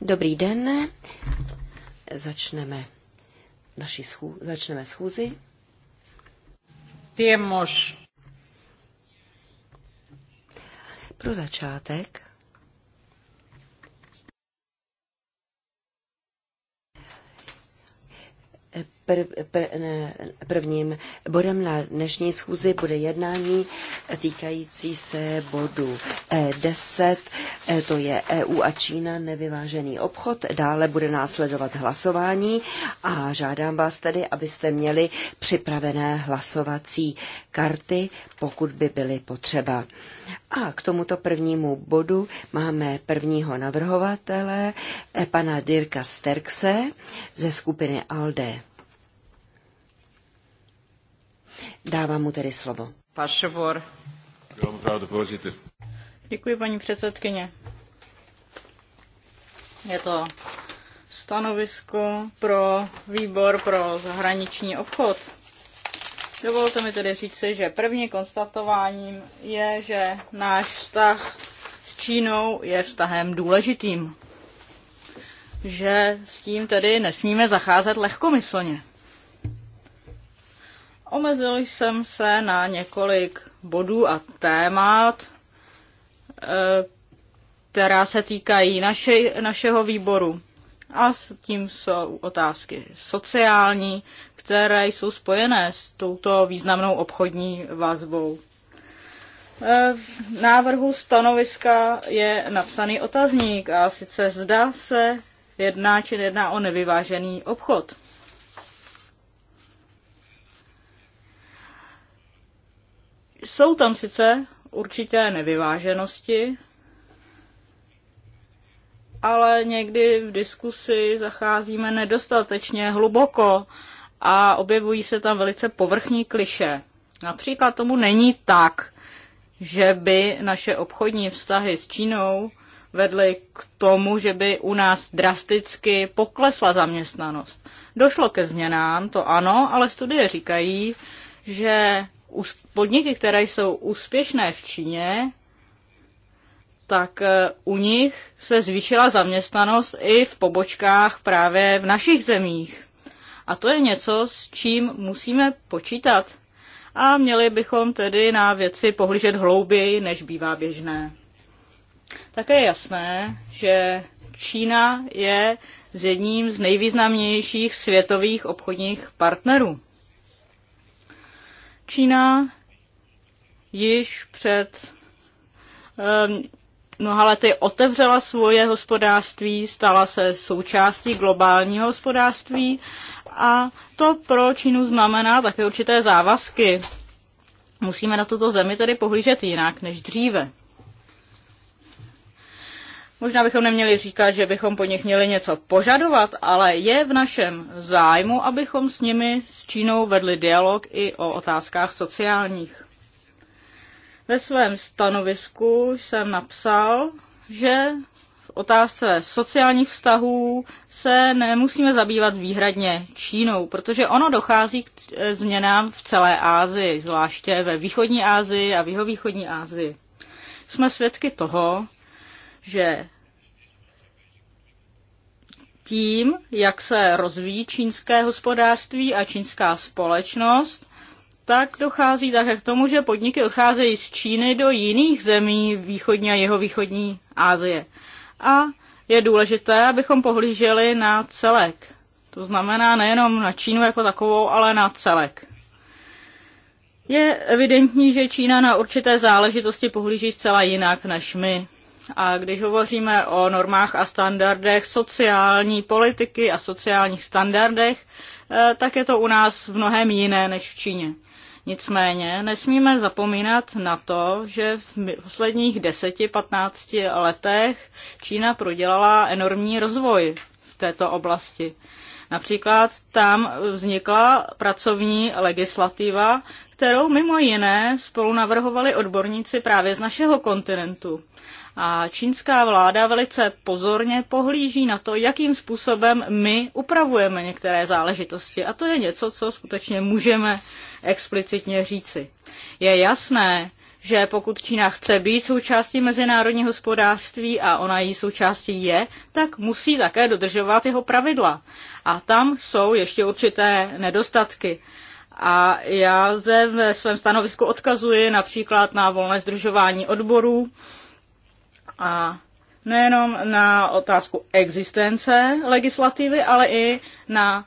Dobrý den, začneme, naši schů, začneme schůzi. Pro začátek prvním bodem na dnešní schůzi bude jednání týkající se bodu 10, e e, to je EU a Čína nevyvážený obchod. Dále bude následovat hlasování a žádám vás tedy, abyste měli připravené hlasovací karty, pokud by byly potřeba. A k tomuto prvnímu bodu máme prvního navrhovatele, e, pana Dirka Sterkse ze skupiny ALDE. Dávám mu tedy slovo. Paševor. Děkuji, paní předsedkyně. Je to stanovisko pro výbor pro zahraniční obchod. Dovolte mi tedy říci, že první konstatováním je, že náš vztah s Čínou je vztahem důležitým. Že s tím tedy nesmíme zacházet lehkomyslně. Omezil jsem se na několik bodů a témat, eh, která se týkají naše, našeho výboru. A s tím jsou otázky sociální, které jsou spojené s touto významnou obchodní vazbou. Eh, v návrhu stanoviska je napsaný otazník a sice zda se jedná či jedná o nevyvážený obchod. Jsou tam sice určité nevyváženosti, ale někdy v diskusi zacházíme nedostatečně hluboko a objevují se tam velice povrchní kliše. Například tomu není tak, že by naše obchodní vztahy s Čínou vedly k tomu, že by u nás drasticky poklesla zaměstnanost. Došlo ke změnám, to ano, ale studie říkají, že podniky, které jsou úspěšné v Číně, tak eh, u nich se zvýšila zaměstnanost i v pobočkách právě v našich zemích. A to je něco, s čím musíme počítat. A měli bychom tedy na věci pohlížet hlouběji, než bývá běžné. Také je jasné, že Čína je z jedním z nejvýznamnějších světových obchodních partnerů. Čína již před um, mnoha lety otevřela svoje hospodářství, stala se součástí globálního hospodářství a to pro Čínu znamená také určité závazky. Musíme na tuto zemi tedy pohlížet jinak než dříve. Možná bychom neměli říkat, že bychom po nich měli něco požadovat, ale je v našem zájmu, abychom s nimi, s Čínou, vedli dialog i o otázkách sociálních. Ve svém stanovisku jsem napsal, že v otázce sociálních vztahů se nemusíme zabývat výhradně Čínou, protože ono dochází k e, změnám v celé Ázii, zvláště ve východní Ázii a v jihovýchodní Ázii. Jsme svědky toho, že tím, jak se rozvíjí čínské hospodářství a čínská společnost, tak dochází také k tomu, že podniky odcházejí z Číny do jiných zemí východní a jeho východní Asie. A je důležité, abychom pohlíželi na celek. To znamená nejenom na Čínu jako takovou, ale na celek. Je evidentní, že Čína na určité záležitosti pohlíží zcela jinak než my. A když hovoříme o normách a standardech sociální politiky a sociálních standardech, eh, tak je to u nás v mnohem jiné než v Číně. Nicméně nesmíme zapomínat na to, že v posledních 10-15 letech Čína prodělala enormní rozvoj v této oblasti. Například tam vznikla pracovní legislativa, kterou mimo jiné spolu navrhovali odborníci právě z našeho kontinentu. A čínská vláda velice pozorně pohlíží na to, jakým způsobem my upravujeme některé záležitosti. A to je něco, co skutečně můžeme explicitně říci. Je jasné, že pokud Čína chce být součástí mezinárodního hospodářství a ona jí součástí je, tak musí také dodržovat jeho pravidla. A tam jsou ještě určité nedostatky. A já zde ve svém stanovisku odkazuji například na volné združování odborů, a nejenom na otázku existence legislativy, ale i na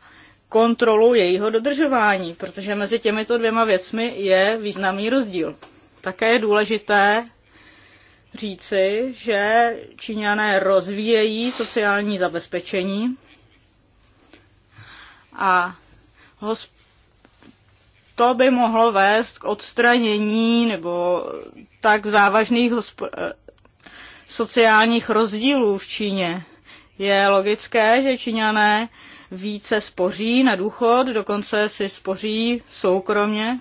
kontrolu jejího dodržování, protože mezi těmito dvěma věcmi je významný rozdíl. Také je důležité říci, že Číňané rozvíjejí sociální zabezpečení a to by mohlo vést k odstranění nebo tak závažných sociálních rozdílů v Číně. Je logické, že Číňané více spoří na důchod, dokonce si spoří soukromě.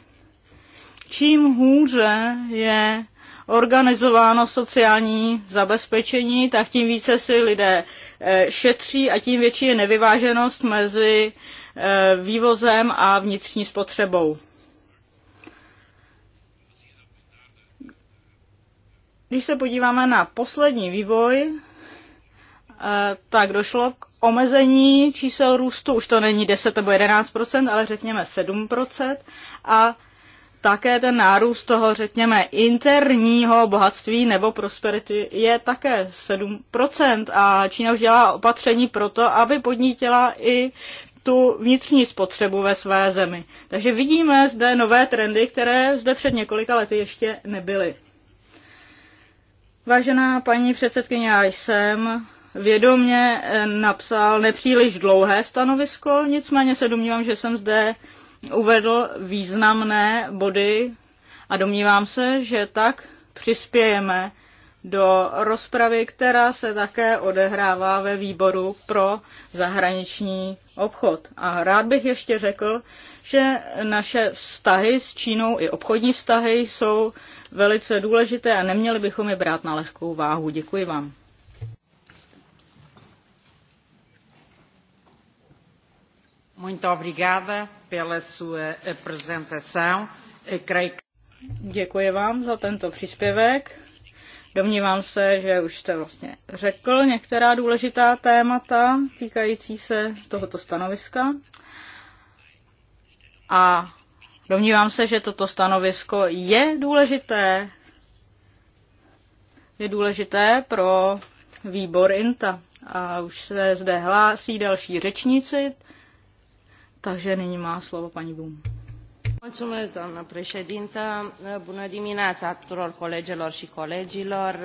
Čím hůře je organizováno sociální zabezpečení, tak tím více si lidé eh, šetří a tím větší je nevyváženost mezi eh, vývozem a vnitřní spotřebou. Když se podíváme na poslední vývoj, eh, tak došlo k omezení čísel růstu, už to není 10 nebo 11 ale řekněme 7 a také ten nárůst toho, řekněme, interního bohatství nebo prosperity je také 7%. A Čína už dělá opatření pro to, aby podnítila i tu vnitřní spotřebu ve své zemi. Takže vidíme zde nové trendy, které zde před několika lety ještě nebyly. Vážená paní předsedkyně, já jsem vědomě eh, napsal nepříliš dlouhé stanovisko, nicméně se domnívám, že jsem zde uvedl významné body a domnívám se, že tak přispějeme do rozpravy, která se také odehrává ve výboru pro zahraniční obchod. A rád bych ještě řekl, že naše vztahy s Čínou i obchodní vztahy jsou velice důležité a neměli bychom je brát na lehkou váhu. Děkuji vám. Muito obrigada pela sua apresentação. Děkuji vám za tento příspěvek. Domnívám se, že už jste vlastně řekl některá důležitá témata týkající se tohoto stanoviska. A domnívám se, že toto stanovisko je důležité. Je důležité pro výbor INTA. A už se zde hlásí další řečníci, takže nyní má slovo paní Bum. Mulțumesc, doamnă președintă. Bună dimineața tuturor colegilor și colegilor.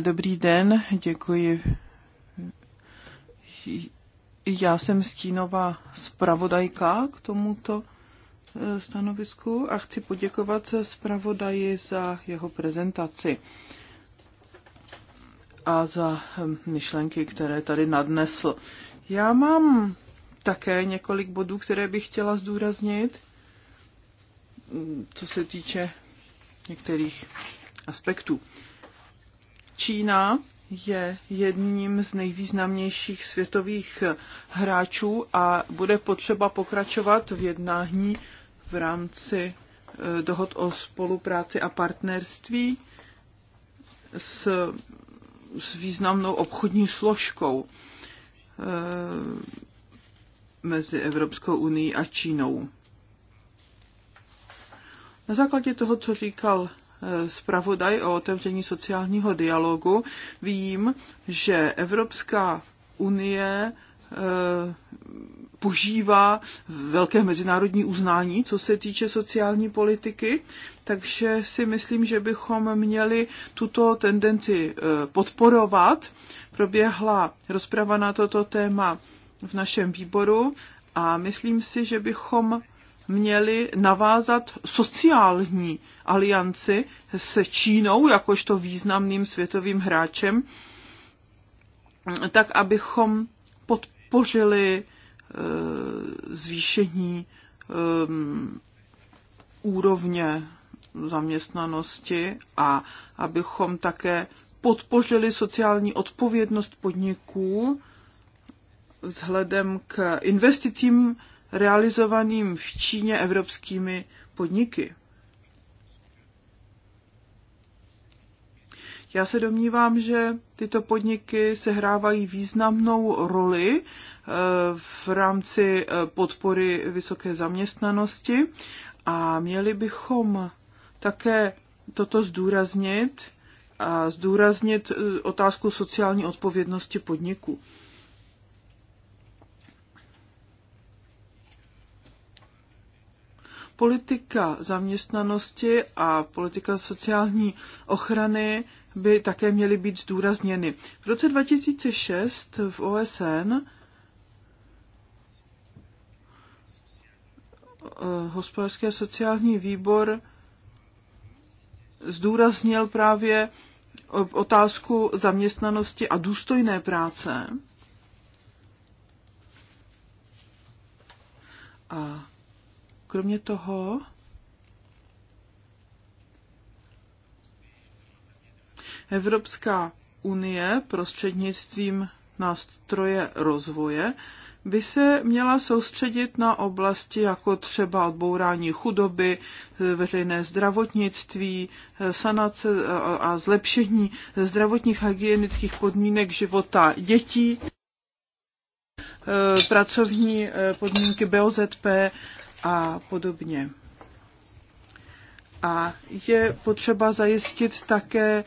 Dobrý den, děkuji. Já jsem stínová zpravodajka k tomuto eh, stanovisku a chci poděkovat zpravodaji za jeho prezentaci a za eh, myšlenky, které tady nadnesl. Já mám také několik bodů, které bych chtěla zdůraznit, co se týče některých aspektů. Čína je jedním z nejvýznamnějších světových hráčů a bude potřeba pokračovat v jednání v rámci eh, dohod o spolupráci a partnerství s, s významnou obchodní složkou. Eh, mezi Evropskou unii a Čínou. Na základě toho, co říkal eh, zpravodaj o otevření sociálního dialogu, vím, že Evropská unie eh, požívá velké mezinárodní uznání, co se týče sociální politiky, takže si myslím, že bychom měli tuto tendenci eh, podporovat. Proběhla rozprava na toto téma v našem výboru a myslím si, že bychom měli navázat sociální alianci s Čínou, jakožto významným světovým hráčem, tak abychom podpořili eh, zvýšení eh, úrovně zaměstnanosti a abychom také podpořili sociální odpovědnost podniků vzhledem k investicím realizovaným v Číně evropskými podniky. Já se domnívám, že tyto podniky sehrávají významnou roli eh, v rámci eh, podpory vysoké zaměstnanosti a měli bychom také toto zdůraznit a zdůraznit eh, otázku sociální odpovědnosti podniků. politika zaměstnanosti a politika sociální ochrany by také měly být zdůrazněny. V roce 2006 v OSN eh, hospodářský a sociální výbor zdůraznil právě otázku zaměstnanosti a důstojné práce. A Kromě toho, Evropská unie prostřednictvím nástroje rozvoje by se měla soustředit na oblasti jako třeba odbourání chudoby, veřejné zdravotnictví, sanace a zlepšení zdravotních hygienických podmínek života dětí, pracovní podmínky BOZP a podobně. A je potřeba zajistit také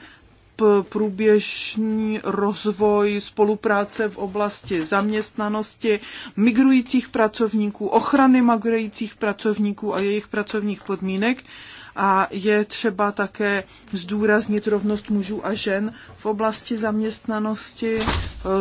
průběžný rozvoj spolupráce v oblasti zaměstnanosti migrujících pracovníků, ochrany migrujících pracovníků a jejich pracovních podmínek a je třeba také zdůraznit rovnost mužů a žen v oblasti zaměstnanosti, e,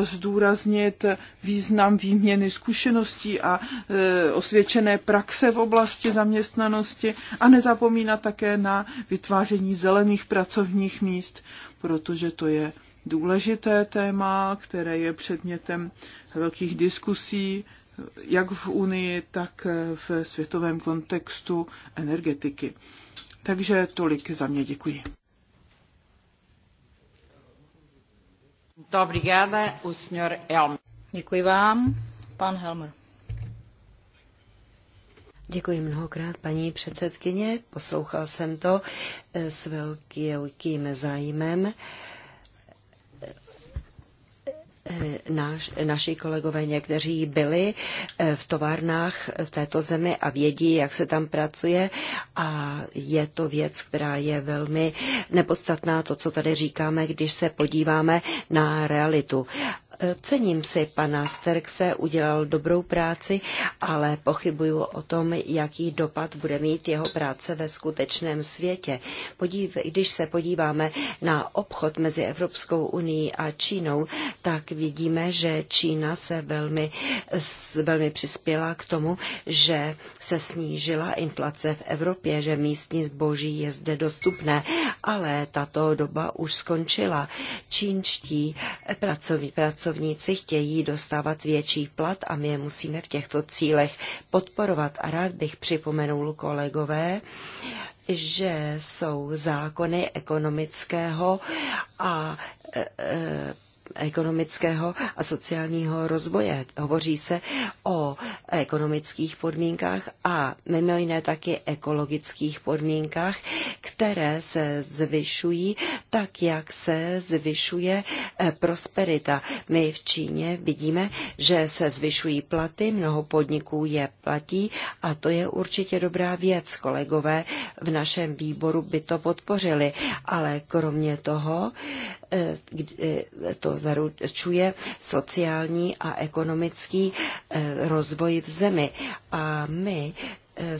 zdůraznit význam výměny zkušeností a e, osvědčené praxe v oblasti zaměstnanosti a nezapomínat také na vytváření zelených pracovních míst, protože to je důležité téma, které je předmětem velkých diskusí jak v Unii, tak v světovém kontextu energetiky. Takže tolik za mě, děkuji. Děkuji vám, pan Helmer. Děkuji mnohokrát, paní předsedkyně. Poslouchal jsem to eh, s velkým zájmem. Eh, Naš, naši kolegové někteří byli eh, v továrnách eh, v této zemi a vědí, jak se tam pracuje a je to věc, která je velmi nepodstatná, to, co tady říkáme, když se podíváme na realitu cením si pana Sterkse, udělal dobrou práci, ale pochybuju o tom, jaký dopad bude mít jeho práce ve skutečném světě. Podív, když se podíváme na obchod mezi Evropskou unii a Čínou, tak vidíme, že Čína se velmi, velmi přispěla k tomu, že se snížila inflace v Evropě, že místní zboží je zde dostupné, ale tato doba už skončila. Čínští pracovní pracovní pracovníci chtějí dostávat větší plat a my je musíme v těchto cílech podporovat. A rád bych připomenul kolegové, že jsou zákony ekonomického a e, e, ekonomického a sociálního rozvoje. Hovoří se o ekonomických podmínkách a mimo jiné taky ekologických podmínkách, které se zvyšují tak, jak se zvyšuje eh, prosperita. My v Číně vidíme, že se zvyšují platy, mnoho podniků je platí a to je určitě dobrá věc. Kolegové v našem výboru by to podpořili, ale kromě toho eh, eh, to zaručuje sociální a ekonomický eh, rozvoj v zemi. A my Eh,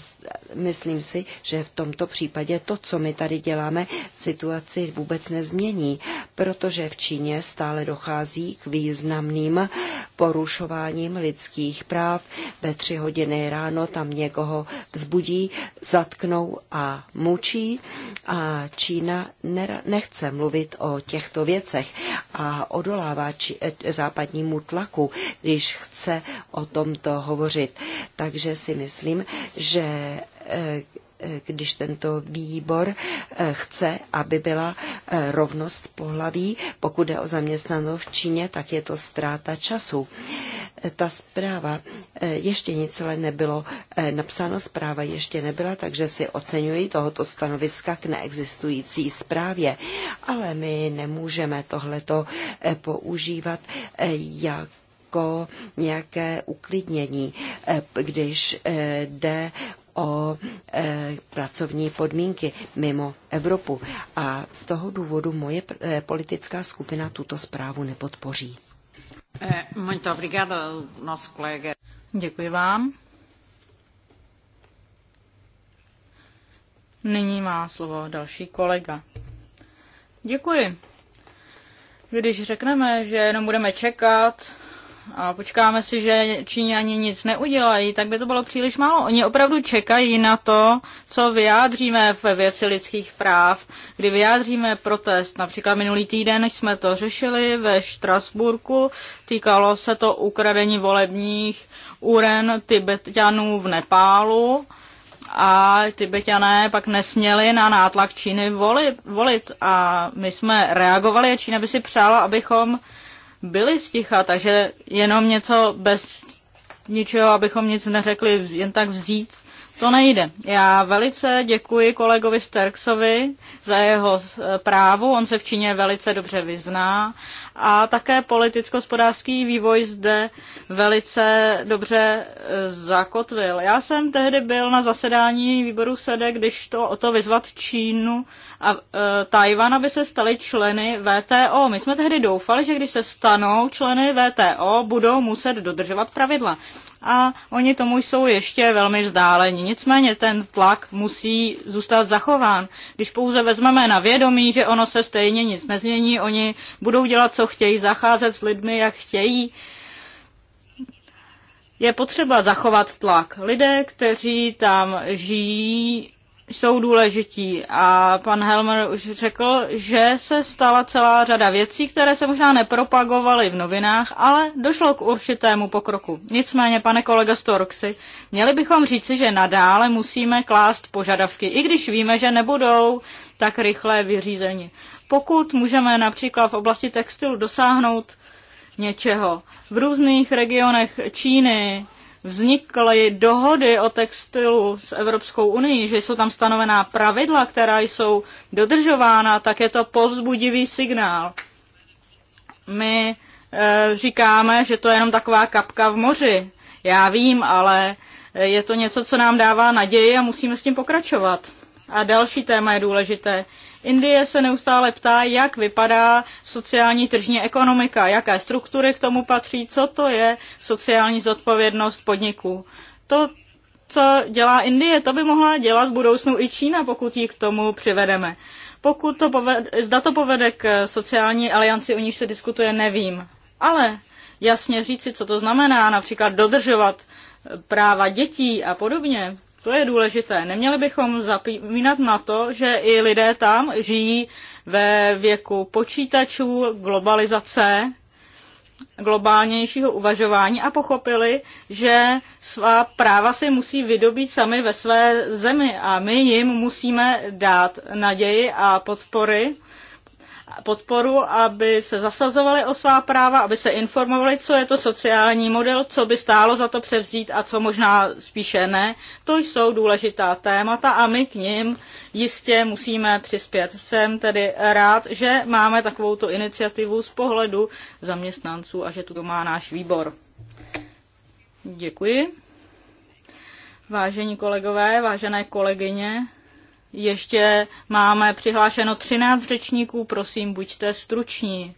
myslím si, že v tomto případě to, co my tady děláme, situaci vůbec nezmění, protože v Číně stále dochází k významným porušováním lidských práv. Ve tři hodiny ráno tam někoho vzbudí, zatknou a mučí a Čína nechce mluvit o těchto věcech a odolává či, eh, západnímu tlaku, když chce o tomto hovořit. Takže si myslím, že že eh, když tento výbor eh, chce, aby byla eh, rovnost pohlaví, pokud je o zaměstnanou v Číně, tak je to ztráta času. Ta zpráva, ještě nic ale nebylo napsáno, zpráva ještě nebyla, takže si oceňuji tohoto stanoviska k neexistující zprávě. Ale my nemůžeme tohleto používat jako jako nějaké uklidnění, eh, když eh, jde o e, pracovní podmínky mimo Evropu. A z toho důvodu moje e, politická skupina tuto zprávu nepodpoří. Děkuji vám. Nyní má slovo další kolega. Děkuji. Když řekneme, že jenom budeme čekat, a počkáme si, že Číňani nic neudělají, tak by to bylo příliš málo. Oni opravdu čekají na to, co vyjádříme ve věci lidských práv, kdy vyjádříme protest. Například minulý týden jsme to řešili ve Štrasburku, týkalo se to ukradení volebních úren Tibetanů v Nepálu a Tibetané pak nesměli na nátlak Číny volit, volit. A my jsme reagovali a Čína by si přála, abychom byli sticha, takže jenom něco bez ničeho, abychom nic neřekli, jen tak vzít, to nejde. Já velice děkuji kolegovi Sterksovi za jeho eh, právu, on se v Číně velice dobře vyzná a také politicko-hospodářský vývoj zde velice dobře eh, zakotvil. Já jsem tehdy byl na zasedání výboru SEDE, když to o to vyzvat Čínu a e, Tajvan, aby se stali členy VTO. My jsme tehdy doufali, že když se stanou členy VTO, budou muset dodržovat pravidla a oni tomu jsou ještě velmi vzdáleni. Nicméně ten tlak musí zůstat zachován. Když pouze vezmeme na vědomí, že ono se stejně nic nezmění, oni budou dělat, co chtějí, zacházet s lidmi, jak chtějí, je potřeba zachovat tlak. Lidé, kteří tam žijí, jsou důležití. A pan Helmer už řekl, že se stala celá řada věcí, které se možná nepropagovaly v novinách, ale došlo k určitému pokroku. Nicméně, pane kolega Storksy, měli bychom říci, že nadále musíme klást požadavky, i když víme, že nebudou tak rychle vyřízeni. Pokud můžeme například v oblasti textilu dosáhnout něčeho v různých regionech Číny, vznikly dohody o textilu s Evropskou unii, že jsou tam stanovená pravidla, která jsou dodržována, tak je to povzbudivý signál. My e, říkáme, že to je jenom taková kapka v moři. Já vím, ale je to něco, co nám dává naději a musíme s tím pokračovat. A další téma je důležité. Indie se neustále ptá, jak vypadá sociální tržní ekonomika, jaké struktury k tomu patří, co to je sociální zodpovědnost podniků. To, co dělá Indie, to by mohla dělat v budoucnu i Čína, pokud ji k tomu přivedeme. Pokud to povede, zda to povede k sociální alianci, o níž se diskutuje, nevím. Ale jasně říci, co to znamená, například dodržovat práva dětí a podobně, to je důležité. Neměli bychom zapomínat na to, že i lidé tam žijí ve věku počítačů, globalizace, globálnějšího uvažování a pochopili, že svá práva si musí vydobít sami ve své zemi a my jim musíme dát naději a podpory podporu, aby se zasazovali o svá práva, aby se informovali, co je to sociální model, co by stálo za to převzít a co možná spíše ne. To jsou důležitá témata a my k ním jistě musíme přispět. Jsem tedy rád, že máme takovou tu iniciativu z pohledu zaměstnanců a že tu má náš výbor. Děkuji. Vážení kolegové, vážené kolegyně, ještě máme přihlášeno 13 řečníků, prosím, buďte struční.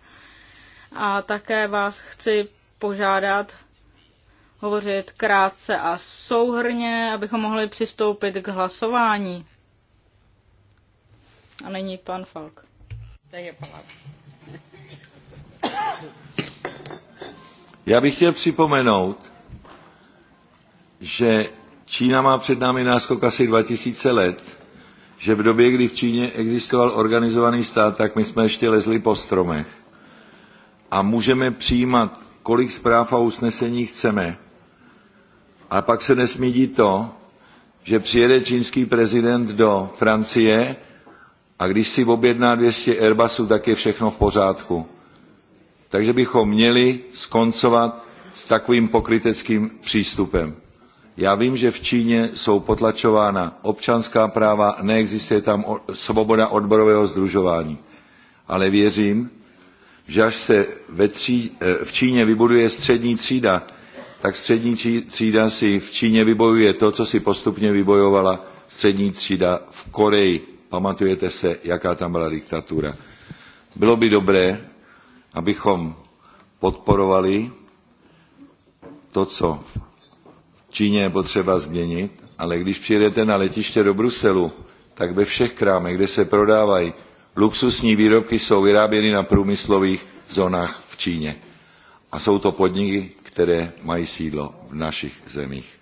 A také vás chci požádat hovořit krátce a souhrně, abychom mohli přistoupit k hlasování. A není pan Falk. Já bych chtěl připomenout, že Čína má před námi náskok asi 2000 let že v době, kdy v Číně existoval organizovaný stát, tak my jsme ještě lezli po stromech. A můžeme přijímat, kolik zpráv a usnesení chceme. A pak se nesmí dít to, že přijede čínský prezident do Francie a když si objedná 200 Airbusů, tak je všechno v pořádku. Takže bychom měli skoncovat s takovým pokryteckým přístupem. Já vím, že v Číně jsou potlačována občanská práva, neexistuje tam svoboda odborového združování. Ale věřím, že až se tří, eh, v Číně vybuduje střední třída, tak střední třída si v Číně vybojuje to, co si postupně vybojovala střední třída v Koreji. Pamatujete se, jaká tam byla diktatura. Bylo by dobré, abychom podporovali to, co Číně je potřeba změnit, ale když přijedete na letiště do Bruselu, tak ve všech krámech, kde se prodávají luxusní výrobky, jsou vyráběny na průmyslových zónách v Číně. A jsou to podniky, které mají sídlo v našich zemích.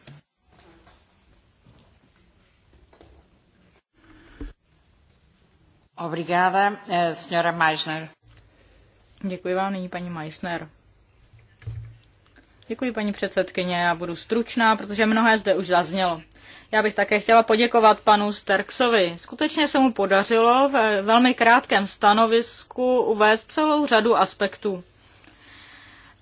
Obrigada, eh, senhora Meissner. Děkuji vám, nyní paní Meissner. Děkuji, paní předsedkyně, já budu stručná, protože mnohé zde už zaznělo. Já bych také chtěla poděkovat panu Sterksovi. Skutečně se mu podařilo ve velmi krátkém stanovisku uvést celou řadu aspektů.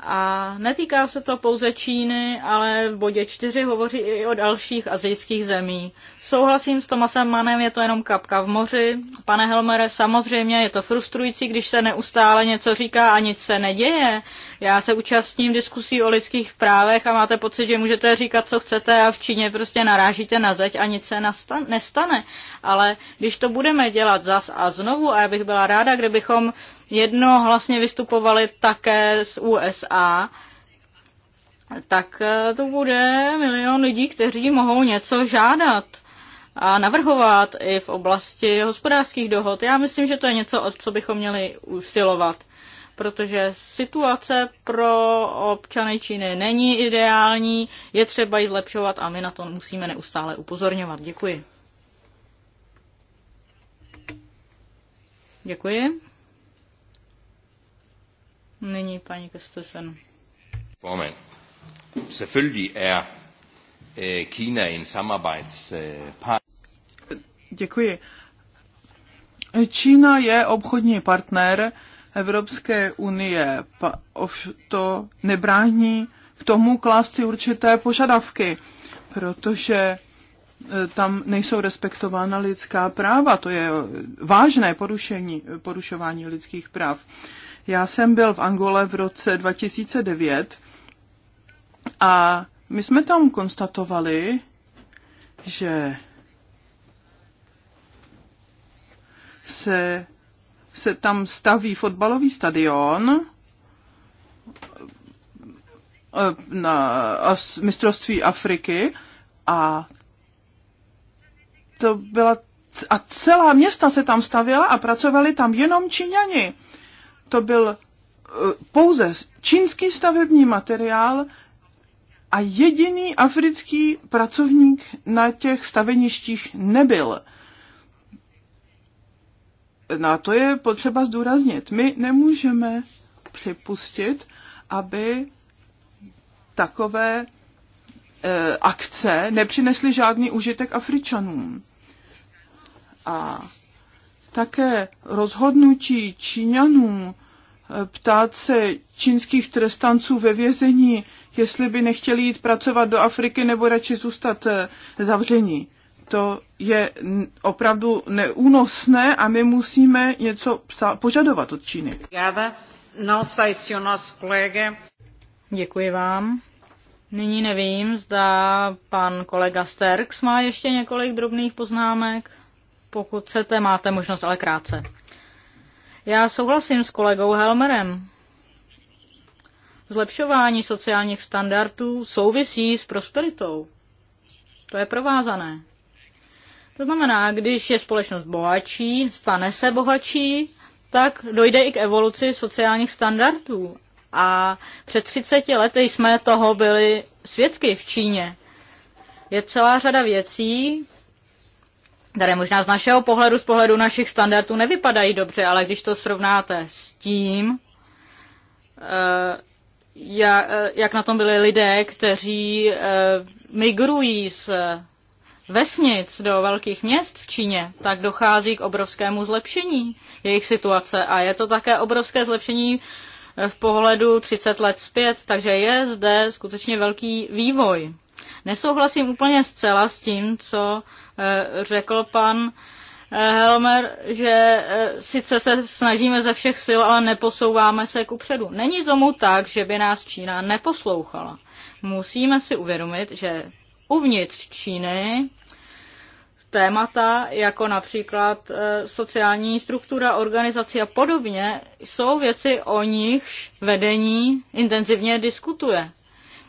A netýká se to pouze Číny, ale v bodě 4 hovoří i o dalších azijských zemí. Souhlasím s Tomasem Manem, je to jenom kapka v moři. Pane Helmere, samozřejmě je to frustrující, když se neustále něco říká a nic se neděje. Já se účastním diskusí o lidských právech a máte pocit, že můžete říkat, co chcete a v Číně prostě narážíte na zeď a nic se nestane. Ale když to budeme dělat zas a znovu, a já bych byla ráda, kdybychom jedno hlasně vystupovali také z USA, tak eh, to bude milion lidí, kteří mohou něco žádat a navrhovat i v oblasti hospodářských dohod. Já myslím, že to je něco, o co bychom měli usilovat, protože situace pro občany Číny není ideální, je třeba ji zlepšovat a my na to musíme neustále upozorňovat. Děkuji. Děkuji. Nyní paní Kostesen. Formand, selvfølgelig er øh, Kína en samarbejdspartner. Øh, Děkuji. Čína je obchodní partner Evropské unie. To nebrání k tomu klást si určité požadavky, protože e, tam nejsou respektována lidská práva. To je e, vážné porušení, porušování lidských práv. Já jsem byl v Angole v roce 2009 a my jsme tam konstatovali, že se, se tam staví fotbalový stadion eh, na mistrovství Afriky a to byla a celá města se tam stavěla a pracovali tam jenom Číňani to byl eh, pouze čínský stavební materiál a jediný africký pracovník na těch staveništích nebyl. Na to je potřeba zdůraznit. My nemůžeme připustit, aby takové eh, akce nepřinesly žádný užitek Afričanům. A také rozhodnutí Číňanů eh, ptát se čínských trestanců ve vězení, jestli by nechtěli jít pracovat do Afriky nebo radši zůstat eh, zavření. To je opravdu neúnosné a my musíme něco požadovat od Číny. Děkuji vám. Nyní nevím, zda pan kolega Sterks má ještě několik drobných poznámek. Pokud chcete, máte možnost, ale krátce. Já souhlasím s kolegou Helmerem. Zlepšování sociálních standardů souvisí s prosperitou. To je provázané. To znamená, když je společnost bohatší, stane se bohatší, tak dojde i k evoluci sociálních standardů. A před 30 lety jsme toho byli svědky v Číně. Je celá řada věcí, které možná z našeho pohledu, z pohledu našich standardů nevypadají dobře, ale když to srovnáte s tím, eh, eh, jak na tom byli lidé, kteří eh, migrují z vesnic do velkých měst v Číně, tak dochází k obrovskému zlepšení jejich situace. A je to také obrovské zlepšení v pohledu 30 let zpět, takže je zde skutečně velký vývoj. Nesouhlasím úplně zcela s tím, co eh, řekl pan eh, Helmer, že eh, sice se snažíme ze všech sil, ale neposouváme se ku předu. Není tomu tak, že by nás Čína neposlouchala. Musíme si uvědomit, že uvnitř Číny témata, jako například sociální struktura organizace a podobně, jsou věci, o nichž vedení intenzivně diskutuje.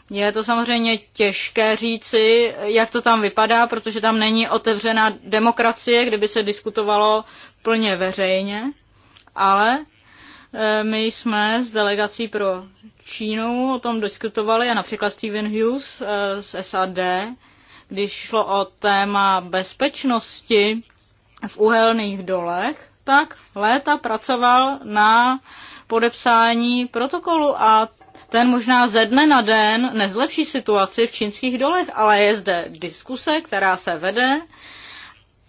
Je to samozřejmě těžké říci, jak to tam vypadá, protože tam není otevřená demokracie, kdyby se diskutovalo plně veřejně, ale eh, my jsme s delegací pro Čínu o tom diskutovali a například Steven Hughes eh, z SAD, když šlo o téma bezpečnosti v uhelných dolech, tak léta pracoval na podepsání protokolu a ten možná ze dne na den nezlepší situaci v čínských dolech, ale je zde diskuse, která se vede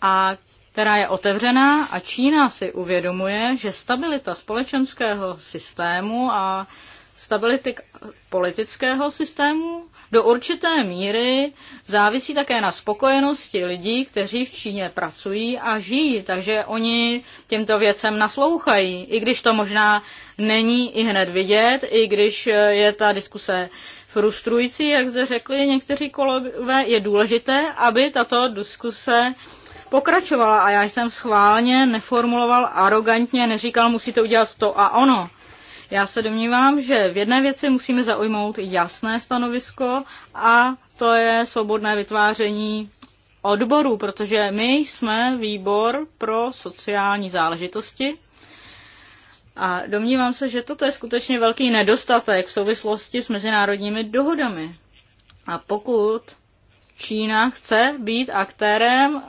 a která je otevřená a Čína si uvědomuje, že stabilita společenského systému a stability politického systému do určité míry závisí také na spokojenosti lidí, kteří v Číně pracují a žijí, takže oni těmto věcem naslouchají, i když to možná není i hned vidět, i když eh, je ta diskuse frustrující, jak zde řekli někteří kolegové, je důležité, aby tato diskuse pokračovala a já jsem schválně neformuloval arrogantně, neříkal, musíte udělat to a ono. Já se domnívám, že v jedné věci musíme zaujmout jasné stanovisko a to je svobodné vytváření odborů, protože my jsme výbor pro sociální záležitosti a domnívám se, že toto je skutečně velký nedostatek v souvislosti s mezinárodními dohodami. A pokud Čína chce být aktérem e,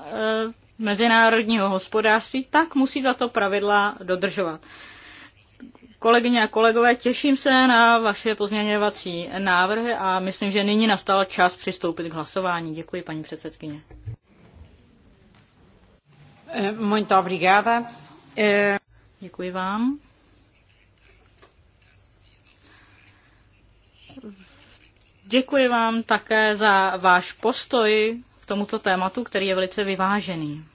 mezinárodního hospodářství, tak musí tato pravidla dodržovat. Kolegyně a kolegové, těším se na vaše pozměňovací návrhy a myslím, že nyní nastal čas přistoupit k hlasování. Děkuji, paní předsedkyně. Eh, muito obrigada. Eh, Děkuji vám. Děkuji vám také za váš postoj k tomuto tématu, který je velice vyvážený.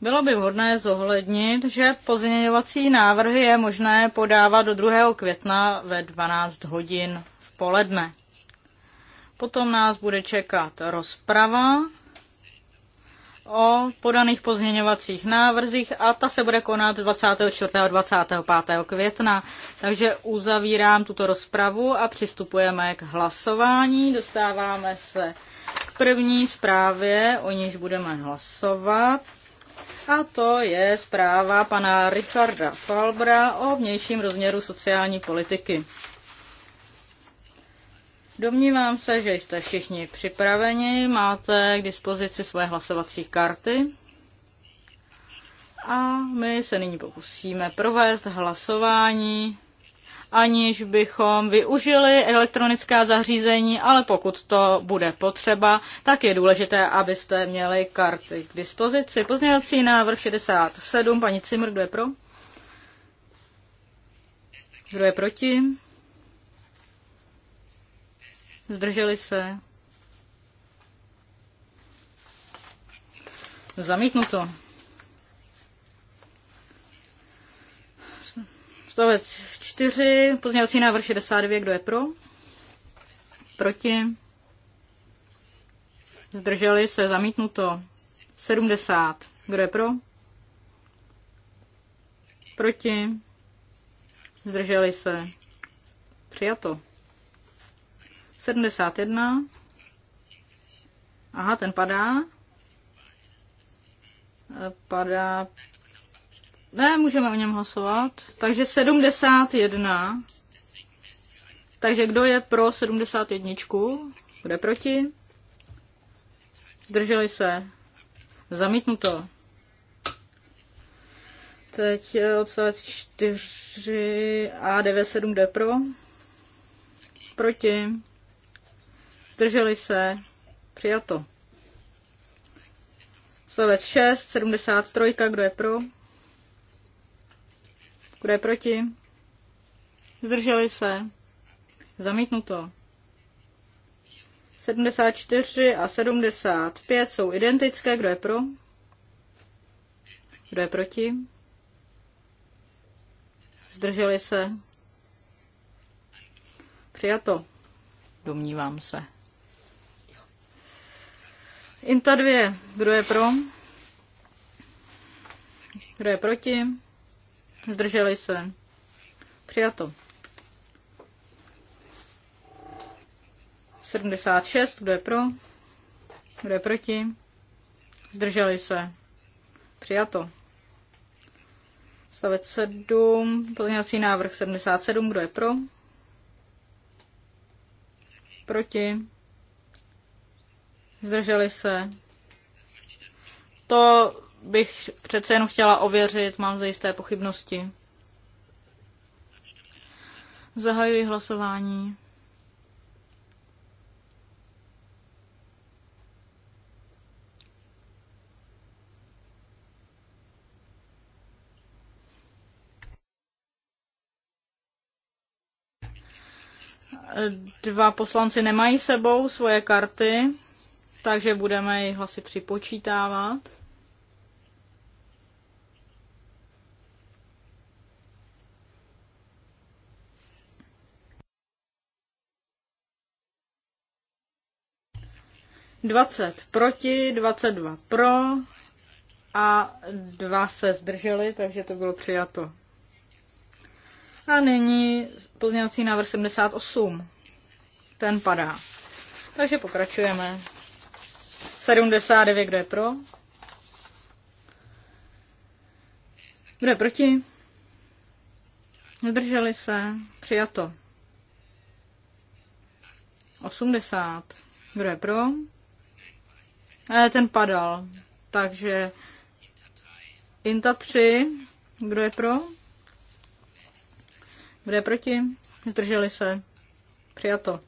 Bylo by vhodné zohlednit, že pozměňovací návrhy je možné podávat do 2. května ve 12 hodin v poledne. Potom nás bude čekat rozprava o podaných pozměňovacích návrzích a ta se bude konat 24. a 25. května. Takže uzavírám tuto rozpravu a přistupujeme k hlasování. Dostáváme se k první zprávě, o níž budeme hlasovat a to je zpráva pana Richarda Falbra o vnějším rozměru sociální politiky. Domnívám se, že jste všichni připraveni, máte k dispozici své hlasovací karty a my se nyní pokusíme provést hlasování aniž bychom využili elektronická zařízení, ale pokud to bude potřeba, tak je důležité, abyste měli karty k dispozici. Pozměňovací návrh 67, paní Cimr, kdo je pro? Kdo je proti? Zdrželi se? Zamítnuto. Stavec 64, pozměňovací návrh 62, kdo je pro? Proti? Zdrželi se, zamítnuto. 70, kdo je pro? Proti? Zdrželi se. Přijato. 71. Aha, ten padá. Padá, ne, můžeme o něm hlasovat. Takže 71. Takže kdo je pro 71? Kdo je proti? Zdrželi se. Zamítnuto. Teď odstavec 4 a 97 jde pro. Proti. Zdrželi se. Přijato. Odstavec 6, 73, kdo je pro? Kdo je proti? Zdrželi se? Zamítnuto. 74 a 75 jsou identické. Kdo je pro? Kdo je proti? Zdrželi se? Přijato. Domnívám se. Inta 2. Kdo je pro? Kdo je proti? Zdrželi se. Přijato. 76, kdo je pro? Kdo je proti? Zdrželi se. Přijato. Stavec 7, pozměňovací návrh 77, kdo je pro? Proti? Zdrželi se. To bych přece jen chtěla ověřit, mám zde jisté pochybnosti. Zahajuji hlasování. Dva poslanci nemají sebou svoje karty, takže budeme jejich hlasy připočítávat. 20 proti, 22 pro a dva se zdrželi, takže to bylo přijato. A nyní pozměňovací návrh 78. Ten padá. Takže pokračujeme. 79, kdo je pro? Kdo je proti? Zdrželi se. Přijato. 80. Kdo je pro? Ne, eh, ten padal. Takže Inta 3. Kdo je pro? Kdo je proti? Zdrželi se. Přijato.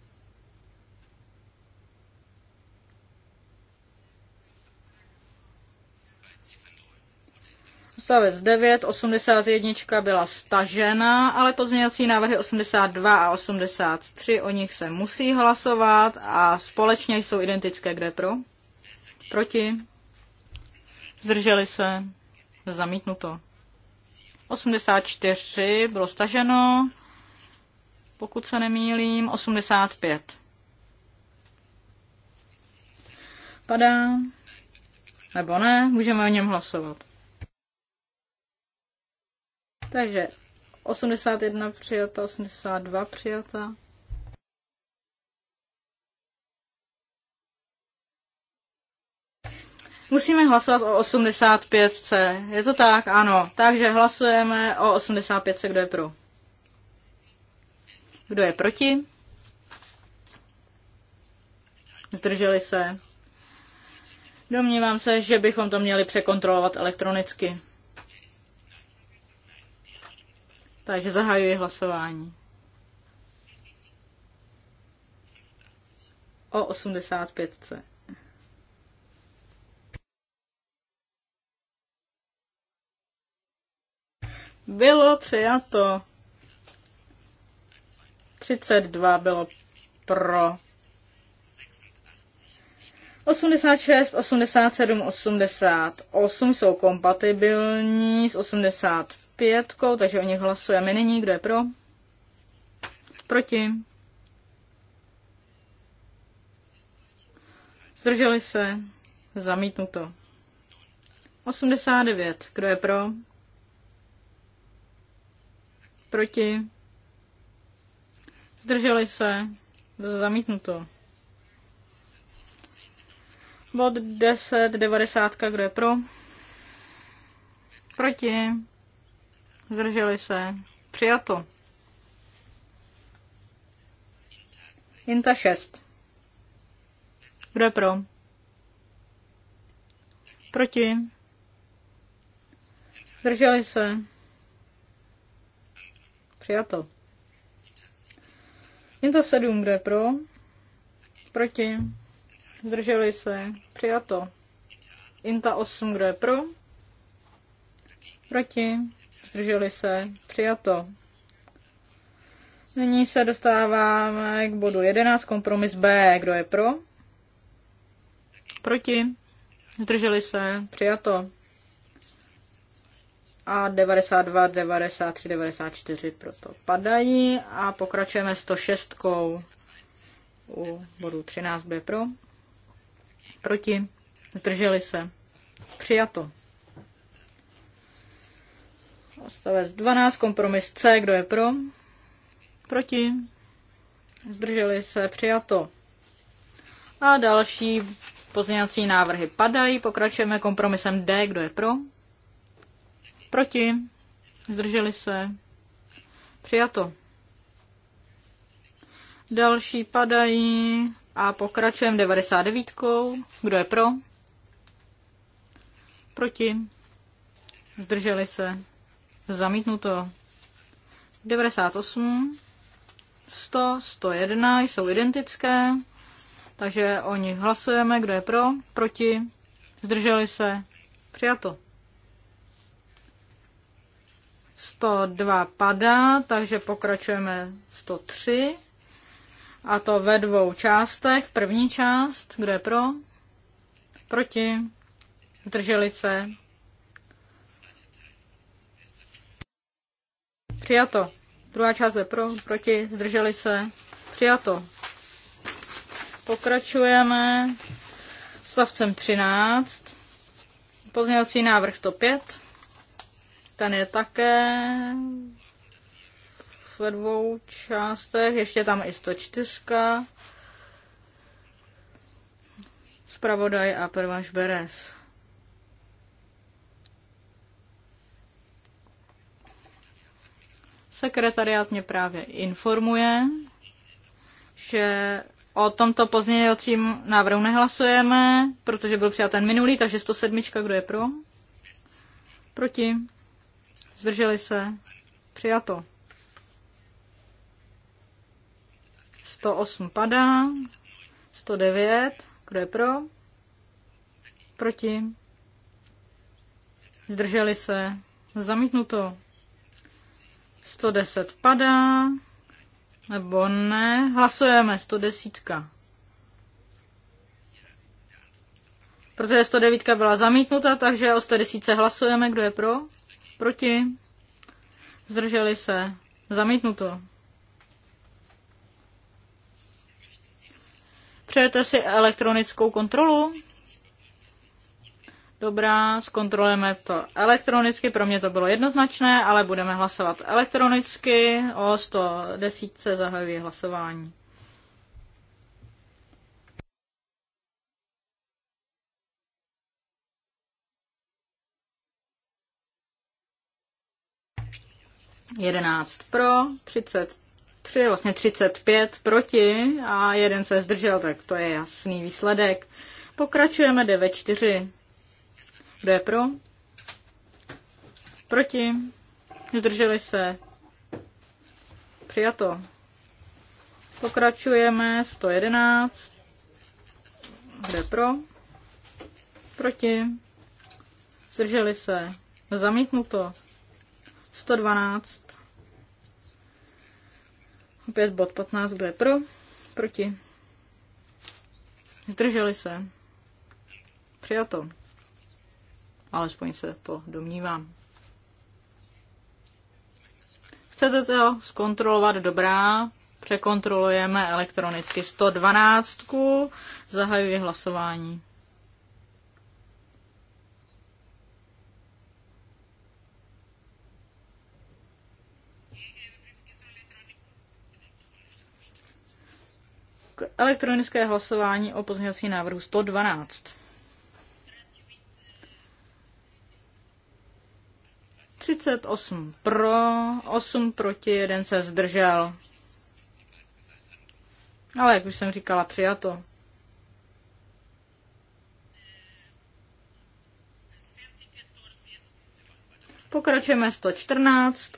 Stavec 9, 81 byla stažena, ale pozměňovací návrhy 82 a 83, o nich se musí hlasovat a společně jsou identické, kde pro? Proti? Zdrželi se? Zamítnuto. 84 bylo staženo, pokud se nemýlím, 85. Padá? Nebo ne? Můžeme o něm hlasovat. Takže 81 přijata, 82 přijata. Musíme hlasovat o 85C. Je to tak? Ano. Takže hlasujeme o 85C. Kdo je pro? Kdo je proti? Zdrželi se. Domnívám se, že bychom to měli překontrolovat elektronicky. Takže zahajuji hlasování. O 85C. Bylo přijato. 32 bylo pro. 86, 87, 88 jsou kompatibilní s 85, takže o nich hlasujeme nyní. Kdo je pro? Proti? Zdrželi se? Zamítnuto. 89. Kdo je pro? Proti? Zdrželi se? Zamítnuto. Bod 10, 90, kdo je pro? Proti? Zdrželi se? Přijato. Inta 6. Kdo je pro? Proti? Zdrželi se? Přijato. Inta 7, kdo pro? Proti? Zdrželi se? Přijato. Inta 8, kdo pro? Proti? Zdrželi se? Přijato. Nyní se dostáváme k bodu 11, kompromis B. Kdo je pro? Proti? Zdrželi se? Přijato a 92, 93, 94 proto padají a pokračujeme 106 u bodu 13b pro. Proti. Zdrželi se. Přijato. Ostavec 12, kompromis C, kdo je pro? Proti. Zdrželi se, přijato. A další pozměňovací návrhy padají. Pokračujeme kompromisem D, kdo je pro? Proti? Zdrželi se? Přijato. Další padají a pokračujeme 99. Kdo je pro? Proti? Zdrželi se? Zamítnuto. 98, 100, 101 jsou identické, takže o nich hlasujeme, kdo je pro, proti, zdrželi se, přijato. 102 padá, takže pokračujeme 103. A to ve dvou částech. První část, kdo je pro? Proti? Drželi se? Přijato. Druhá část je pro, proti, zdrželi se. Přijato. Pokračujeme stavcem 13. Pozměňovací návrh 105. Ten je také ve dvou částech, ještě tam i 104. Spravodaj a Pervaš Beres. Sekretariát mě právě informuje, že o tomto pozměňovacím návrhu nehlasujeme, protože byl přijat ten minulý, takže 107, kdo je pro? Proti? Zdrželi se? Přijato. 108 padá. 109. Kdo je pro? Proti? Zdrželi se? Zamítnuto. 110 padá. Nebo ne. Hlasujeme. 110. Protože 109 byla zamítnuta, takže o 110 hlasujeme. Kdo je pro? Proti? Zdrželi se? Zamítnuto. Přejete si elektronickou kontrolu? Dobrá, zkontrolujeme to elektronicky, pro mě to bylo jednoznačné, ale budeme hlasovat elektronicky. O 110 zahajuje hlasování. 11 pro, 33, vlastně 35 proti a jeden se zdržel, tak to je jasný výsledek. Pokračujeme 9, 4 Kdo je pro? Proti? Zdrželi se? Přijato. Pokračujeme 111. Kdo je pro? Proti? Zdrželi se? Zamítnuto. 112. Opět bod 15, kdo je pro? Proti. Zdrželi se. Přijato. Alespoň se to domnívám. Chcete to zkontrolovat? Dobrá. Překontrolujeme elektronicky 112. Zahajuji hlasování. elektronické hlasování o pozměňovací návrhu 112. 38 pro, 8 proti, 1 se zdržel. Ale jak už jsem říkala, přijato. Pokračujeme 114,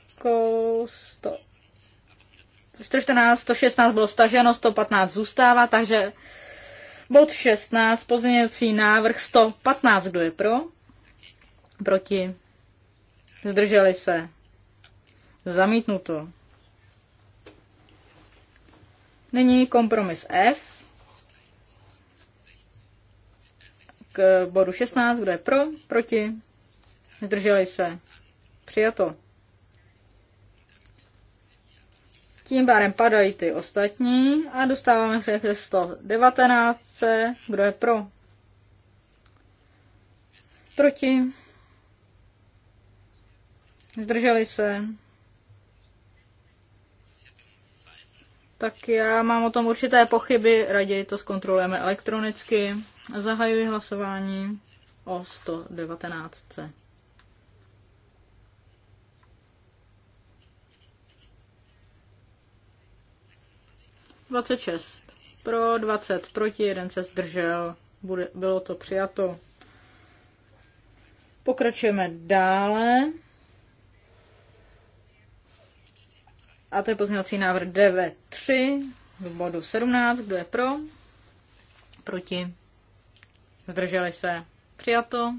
100, 114, 116 bylo staženo, 115 zůstává, takže bod 16, pozměňovací návrh 115, kdo je pro? Proti? Zdrželi se? Zamítnuto. Nyní kompromis F k bodu 16, kdo je pro, proti, zdrželi se, přijato. Tím pádem padají ty ostatní a dostáváme se ke 119. Kdo je pro? Proti? Zdrželi se? Tak já mám o tom určité pochyby, raději to zkontrolujeme elektronicky. Zahajuji hlasování o 119. 26 pro, 20 proti, jeden se zdržel. Bude, bylo to přijato. Pokračujeme dále. A to je pozměňovací návrh 93 v bodu 17. Kdo je pro? Proti? Zdrželi se? Přijato.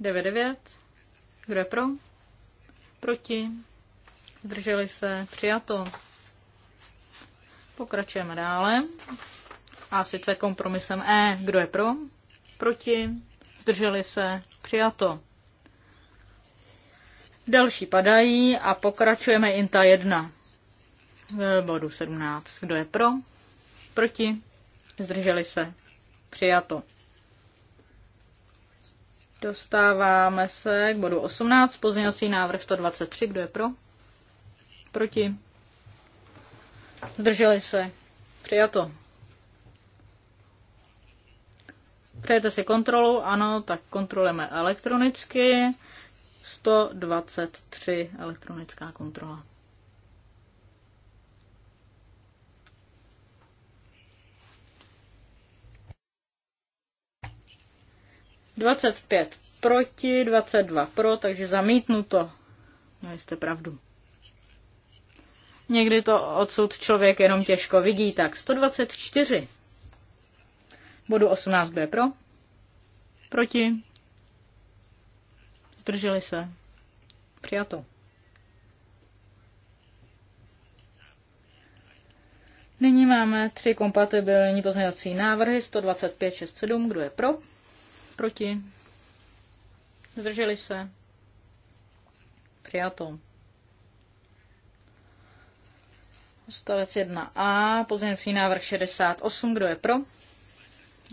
99. Kdo je pro? Proti? Zdrželi se? Přijato. Pokračujeme dále. A sice kompromisem E. Kdo je pro? Proti? Zdrželi se? Přijato. Další padají a pokračujeme INTA 1. V bodu 17. Kdo je pro? Proti? Zdrželi se? Přijato. Dostáváme se k bodu 18. Pozměňovací návrh 123. Kdo je pro? Proti? Zdrželi se. Přijato. Přejete si kontrolu? Ano, tak kontrolujeme elektronicky. 123 elektronická kontrola. Dvacet pět proti, 22 pro, takže zamítnuto. No jste pravdu. Někdy to odsud člověk jenom těžko vidí. Tak 124. Bodu 18 bude pro. Proti. Zdrželi se. Přijato. Nyní máme tři kompatibilní pozměňovací návrhy 125, 6, 7. Kdo je pro? Proti? Zdrželi se? Přijato. Odstavec 1a, pozměňovací návrh 68, kdo je pro?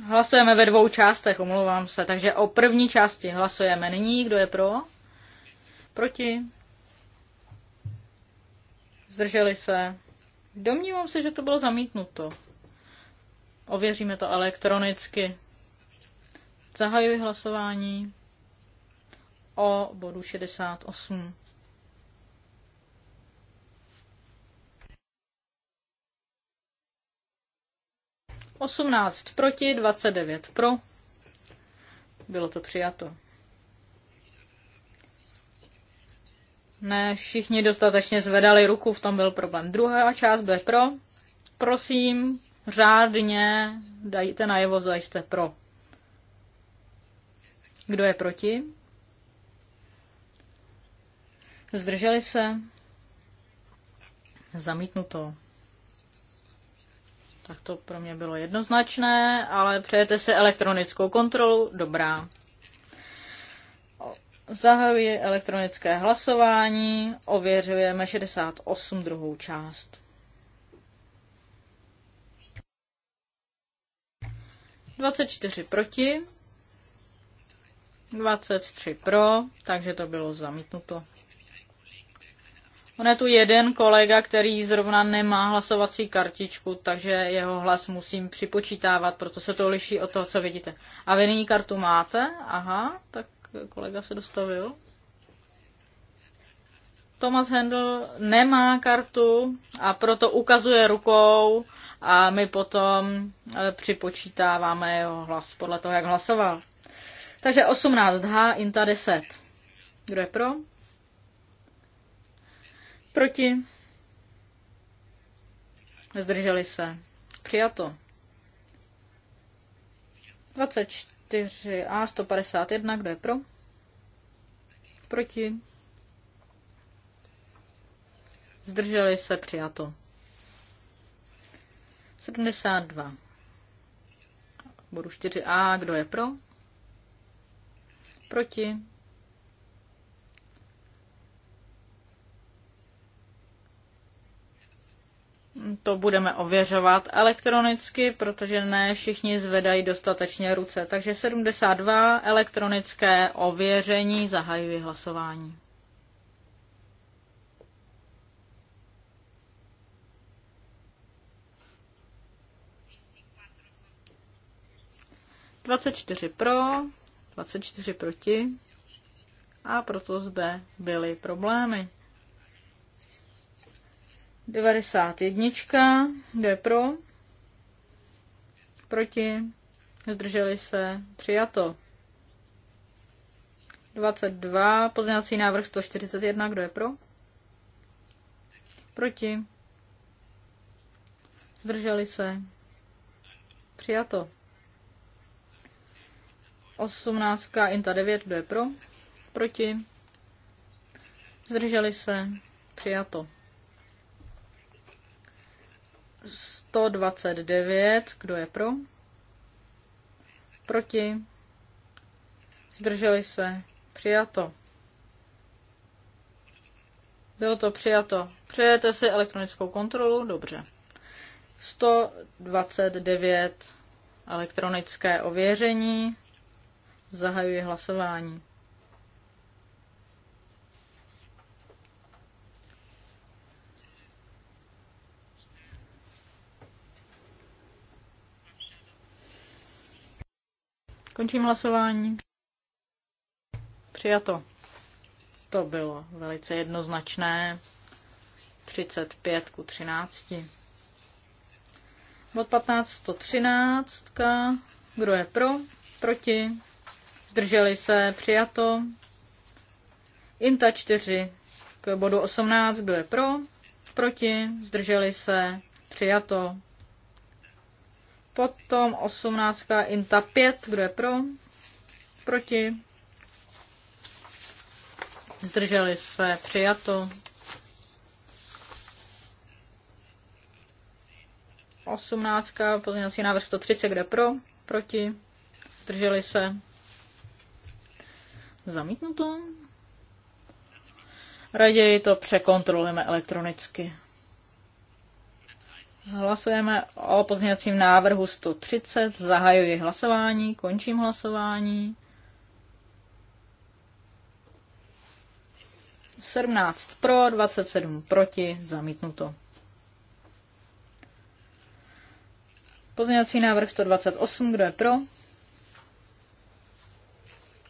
Hlasujeme ve dvou částech, omlouvám se. Takže o první části hlasujeme nyní. Kdo je pro? Proti? Zdrželi se? Domnívám se, že to bylo zamítnuto. Ověříme to elektronicky. Zahajuji hlasování o bodu 68. 18 proti, 29 pro. Bylo to přijato. Ne, všichni dostatečně zvedali ruku, v tom byl problém. Druhá část bude pro. Prosím, řádně dajte najevo, jste pro. Kdo je proti? Zdrželi se? Zamítnuto. Tak to pro mě bylo jednoznačné, ale přejete se elektronickou kontrolu? Dobrá. Zahajuji elektronické hlasování, ověřujeme 68 druhou část. čtyři proti, 23 pro, takže to bylo zamítnuto. On je tu jeden kolega, který zrovna nemá hlasovací kartičku, takže jeho hlas musím připočítávat, proto se to liší od toho, co vidíte. A vy nyní kartu máte? Aha, tak kolega se dostavil. Thomas Handel nemá kartu a proto ukazuje rukou a my potom eh, připočítáváme jeho hlas podle toho, jak hlasoval. Takže 18H, INTA 10. Kdo je pro? Proti? Zdrželi se. Přijato. 24 a 151, kdo je pro? Proti? Zdrželi se, přijato. 72. Budu 4a, kdo je pro? Proti? to budeme ověřovat elektronicky, protože ne všichni zvedají dostatečně ruce. Takže 72 elektronické ověření zahajuje hlasování. Dvacet čtyři pro, čtyři proti a proto zde byly problémy. 91. Kdo je pro? Proti? Zdrželi se? Přijato. 22. Pozměňovací návrh 141. Kdo je pro? Proti? Zdrželi se? Přijato. 18. Inta 9. Kdo je pro? Proti? Zdrželi se? Přijato. 129, kdo je pro? Proti? Zdrželi se? Přijato. Bylo to přijato. Přejete si elektronickou kontrolu? Dobře. 129 elektronické ověření. Zahajuji hlasování. Končím hlasování. Přijato. To bylo velice jednoznačné. 35 ku 13. Bod 15, 113. Kdo je pro? Proti? Zdrželi se? Přijato. Inta 4 k bodu 18. Kdo je pro? Proti? Zdrželi se? Přijato. Potom 18. Inta 5, kdo je pro? Proti? Zdrželi se, přijato. 18. Pozměňovací návrh 130, kde pro? Proti? Zdrželi se? Zamítnuto? Raději to překontrolujeme elektronicky. Hlasujeme o pozměňovacím návrhu 130. Zahajuji hlasování, končím hlasování. 17 pro, 27 proti, zamítnuto. Pozměňovací návrh 128, kdo je pro?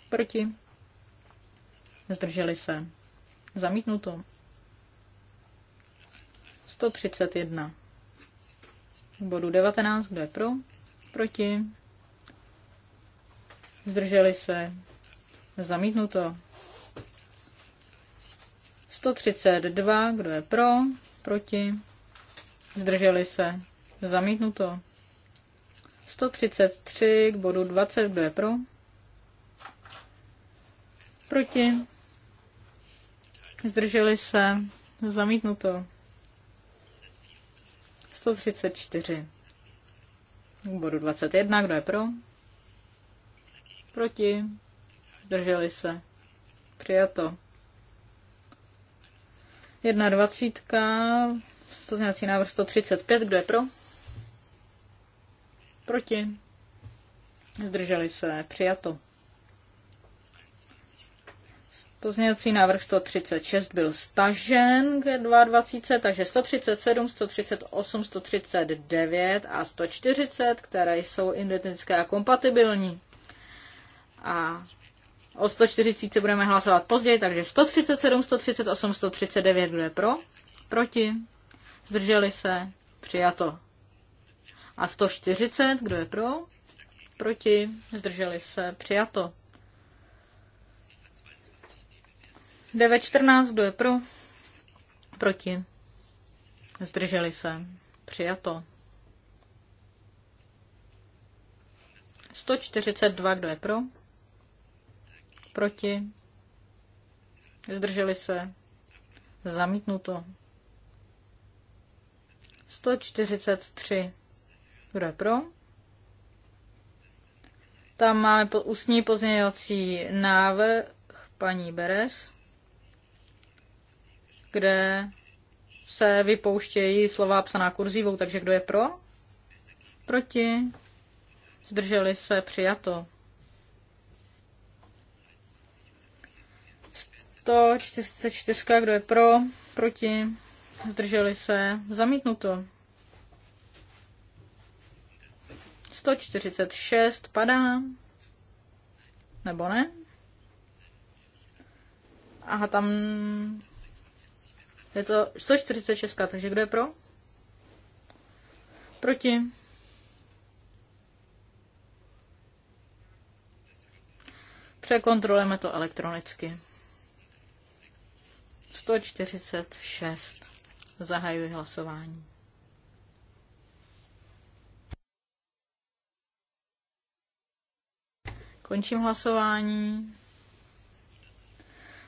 Proti? Zdrželi se. Zamítnuto. 131 bodu 19. Kdo je pro? Proti? Zdrželi se? Zamítnuto. 132. Kdo je pro? Proti? Zdrželi se? Zamítnuto. 133 k bodu 20. Kdo je pro? Proti? Zdrželi se? Zamítnuto. 134. K bodu 21. Kdo je pro? Proti? Zdrželi se. Přijato. 21. Pozměňovací návrh 135. Kdo je pro? Proti? Zdrželi se. Přijato. Pozměňovací návrh 136 byl stažen k 22, takže 137, 138, 139 a 140, které jsou identické a kompatibilní. A o 140 budeme hlasovat později, takže 137, 138, 139, kdo je pro? Proti? Zdrželi se? Přijato. A 140, kdo je pro? Proti? Zdrželi se? Přijato. 9.14, kdo je pro? Proti. Zdrželi se. Přijato. 142, kdo je pro? Proti. Zdrželi se. Zamítnuto. 143. Kdo je pro? Tam máme ústní pozměňovací návrh paní Beres kde se vypouštějí slova psaná kurzívou, takže kdo je pro? Proti? Zdrželi se přijato. 144, kdo je pro? Proti? Zdrželi se zamítnuto. 146 padá. Nebo ne? Aha, tam je to 146, takže kdo je pro? Proti? Překontrolujeme to elektronicky. 146. Zahajuji hlasování. Končím hlasování.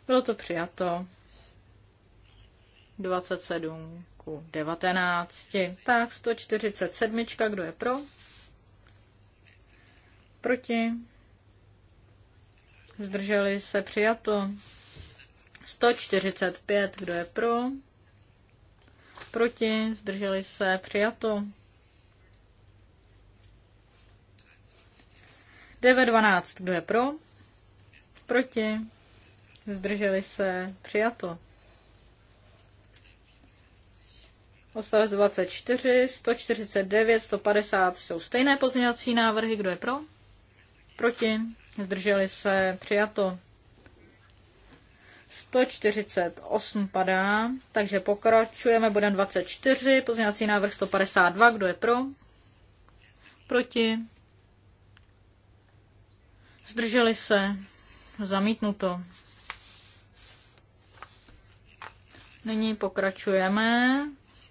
Bylo to přijato. 27 ku 19. Tak 147, kdo je pro? Proti? Zdrželi se přijato. 145, kdo je pro? Proti? Zdrželi se přijato. 912, kdo je pro? Proti? Zdrželi se přijato. Odstavec 24, 149, 150 jsou stejné pozměňovací návrhy. Kdo je pro? Proti? Zdrželi se? Přijato. 148 padá, takže pokračujeme bodem 24, pozměňovací návrh 152, kdo je pro? Proti? Zdrželi se? Zamítnuto. Nyní pokračujeme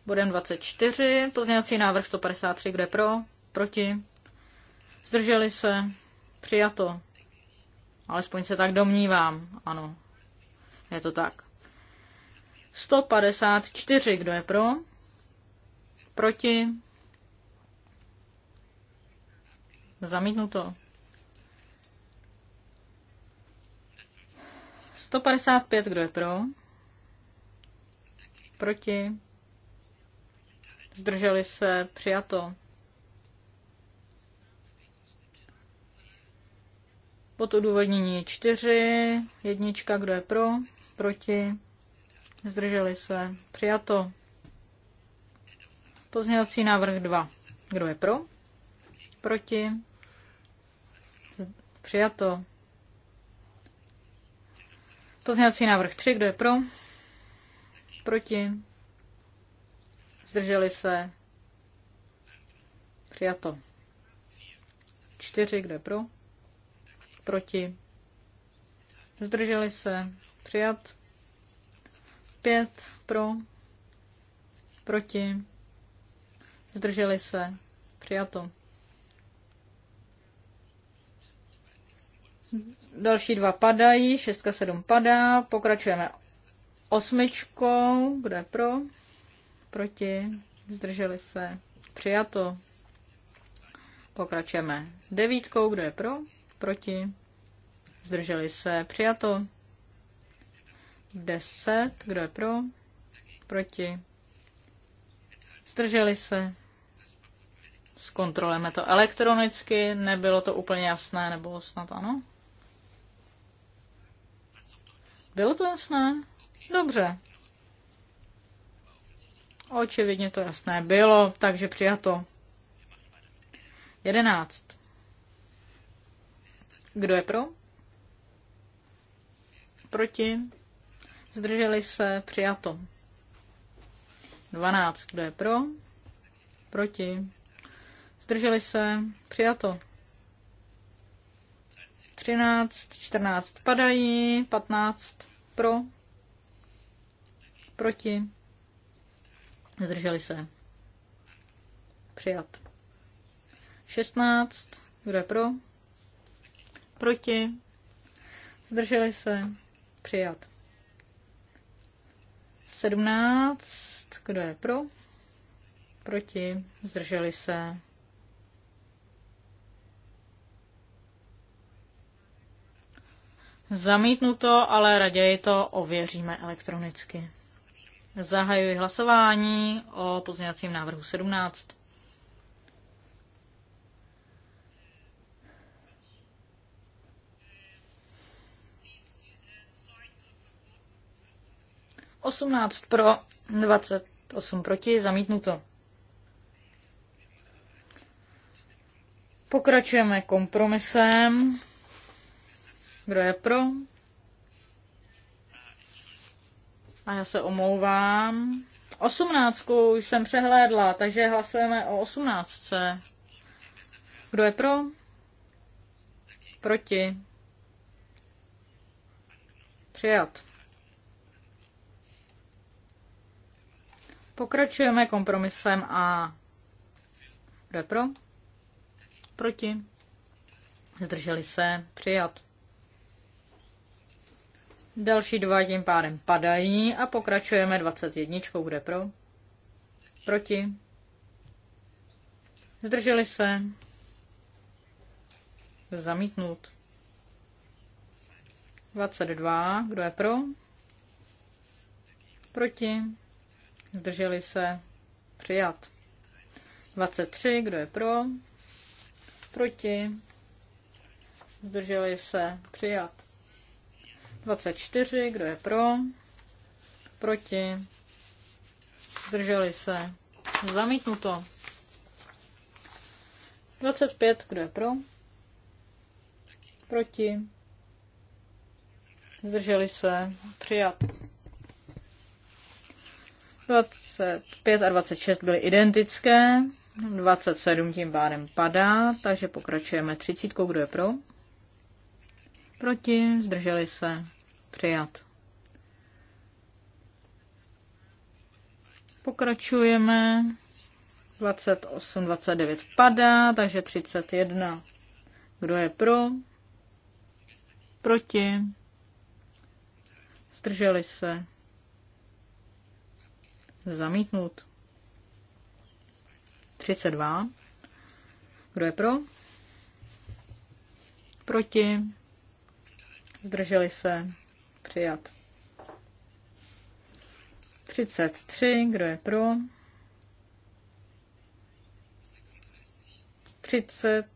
Bodem 24, pozměňovací návrh 153, kde pro, proti, zdrželi se, přijato. Alespoň se tak domnívám, ano, je to tak. 154, kdo je pro, proti, zamítnuto. 155, kdo je pro? Proti? zdrželi se, přijato. Pod odůvodnění 4, jednička, kdo je pro, proti, zdrželi se, přijato. Pozměňovací návrh 2, kdo je pro, proti, přijato. Pozměňovací návrh 3, kdo je pro, proti, Zdrželi se? Přijato. Čtyři, kde pro? Proti. Zdrželi se? Přijat. Pět pro. Proti. Zdrželi se? Přijato. Další dva padají, šestka sedm padá, pokračujeme osmičkou, kde pro, proti, zdrželi se, přijato. Pokračujeme devítkou, kdo je pro, proti, zdrželi se, přijato. Deset, kdo je pro, proti, zdrželi se. Zkontrolujeme to elektronicky, nebylo to úplně jasné, nebo snad ano? Bylo to jasné? Dobře, Očividně to jasné bylo, takže přijato. 11. Kdo je pro? Proti? Zdrželi se? Přijato. 12. Kdo je pro? Proti? Zdrželi se? Přijato. 13, 14 padají, 15 pro, proti. Zdrželi se. Přijat. 16. Kdo je pro? Proti. Zdrželi se. Přijat. 17. Kdo je pro? Proti. Zdrželi se. Zamítnuto, ale raději to ověříme elektronicky. Zahajuji hlasování o pozměňovacím návrhu 17. Osmnáct pro, 28 proti, zamítnuto. Pokračujeme kompromisem. Kdo je pro? A já se omlouvám. Osmnáctku jsem přehlédla, takže hlasujeme o osmnáctce. Kdo je pro? Proti? Přijat. Pokračujeme kompromisem a kdo je pro? Proti? Zdrželi se? Přijat. Další dva tím pádem padají a pokračujeme 21. Bude pro? Proti? Zdrželi se? Zamítnut. 22. Kdo je pro? Proti? Zdrželi se? Přijat. 23. Kdo je pro? Proti? Zdrželi se? Přijat. 24, kdo je pro? Proti? Zdrželi se? Zamítnuto. 25, kdo je pro? Proti? Zdrželi se? Přijat. 25 a 26 byly identické, 27 tím pádem padá, takže pokračujeme 30, kdo je pro? Proti, zdrželi se, Přijat. Pokračujeme. 28, 29 padá, takže 31. Kdo je pro? Proti? Zdrželi se? Zamítnut. 32. Kdo je pro? Proti? Zdrželi se? přijat. 33, kdo je pro? 30,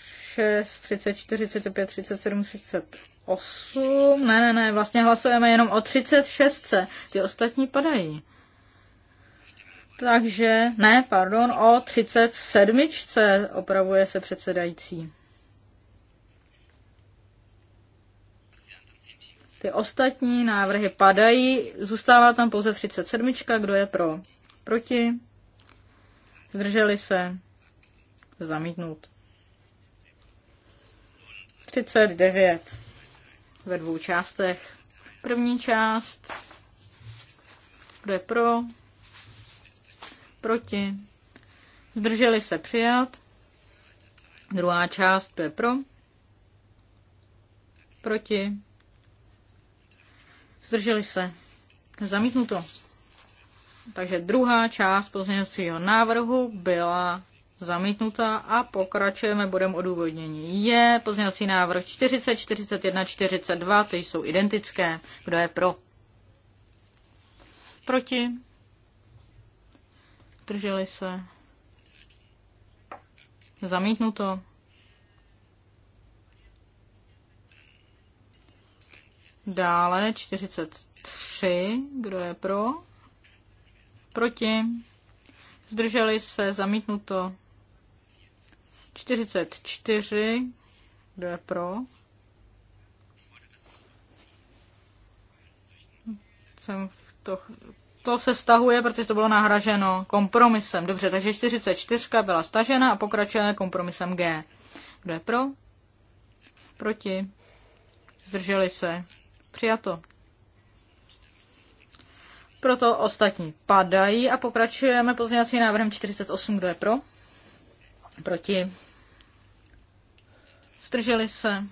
6, 34, 35, 37, 38. Ne, ne, ne, vlastně hlasujeme jenom o 36. Ty ostatní padají. Takže, ne, pardon, o 37. opravuje se předsedající. Ty ostatní návrhy padají, zůstává tam pouze 37. Kdo je pro? Proti? Zdrželi se? Zamítnout. 39 ve dvou částech. První část, kdo je pro, proti, zdrželi se přijat. Druhá část, kdo je pro, proti, Zdrželi se. Zamítnuto. Takže druhá část pozměňovacího návrhu byla zamítnuta a pokračujeme bodem odůvodnění. Je pozměňovací návrh 40, 41, 42, ty jsou identické. Kdo je pro? Proti? Drželi se? Zamítnuto. Dále 43, kdo je pro? Proti? Zdrželi se, zamítnuto. 44, kdo je pro? Jsem to, to se stahuje, protože to bylo nahraženo kompromisem. Dobře, takže 44 byla stažena a pokračujeme kompromisem G. Kdo je pro? Proti? Zdrželi se. Přijato. Proto ostatní padají a pokračujeme pozměňovacím návrhem 48. Kdo je pro? Proti? Strželi se?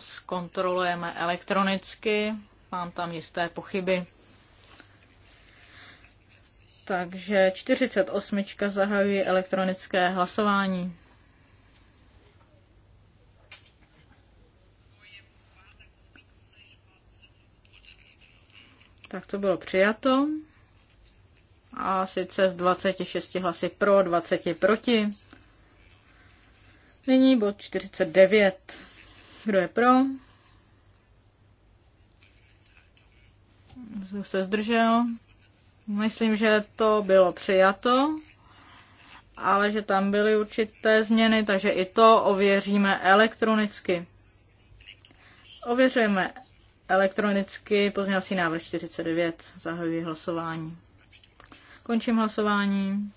Zkontrolujeme elektronicky. Mám tam jisté pochyby. Takže 48. zahajuje elektronické hlasování. tak to bylo přijato. A sice z 26 hlasy pro, 20 proti. Nyní bod 49. Kdo je pro? Kdo se zdržel? Myslím, že to bylo přijato, ale že tam byly určité změny, takže i to ověříme elektronicky. Ověřujeme elektronicky pozměňovací návrh 49. Zahajuji hlasování. Končím hlasování.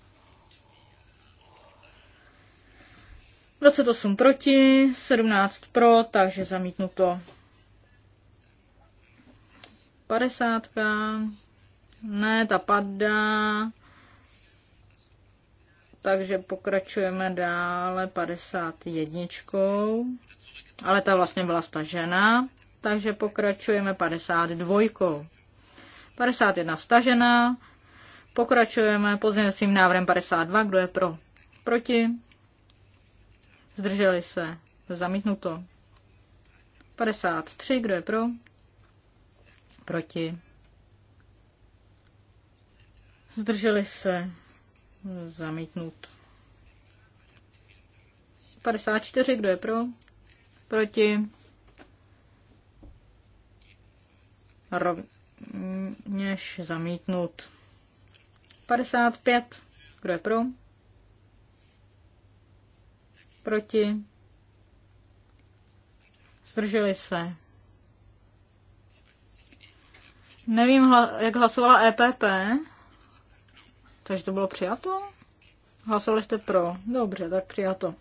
28 proti, 17 pro, takže zamítnuto. 50. Ne, ta padá. Takže pokračujeme dále 51. Ale ta vlastně byla stažena takže pokračujeme 52. 51 stažená, pokračujeme pozměňovacím návrhem 52, kdo je pro, proti, zdrželi se, zamítnuto. 53, kdo je pro, proti, zdrželi se, zamítnut. 54, kdo je pro, proti, rovněž zamítnut. 55. Kdo je pro? Proti? Zdrželi se. Nevím, jak hlasovala EPP, takže to bylo přijato? Hlasovali jste pro. Dobře, tak přijato.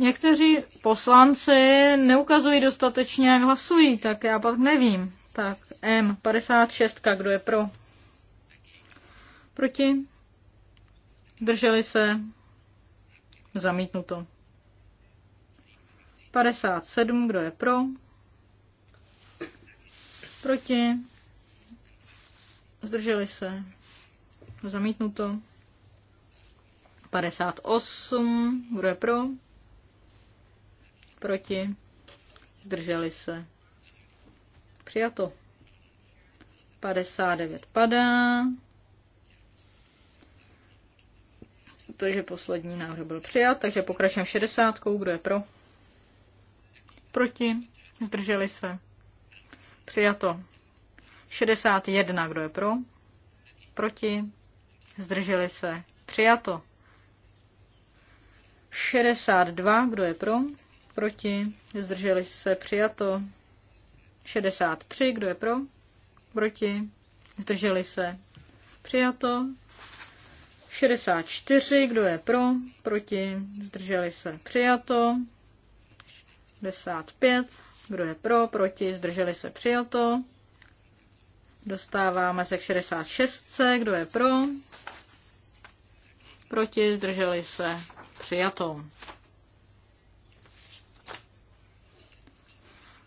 Někteří poslanci neukazují dostatečně, jak hlasují, tak já pak nevím. Tak M56, kdo je pro? Proti? Drželi se? Zamítnuto. 57, kdo je pro? Proti? Zdrželi se? Zamítnuto. 58, kdo je pro? proti, zdrželi se. Přijato. 59 padá. Protože poslední návrh byl přijat, takže pokračujeme 60. Kdo je pro? Proti. Zdrželi se. Přijato. 61. Kdo je pro? Proti. Zdrželi se. Přijato. 62. Kdo je pro? Proti? Zdrželi se přijato. 63. Kdo je pro? Proti? Zdrželi se přijato. 64. Kdo je pro? Proti? Zdrželi se přijato. 65. Kdo je pro? Proti? Zdrželi se přijato. Dostáváme se k 66. Kdo je pro? Proti? Zdrželi se přijato.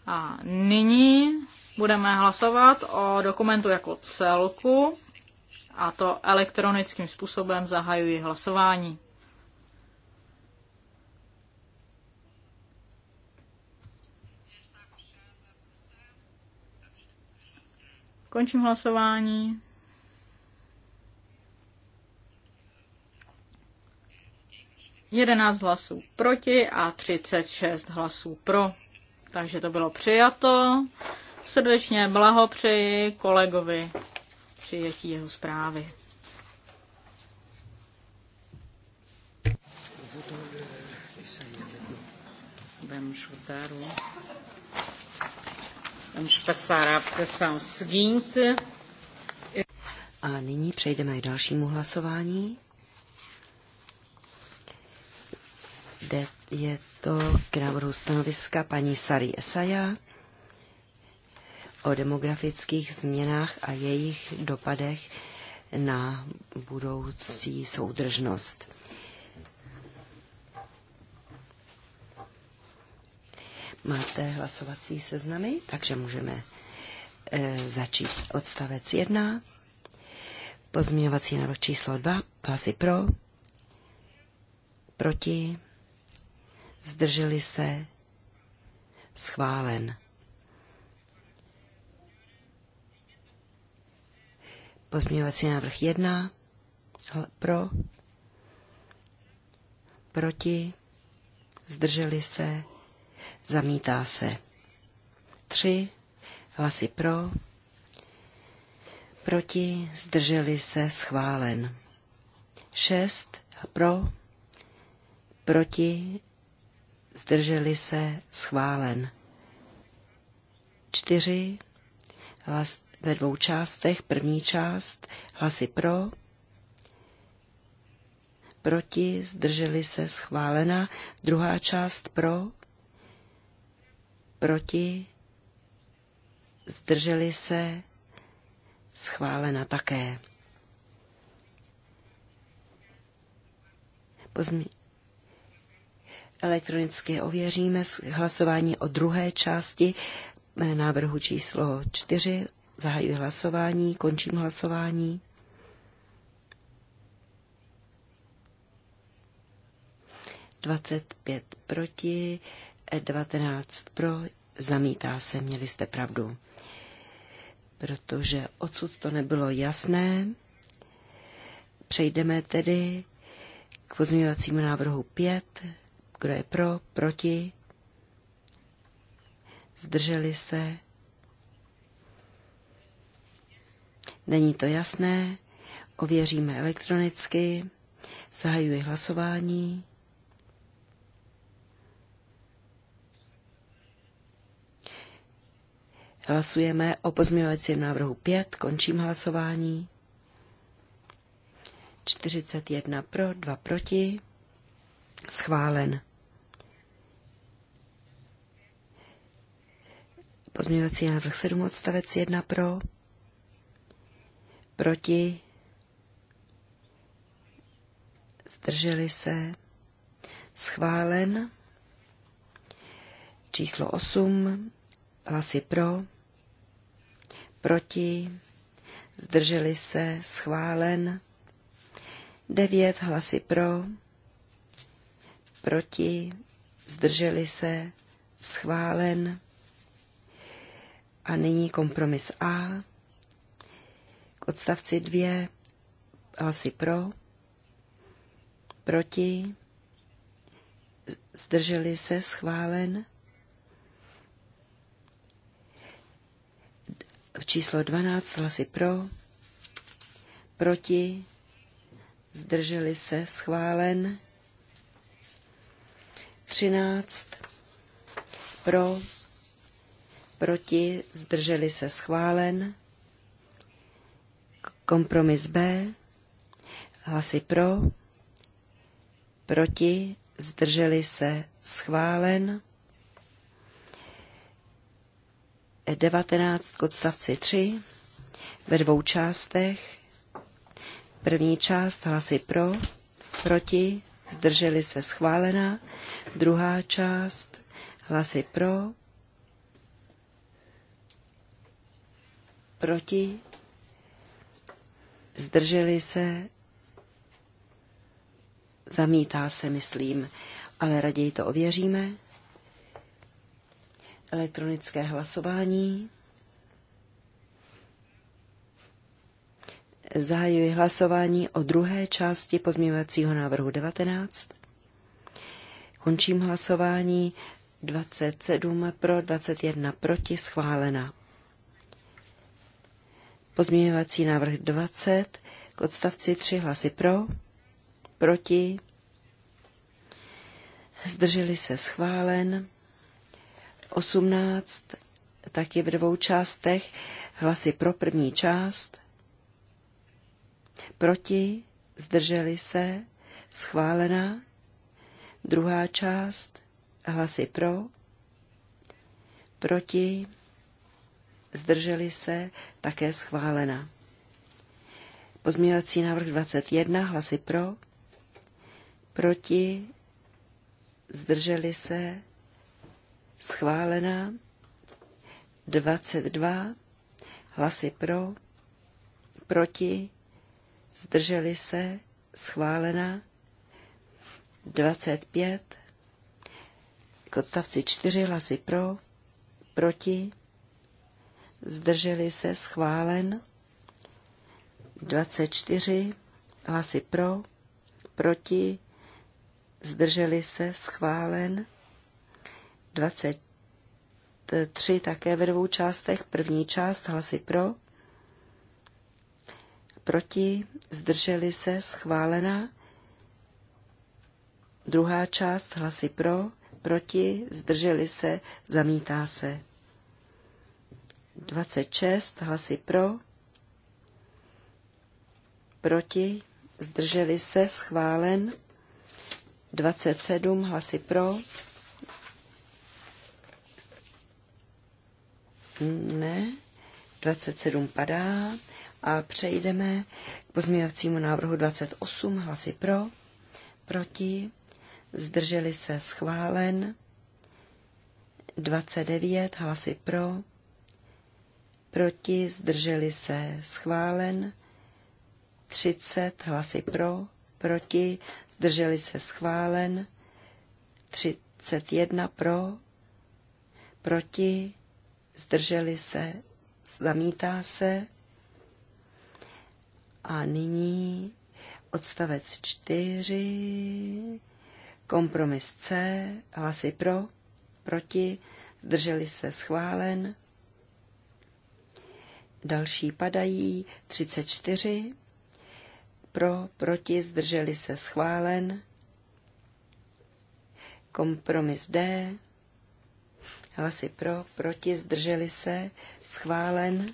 A nyní budeme hlasovat o dokumentu jako celku a to elektronickým způsobem zahajuji hlasování. Končím hlasování. Jedenáct hlasů proti a 36 hlasů pro. Takže to bylo přijato. Srdečně blahopřeji kolegovi přijetí jeho zprávy. Vamos votar o... Vamos passar à A nyní přejdeme k dalšímu hlasování. Jde, je to k návrhu stanoviska paní Sary Esaja o demografických změnách a jejich dopadech na budoucí soudržnost. Máte hlasovací seznamy, takže můžeme e, začít. Odstavec 1, pozměňovací návrh číslo 2, hlasy pro, proti, zdrželi se, schválen. Pozměňovací návrh 1, pro, proti, zdrželi se, zamítá se. 3, hlasy pro, proti, zdrželi se, schválen. 6, pro, proti, zdrželi se, schválen. Čtyři hlas ve dvou částech, první část, hlasy pro, proti, zdrželi se, schválena, druhá část pro, proti, zdrželi se, schválena také. Pozmi- Elektronicky ověříme hlasování o druhé části eh, návrhu číslo 4. Zahajuji hlasování, končím hlasování. Dvacet pět proti, eh, devatenáct pro, zamítá se, měli jste pravdu. Protože odsud to nebylo jasné. Přejdeme tedy k pozměňovacímu návrhu 5. Kdo je pro, proti? Zdrželi se? Není to jasné? Ověříme elektronicky. Zahajuji hlasování. Hlasujeme o pozměňovacím návrhu 5. Končím hlasování. 41 pro, 2 proti. Schválen. Pozměňovací návrh 7 odstavec 1 pro, proti, zdrželi se, schválen. Číslo 8, hlasy pro, proti, zdrželi se, schválen. 9 hlasy pro, proti, zdrželi se, schválen. A nyní kompromis A. K odstavci dvě hlasy pro, proti, zdrželi se schválen. Číslo 12 hlasy pro, proti, zdrželi se schválen. 13 pro, proti, zdrželi se schválen. Kompromis B, hlasy pro, proti, zdrželi se schválen. 19 e k odstavci 3 ve dvou částech. První část hlasy pro, proti, zdrželi se schválena. Druhá část hlasy pro, proti, zdrželi se, zamítá se, myslím, ale raději to ověříme. Elektronické hlasování. Zahajuji hlasování o druhé části pozměňovacího návrhu 19. Končím hlasování 27 pro, 21 proti, schválena. Pozměňovací návrh 20 k odstavci 3 hlasy pro, proti, zdrželi se schválen, 18 taky v dvou částech, hlasy pro první část, proti, zdrželi se, schválena, druhá část, hlasy pro, proti, zdrželi se, také schválena. Pozměňovací návrh 21, hlasy pro, proti, zdrželi se, schválena. 22, hlasy pro, proti, zdrželi se, schválena. 25, k odstavci 4 hlasy pro, proti, zdrželi se schválen 24 hlasy pro, proti, zdrželi se schválen 23 také ve dvou částech, první část hlasy pro, proti, zdrželi se schválena druhá část hlasy pro, proti, zdrželi se, zamítá se. 26 hlasy pro, proti, zdrželi se, schválen. 27 hlasy pro, ne, 27 padá a přejdeme k pozměňovacímu návrhu 28 hlasy pro, proti, zdrželi se schválen, 29 hlasy pro, proti, zdrželi se, schválen. 30 hlasy pro, proti, zdrželi se, schválen. 31 pro, proti, zdrželi se, zamítá se. A nyní odstavec 4, kompromis C, hlasy pro, proti, zdrželi se schválen. Další padají 34. Pro, proti, zdrželi se schválen. Kompromis D. Hlasy pro, proti, zdrželi se schválen.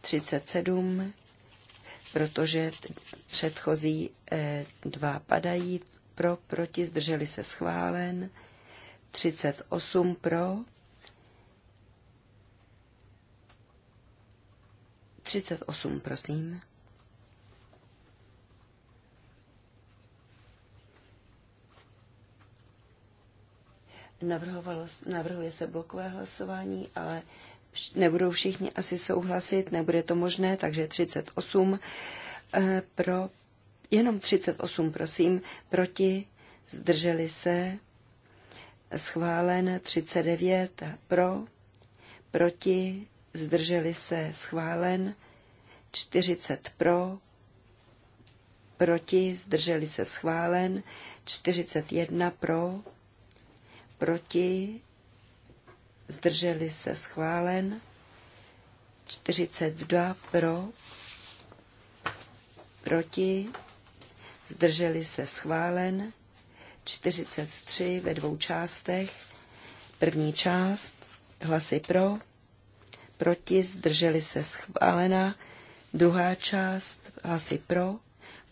37, protože předchozí eh, dva padají pro, proti, zdrželi se schválen. 38 pro, 38, prosím. navrhuje se blokové hlasování, ale nebudou všichni asi souhlasit, nebude to možné, takže 38 eh, pro, jenom 38, prosím, proti, zdrželi se, schválen 39 pro, proti, zdrželi se schválen, 40 pro, proti, zdrželi se schválen, 41 pro, proti, zdrželi se schválen, 42 pro, proti, zdrželi se schválen, 43 ve dvou částech, první část, hlasy pro, proti, zdrželi se schválena. Druhá část, hlasy pro,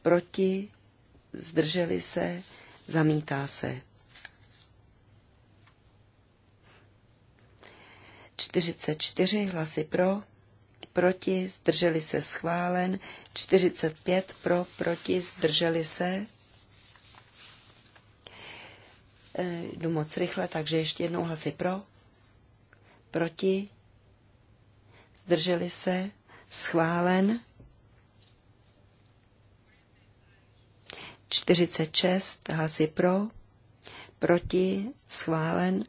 proti, zdrželi se, zamítá se. 44 hlasy pro, proti, zdrželi se schválen, 45 pro, proti, zdrželi se. E, jdu moc rychle, takže ještě jednou hlasy pro, proti, zdrželi se, schválen. 46 hlasy pro, proti, schválen.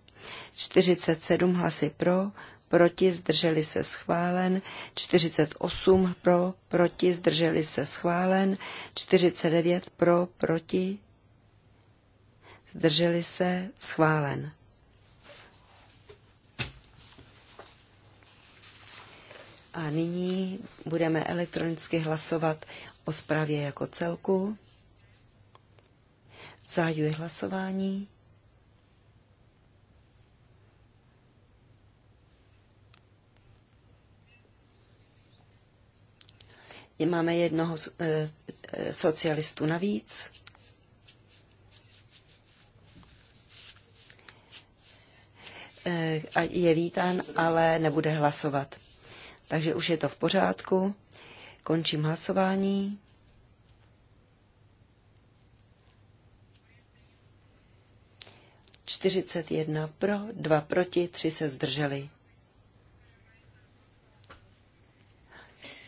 47 hlasy pro, proti, zdrželi se schválen, 48 pro, proti, zdrželi se schválen, 49 pro, proti, zdrželi se schválen. A nyní budeme elektronicky hlasovat o zprávě jako celku. Zahajuji hlasování. Máme jednoho eh, eh, socialistu navíc. Eh, je vítán, ale nebude hlasovat. Takže už je to v pořádku. Končím hlasování. Čtyřicet jedna pro, dva proti, tři se zdrželi.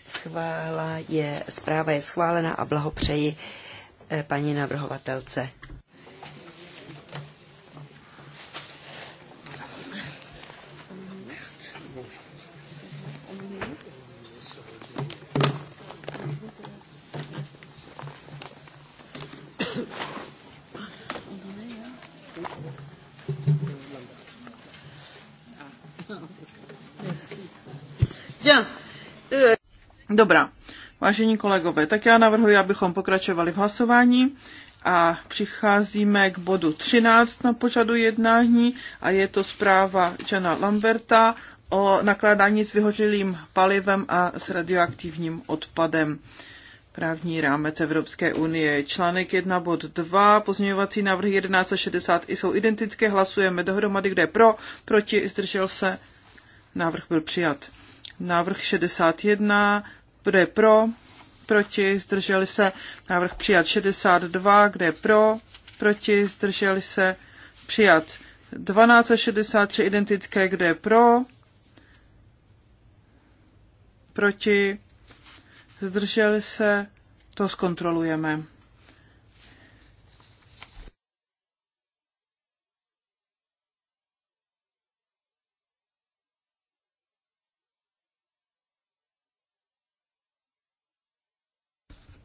Schvála je, zpráva je schválena a blahopřeji eh, paní navrhovatelce. Dobrá, vážení kolegové, tak já navrhuji, abychom pokračovali v hlasování a přicházíme k bodu 13 na pořadu jednání a je to zpráva Jana Lamberta o nakládání s vyhořilým palivem a s radioaktivním odpadem. Právní rámec Evropské unie. Článek 1 bod 2, pozměňovací návrhy 1160 jsou identické, hlasujeme dohromady, kde pro, proti, zdržel se, návrh byl přijat. Návrh 61, kdo je pro? Proti? Zdrželi se? Návrh přijat 62. Kdo je pro? Proti? Zdrželi se? Přijat 12 a 63 identické. Kdo je pro? Proti? Zdrželi se? To zkontrolujeme.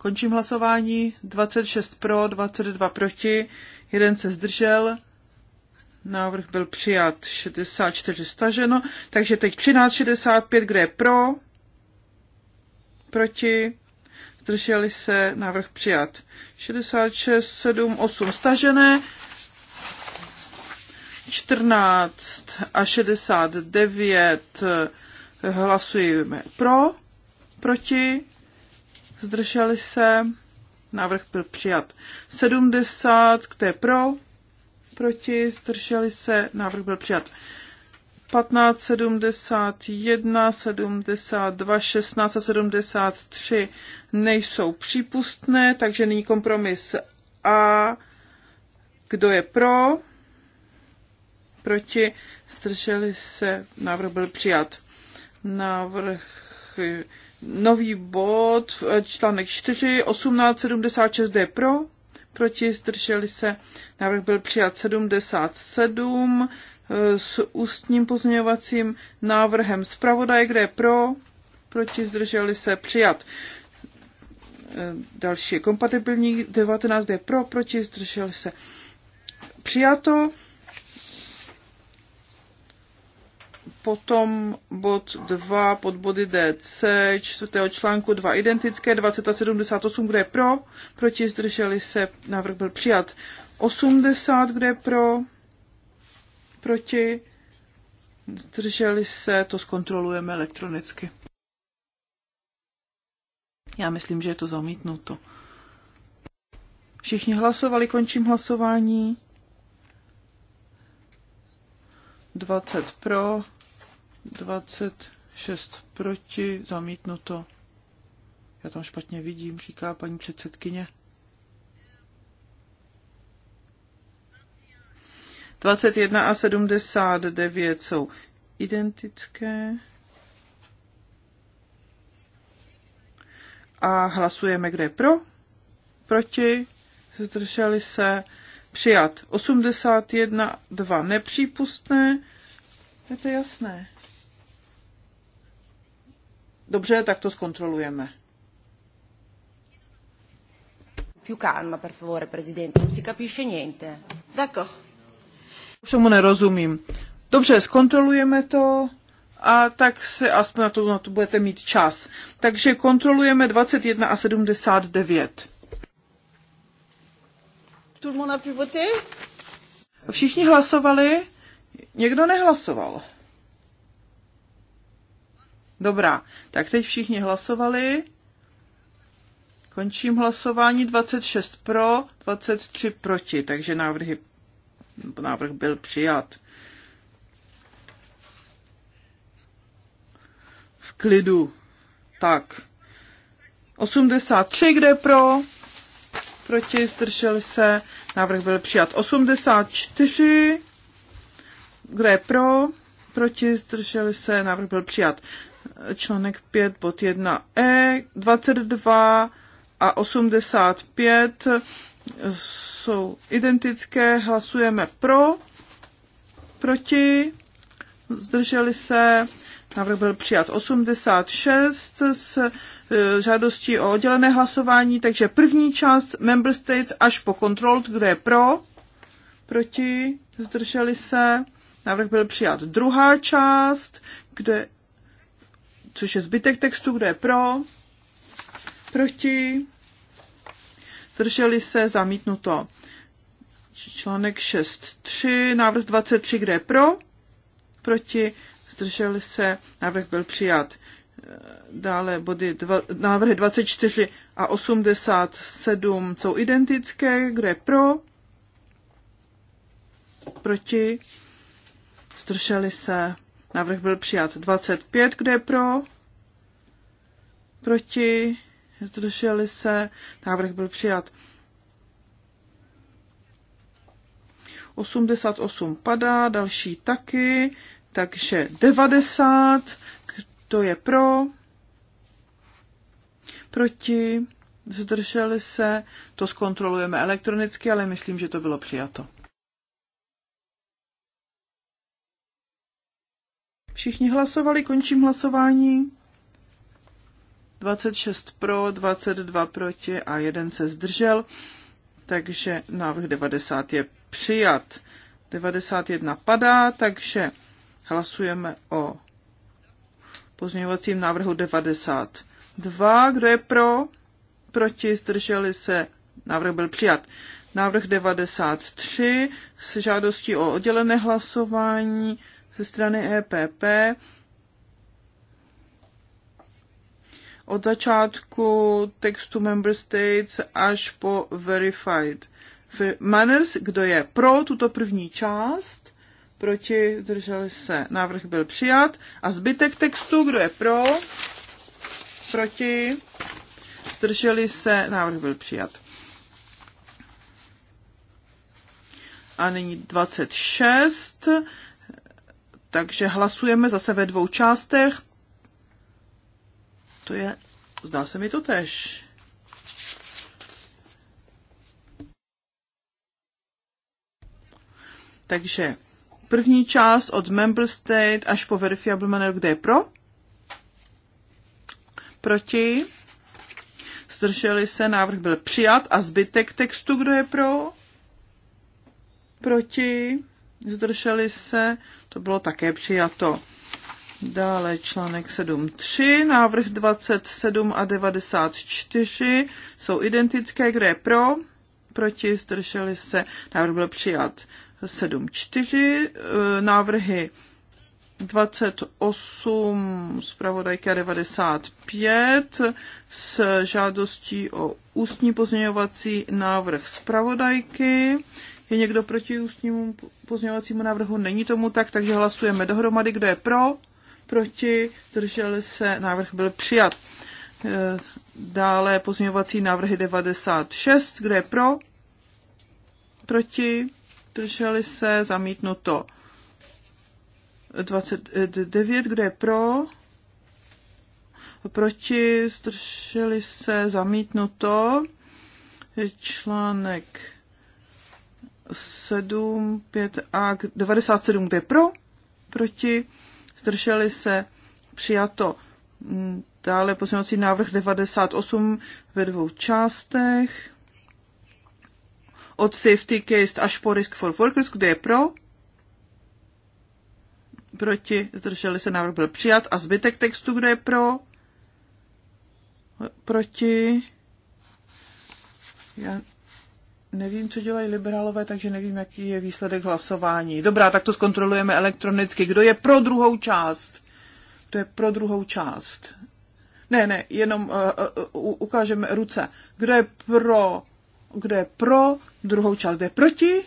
Končím hlasování. 26 pro, 22 proti, jeden se zdržel. Návrh byl přijat 64 staženo, takže teď 1365, kde je pro, proti, zdrželi se, návrh přijat. 66, 7, 8 stažené, 14 a 69 eh, hlasujeme pro, proti, zdrželi se, návrh byl přijat. 70, kdo je pro, proti, zdrželi se, návrh byl přijat. 15, 71, 72, 16 a 73 nejsou přípustné, takže nyní kompromis A. Kdo je pro? Proti? Zdrželi se? Návrh byl přijat. Návrh nový bod, eh, článek 4, 1876 D pro, proti zdrželi se, návrh byl přijat 77 eh, s ústním pozměňovacím návrhem zpravodaje, kde je pro, proti zdrželi se, přijat. Eh, další je kompatibilní 19, kde je pro, proti zdrželi se. Přijato potom bod 2, pod body DC, čtvrtého článku 2 identické, 20 a 78, kde je pro, proti zdrželi se, návrh byl přijat. 80, kde je pro, proti, zdrželi se, to zkontrolujeme elektronicky. Já myslím, že je to zamítnuto. Všichni hlasovali, končím hlasování. 20 pro, 26 proti, zamítnuto. Já tam špatně vidím, říká paní předsedkyně. 21 a 79 jsou identické. A hlasujeme, kde je pro, proti, zdrželi se, přijat 81, 2 nepřípustné, je to jasné. Dobře, tak to zkontrolujeme. Più calma, per favore, presidente, non si capisce niente. D'accord. Už mu nerozumím. Dobře, zkontrolujeme to a tak se aspoň na to, na to budete mít čas. Takže kontrolujeme 21 a 79. Tout le monde a pu voter? Všichni hlasovali, někdo nehlasoval. Dobrá, tak teď všichni hlasovali. Končím hlasování 26 pro, 23 proti, takže návrhy, návrh byl přijat. V klidu. Tak. 83, kde pro, proti, zdržel se, návrh byl přijat. 84, kde pro, proti, zdržel se, návrh byl přijat článek 5, bod 1e, 22 a 85 jsou identické, hlasujeme pro, proti, zdrželi se, návrh byl přijat 86 s e, žádostí o oddělené hlasování, takže první část Member States až po Controlled, kdo je pro, proti, zdrželi se, návrh byl přijat druhá část, kde což je zbytek textu, kdo je pro, proti, drželi se, zamítnuto. Článek 6.3, návrh 23, kde je pro, proti, zdrželi se, návrh byl přijat. Dále body dva, návrhy 24 a 87 jsou identické, kde je pro, proti, zdrželi se, Návrh byl přijat 25, kde je pro, proti, zdrželi se, návrh byl přijat 88 padá, další taky, takže 90, kdo je pro, proti, zdrželi se, to zkontrolujeme elektronicky, ale myslím, že to bylo přijato. Všichni hlasovali, končím hlasování. 26 pro, 22 proti a jeden se zdržel, takže návrh 90 je přijat. 91 padá, takže hlasujeme o pozměňovacím návrhu 92. Kdo je pro? Proti, zdrželi se, návrh byl přijat. Návrh 93 s žádostí o oddělené hlasování ze strany EPP. Od začátku textu Member States až po Verified. Manners, kdo je pro tuto první část, proti, drželi se, návrh byl přijat. A zbytek textu, kdo je pro, proti, zdrželi se, návrh byl přijat. A nyní 26 takže hlasujeme zase ve dvou částech. To je, zdá se mi to tež. Takže první část od Member State až po verifiable manner, kde je pro? Proti? Zdrželi se, návrh byl přijat a zbytek textu, kdo je pro? Proti? zdrželi se, to bylo také přijato. Dále článek 7.3, návrh 27 a 94 jsou identické, kdo je pro, proti, zdrželi se, návrh byl přijat 7.4, eh, návrhy 28 zpravodajka 95 s žádostí o ústní pozměňovací návrh zpravodajky. Je někdo proti ústnímu pozměňovacímu návrhu? Není tomu tak, takže hlasujeme dohromady, kdo je pro, proti, zdrželi se, návrh byl přijat. E, dále pozměňovací návrhy 96, kdo je pro, proti, zdrželi se, zamítnuto. 29, kdo je pro, proti, zdrželi se, zamítnuto. Článek 7, 5 a 97, kde je pro, proti, zdrželi se, přijato. Mm, dále pozměňovací návrh 98 ve dvou částech. Od safety case až po risk for workers, kde je pro, proti, zdrželi se, návrh byl přijat. A zbytek textu, kde je pro, proti, já nevím, co dělají liberálové, takže nevím, jaký je výsledek hlasování. Dobrá, tak to zkontrolujeme elektronicky. Kdo je pro druhou část? To je pro druhou část. Ne, ne, jenom uh, uh, ukážeme ruce. Kdo je pro, kdo je pro druhou část? Kdo je proti?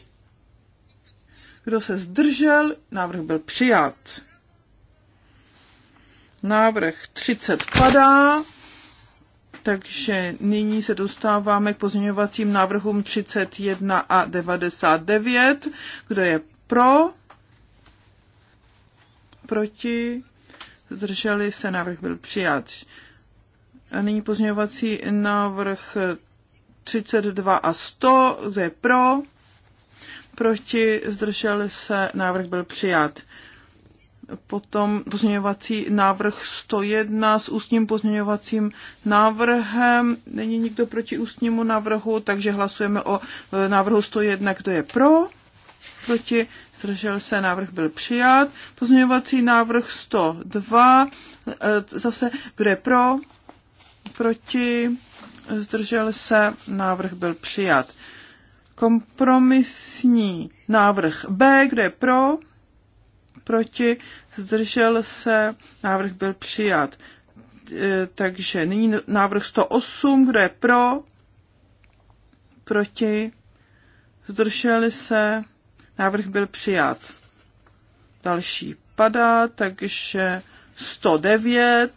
Kdo se zdržel? Návrh byl přijat. Návrh 30 padá. Takže nyní se dostáváme k pozměňovacím návrhům 31 a 99. Kdo je pro? Proti? Zdrželi se, návrh byl přijat. A nyní pozměňovací návrh 32 a 100. Kdo je pro? Proti? Zdrželi se, návrh byl přijat potom pozměňovací návrh 101 s ústním pozměňovacím návrhem. Není nikdo proti ústnímu návrhu, takže hlasujeme o e, návrhu 101, kdo je pro, proti, zdržel se, návrh byl přijat. Pozměňovací návrh 102, e, zase kdo je pro, proti, zdržel se, návrh byl přijat. Kompromisní návrh B, kdo je pro, proti, zdržel se, návrh byl přijat. E, takže nyní návrh 108, kdo je pro, proti, zdrželi se, návrh byl přijat. Další padá, takže 109,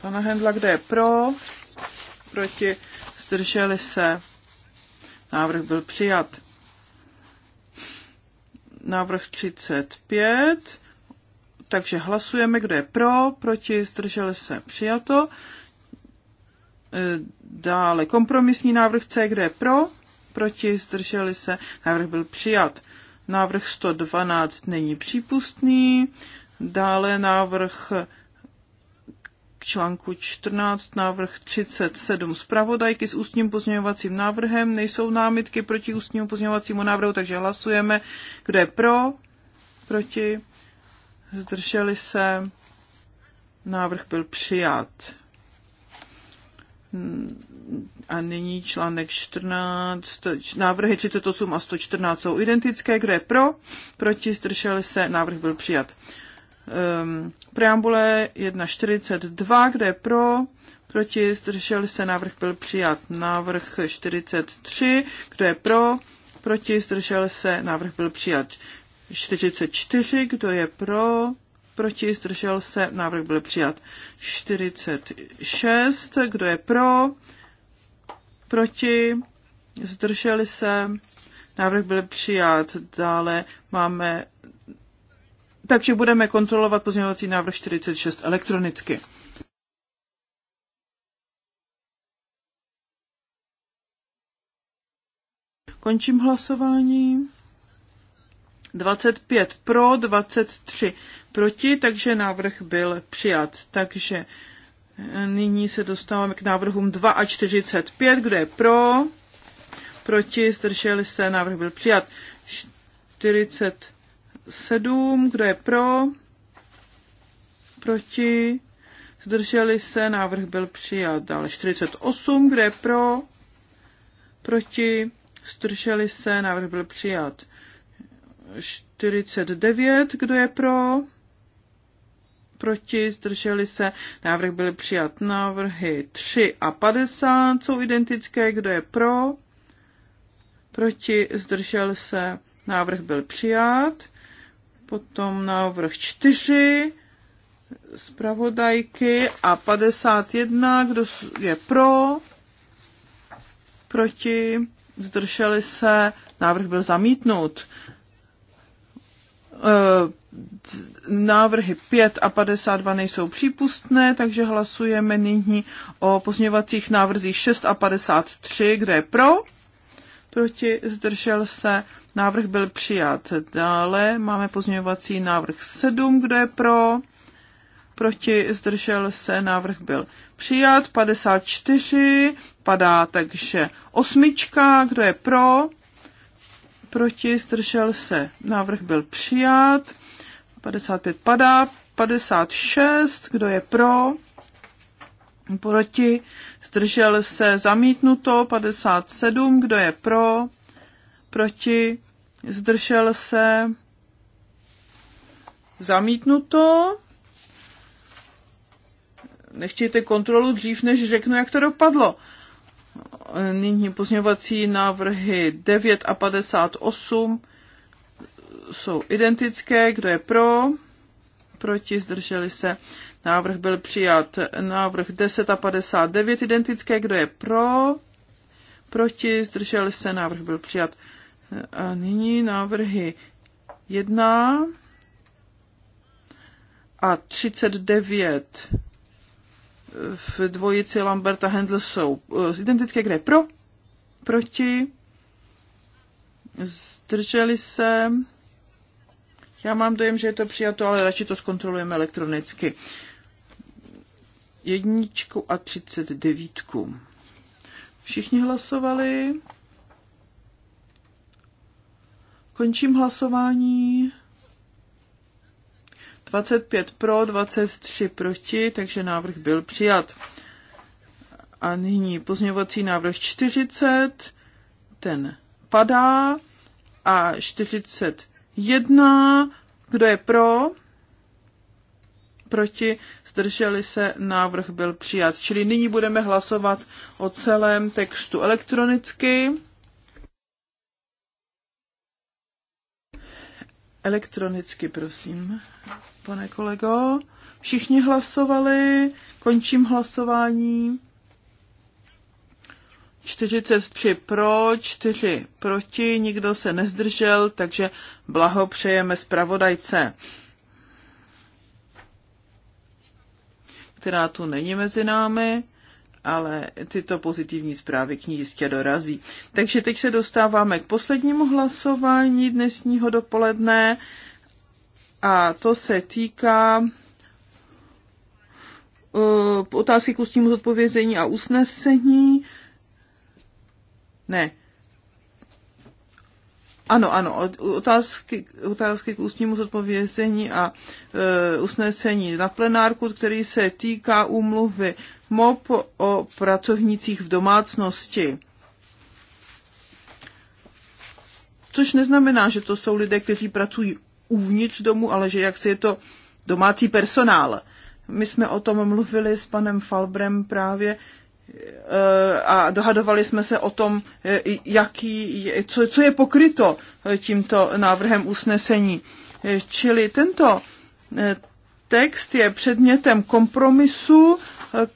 pana Hendla, kde je pro, proti, zdrželi se, návrh byl přijat návrh 35. Takže hlasujeme, kdo je pro, proti, zdrželi se, přijato. E, dále kompromisní návrh C, kde je pro, proti, zdrželi se, návrh byl přijat. Návrh 112 není přípustný. Dále návrh článku 14 návrh 37 zpravodajky s ústním pozměňovacím návrhem. Nejsou námitky proti ústnímu pozměňovacímu návrhu, takže hlasujeme. Kdo je pro? Proti? Zdrželi se? Návrh byl přijat. A nyní článek 14. Návrhy 38 a 114 jsou identické. Kdo je pro? Proti? Zdrželi se? Návrh byl přijat um, preambule 1.42, kde je pro, proti, zdržel se, návrh byl přijat. Návrh 43, kdo je pro, proti, zdržel se, návrh byl přijat. 44, kdo je pro, proti, zdržel se, návrh byl přijat. 46, kdo je pro, proti, zdrželi se, návrh byl přijat. Dále máme takže budeme kontrolovat pozměňovací návrh 46 elektronicky. Končím hlasování. 25 pro, 23 proti, takže návrh byl přijat. Takže eh, nyní se dostáváme k návrhům 2 a 45. Kdo je pro? Proti, zdrželi se, návrh byl přijat. 40 7, kdo je pro, proti, zdrželi se, návrh byl přijat. Dále 48, kdo je pro, proti, zdrželi se, návrh byl přijat. 49, kdo je pro, proti, zdrželi se, návrh byl přijat. Návrhy 3 a 50 jsou identické, kdo je pro, proti, zdržel se, návrh byl přijat potom návrh 4 zpravodajky a 51, kdo je pro, proti, zdrželi se, návrh byl zamítnut. Eh, návrhy 5 a 52 nejsou přípustné, takže hlasujeme nyní o pozměňovacích návrzích 6 a 53, kde je pro, proti, zdržel se, Návrh byl přijat. Dále máme pozměňovací návrh 7, kdo je pro, proti, zdržel se, návrh byl přijat. 54 padá, takže osmička, kdo je pro, proti, zdržel se, návrh byl přijat. 55 padá, 56, kdo je pro, proti, zdržel se, zamítnuto, 57, kdo je pro, proti, zdržel se, zamítnuto. Nechtějte kontrolu dřív, než řeknu, jak to dopadlo. Nyní pozměňovací návrhy 9 a 58 jsou identické. Kdo je pro? Proti zdrželi se. Návrh byl přijat. Návrh 10 a 59 identické. Kdo je pro? Proti zdrželi se. Návrh byl přijat. A nyní návrhy 1 a 39 v dvojici Lamberta Handel jsou eh, identické, kde pro, proti, zdrželi se. Já mám dojem, že je to přijato, ale radši to zkontrolujeme elektronicky. Jedničku a třicet devítku. Všichni hlasovali. Končím hlasování. 25 pro, 23 proti, takže návrh byl přijat. A nyní pozměňovací návrh 40, ten padá. A 41, kdo je pro? Proti, zdrželi se, návrh byl přijat. Čili nyní budeme hlasovat o celém textu elektronicky. Elektronicky, prosím, pane kolego. Všichni hlasovali, končím hlasování. 43 pro, 4 proti, nikdo se nezdržel, takže blahopřejeme zpravodajce, která tu není mezi námi ale tyto pozitivní zprávy k ní jistě dorazí. Takže teď se dostáváme k poslednímu hlasování dnesního dopoledne a to se týká eh, otázky k ústnímu zodpovězení a usnesení. Ne, ano, ano, otázky, otázky k ústnímu zodpovězení a e, usnesení na plenárku, který se týká úmluvy MOP o pracovnících v domácnosti. Což neznamená, že to jsou lidé, kteří pracují uvnitř domu, ale že jak si je to domácí personál. My jsme o tom mluvili s panem Falbrem právě, Eh, a dohadovali jsme se o tom, eh, jaký, co, co je pokryto eh, tímto návrhem usnesení. Čili tento text je předmětem kompromisu,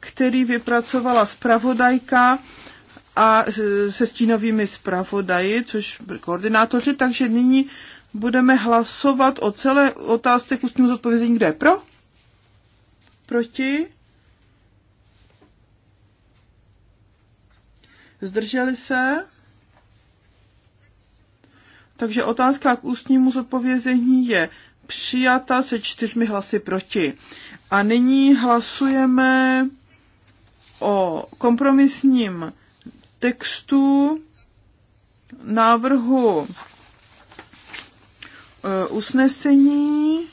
který vypracovala zpravodajka a se stínovými zpravodaji, což koordinátoři, takže nyní budeme hlasovat o celé otázce k ústnímu zodpovězení. Kdo je pro? Proti? zdrželi se. Takže otázka k ústnímu zodpovězení je přijata se čtyřmi hlasy proti. A nyní hlasujeme o kompromisním textu návrhu e, usnesení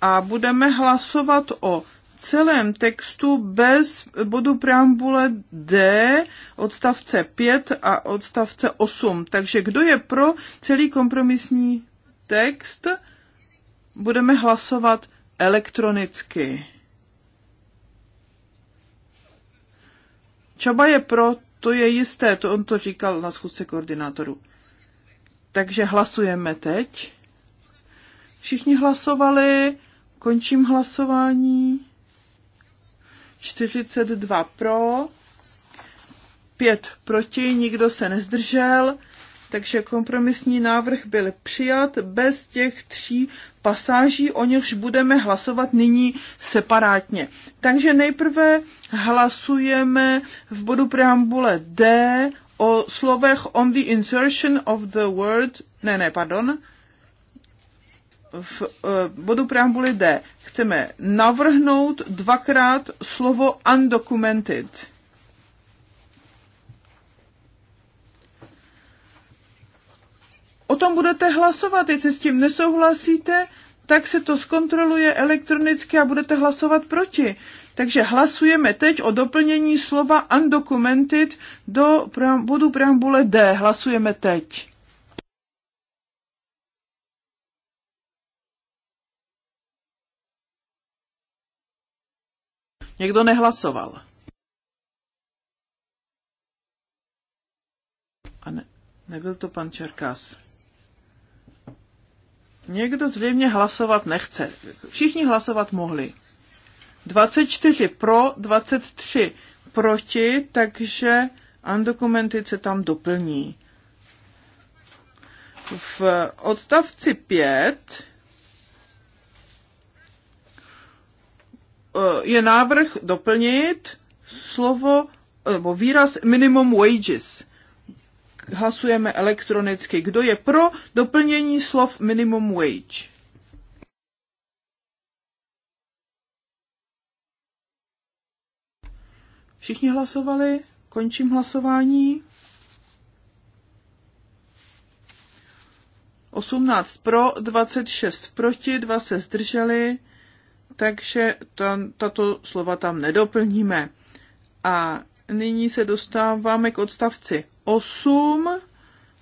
a budeme hlasovat o celém textu bez bodu preambule D, odstavce 5 a odstavce 8. Takže kdo je pro celý kompromisní text, budeme hlasovat elektronicky. Čaba je pro, to je jisté, to on to říkal na schůzce koordinátoru. Takže hlasujeme teď. Všichni hlasovali, končím hlasování. 42 pro, 5 proti, nikdo se nezdržel, takže kompromisní návrh byl přijat bez těch tří pasáží, o nichž budeme hlasovat nyní separátně. Takže nejprve hlasujeme v bodu preambule D o slovech on the insertion of the word, ne, ne, pardon, v eh, bodu preambuly D chceme navrhnout dvakrát slovo undocumented. O tom budete hlasovat, jestli s tím nesouhlasíte, tak se to zkontroluje elektronicky a budete hlasovat proti. Takže hlasujeme teď o doplnění slova undocumented do bodu preambule D. Hlasujeme teď. Někdo nehlasoval. A ne, nebyl to pan Čerkás. Někdo zřejmě hlasovat nechce. Všichni hlasovat mohli. 24 pro, 23 proti, takže undokumenty se tam doplní. V odstavci 5 Eh, je návrh doplnit slovo eh, nebo výraz minimum wages. Hlasujeme elektronicky. Kdo je pro doplnění slov minimum wage? Všichni hlasovali? Končím hlasování. 18 pro, 26 proti, 2 se zdrželi takže tato slova tam nedoplníme. A nyní se dostáváme k odstavci 8,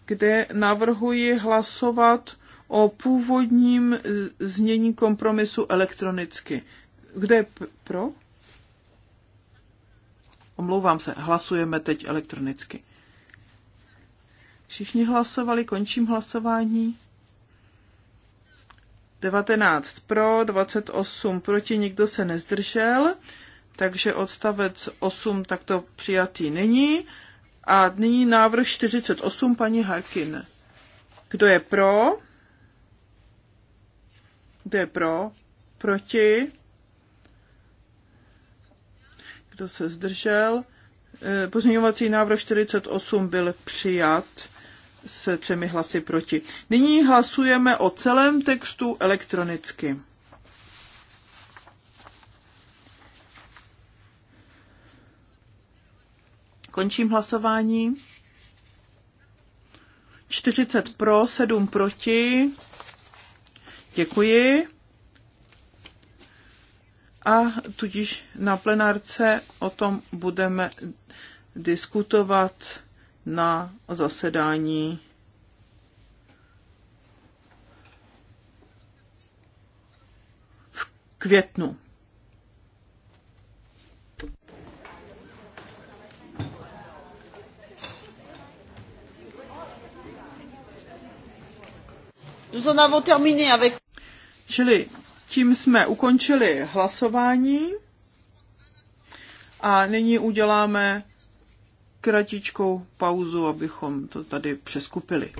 kde navrhuji hlasovat o původním znění kompromisu elektronicky. Kde je pro? Omlouvám se, hlasujeme teď elektronicky. Všichni hlasovali, končím hlasování. 19 pro, 28 proti, nikdo se nezdržel, takže odstavec 8 takto přijatý není. A nyní návrh 48 paní Harkin. Kdo je pro? Kdo je pro? Proti? Kdo se zdržel? Eh, pozměňovací návrh 48 byl přijat s třemi hlasy proti. Nyní hlasujeme o celém textu elektronicky. Končím hlasování. 40 pro, 7 proti. Děkuji. A tudíž na plenárce o tom budeme diskutovat na zasedání v květnu. Nous en avons terminé avec... Čili tím jsme ukončili hlasování a nyní uděláme kratičkou pauzu, abychom to tady přeskupili.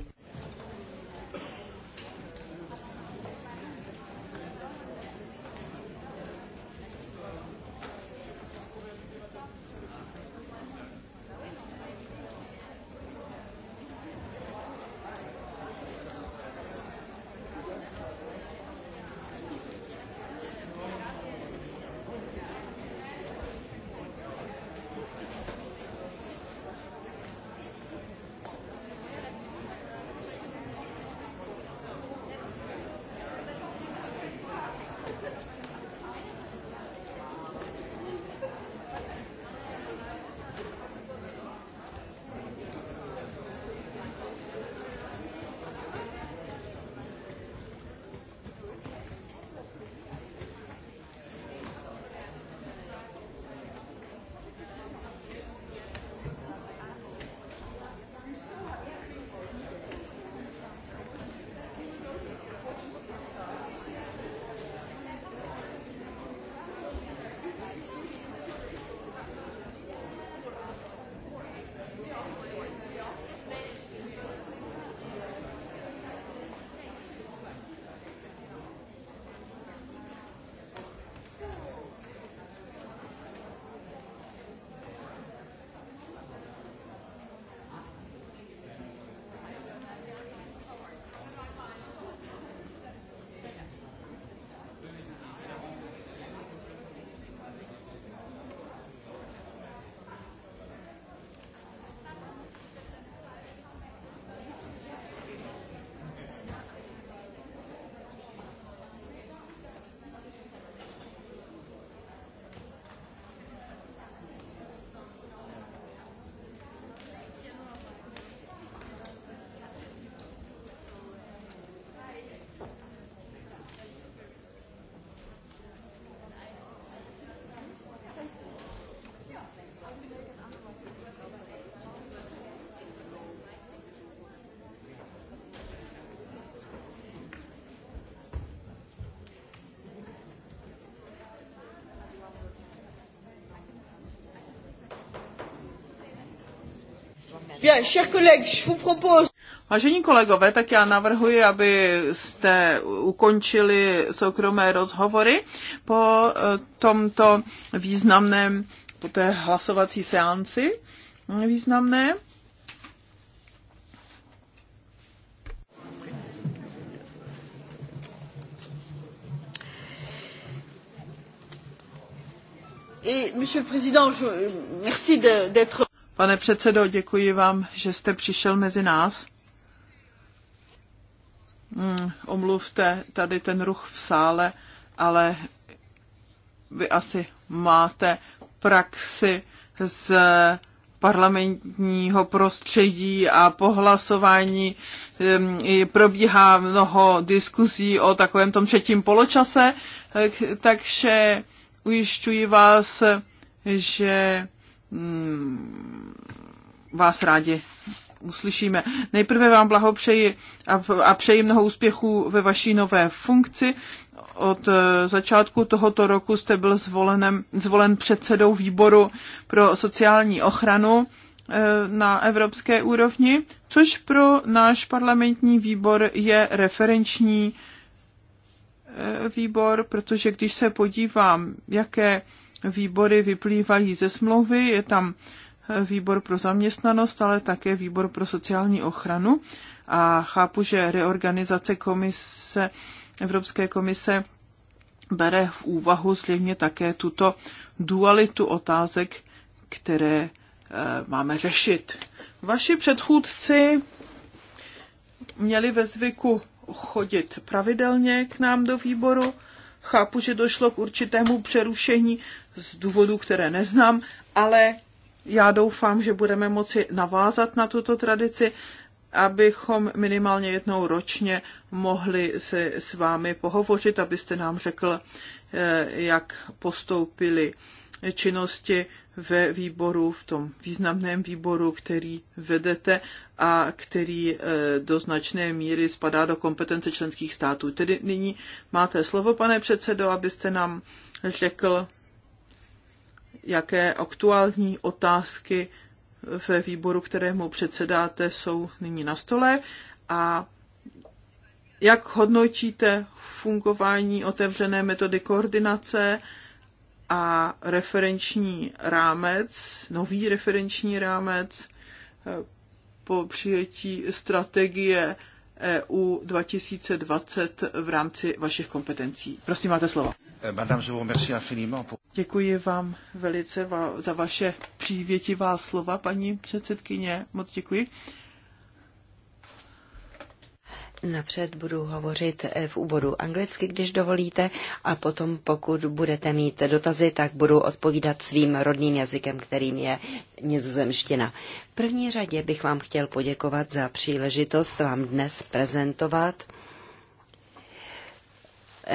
Vážení kolegové, tak já navrhuji, aby jste ukončili soukromé rozhovory po eh, tomto významném, po té hlasovací seanci významné. Et, monsieur le président, je, merci d'être. Pane předsedo, děkuji vám, že jste přišel mezi nás. Hmm, omluvte tady ten ruch v sále, ale vy asi máte praxi z parlamentního prostředí a pohlasování hmm, probíhá mnoho diskuzí o takovém tom třetím poločase, takže ujišťuji vás, že Mm, vás rádi uslyšíme. Nejprve vám blahopřeji a přeji mnoho úspěchů ve vaší nové funkci. Od eh, začátku tohoto roku jste byl zvolenem, zvolen předsedou výboru pro sociální ochranu eh, na evropské úrovni, což pro náš parlamentní výbor je referenční eh, výbor, protože když se podívám, jaké výbory vyplývají ze smlouvy. Je tam výbor pro zaměstnanost, ale také výbor pro sociální ochranu. A chápu, že reorganizace komise, Evropské komise bere v úvahu zřejmě také tuto dualitu otázek, které e, máme řešit. Vaši předchůdci měli ve zvyku chodit pravidelně k nám do výboru. Chápu, že došlo k určitému přerušení z důvodů, které neznám, ale já doufám, že budeme moci navázat na tuto tradici, abychom minimálně jednou ročně mohli se s vámi pohovořit, abyste nám řekl, eh, jak postoupili činnosti ve výboru, v tom významném výboru, který vedete a který eh, do značné míry spadá do kompetence členských států. Tedy nyní máte slovo, pane předsedo, abyste nám řekl, jaké aktuální otázky ve výboru, kterému předsedáte, jsou nyní na stole a jak hodnotíte fungování otevřené metody koordinace a referenční rámec, nový referenční rámec po přijetí strategie EU 2020 v rámci vašich kompetencí. Prosím, máte slovo. Eh, děkuji vám velice za vaše přívětivá slova, paní předsedkyně. Moc děkuji. Napřed budu hovořit eh, v úvodu anglicky, když dovolíte, a potom, pokud budete mít dotazy, tak budu odpovídat svým rodným jazykem, kterým je nizozemština. V první řadě bych vám chtěl poděkovat za příležitost vám dnes prezentovat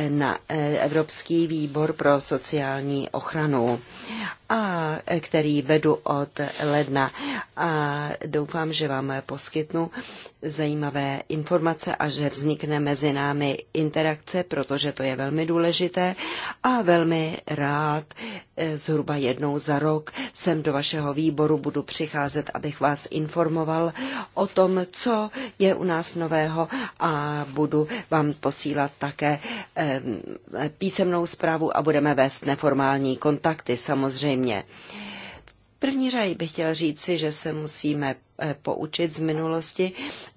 na eh, Evropský výbor pro sociální ochranu a který vedu od ledna. A doufám, že vám poskytnu zajímavé informace a že vznikne mezi námi interakce, protože to je velmi důležité a velmi rád eh, zhruba jednou za rok sem do vašeho výboru budu přicházet, abych vás informoval o tom, co je u nás nového a budu vám posílat také eh, písemnou zprávu a budeme vést neformální kontakty samozřejmě samozřejmě. V první řadě bych chtěl říci, že se musíme eh, poučit z minulosti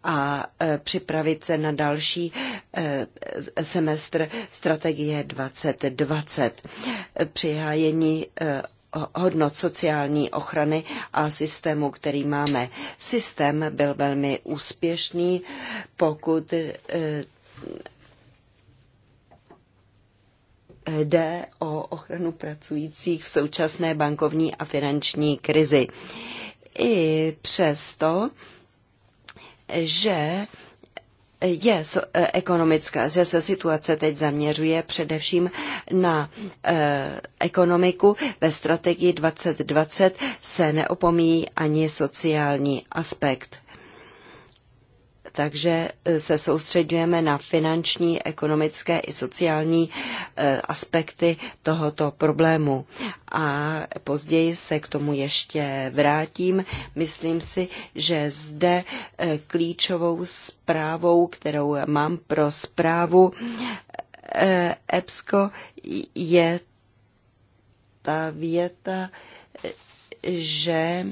a eh, připravit se na další eh, semestr strategie 2020. Přihájení hodnot sociální ochrany a systému, který máme. Systém byl velmi úspěšný, pokud jde o ochranu pracujících v současné bankovní a finanční krizi. I přesto, že je ekonomická, že se situace teď zaměřuje především na e, ekonomiku. Ve strategii 2020 se neopomíjí ani sociální aspekt takže e, se soustředujeme na finanční, ekonomické i sociální e, aspekty tohoto problému. A později se k tomu ještě vrátím. Myslím si, že zde e, klíčovou zprávou, kterou mám pro zprávu EBSCO, je ta věta, že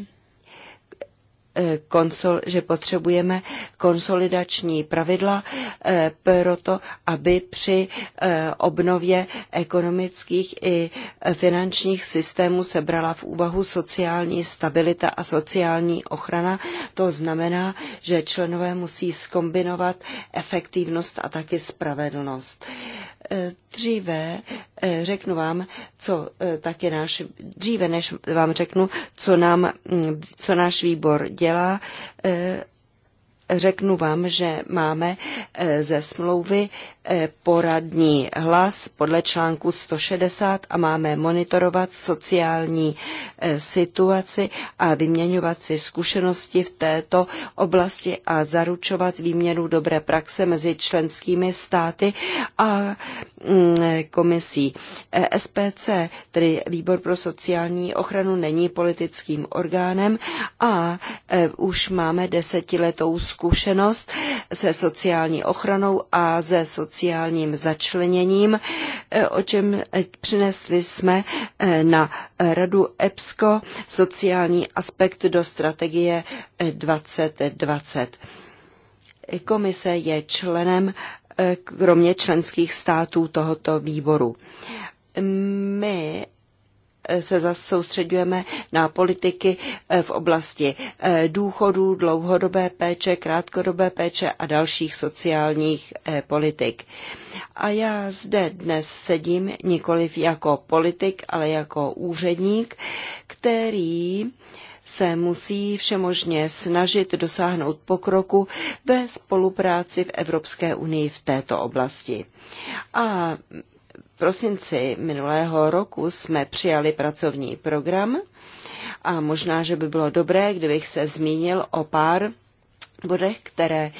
Eh, konsol, že potřebujeme konsolidační pravidla eh, pro to, aby při eh, obnově ekonomických i finančních systémů se brala v úvahu sociální stabilita a sociální ochrana. To znamená, že členové musí skombinovat efektivnost a taky spravedlnost. Dříve eh, řeknu vám, co eh, taky náš, dříve než vám řeknu, co, nám, mm, co náš výbor dělá, eh, Řeknu vám, že máme eh, ze smlouvy eh, poradní hlas podle článku 160 a máme monitorovat sociální eh, situaci a vyměňovat si zkušenosti v této oblasti a zaručovat výměnu dobré praxe mezi členskými státy a mm, komisí. SPC, tedy Výbor pro sociální ochranu, není politickým orgánem a už máme desetiletou zkušenost zkušenost se sociální ochranou a se sociálním začleněním, eh, o čem eh, přinesli jsme eh, na Radu EPSCO sociální aspekt do strategie 2020. Komise je členem kromě členských států tohoto výboru. My se zase soustředujeme na politiky eh, v oblasti eh, důchodů, dlouhodobé péče, krátkodobé péče a dalších sociálních eh, politik. A já zde dnes sedím nikoliv jako politik, ale jako úředník, který se musí všemožně snažit dosáhnout pokroku ve spolupráci v Evropské unii v této oblasti. A prosinci minulého roku jsme přijali pracovní program a možná, že by bylo dobré, kdybych se zmínil o pár bodech, které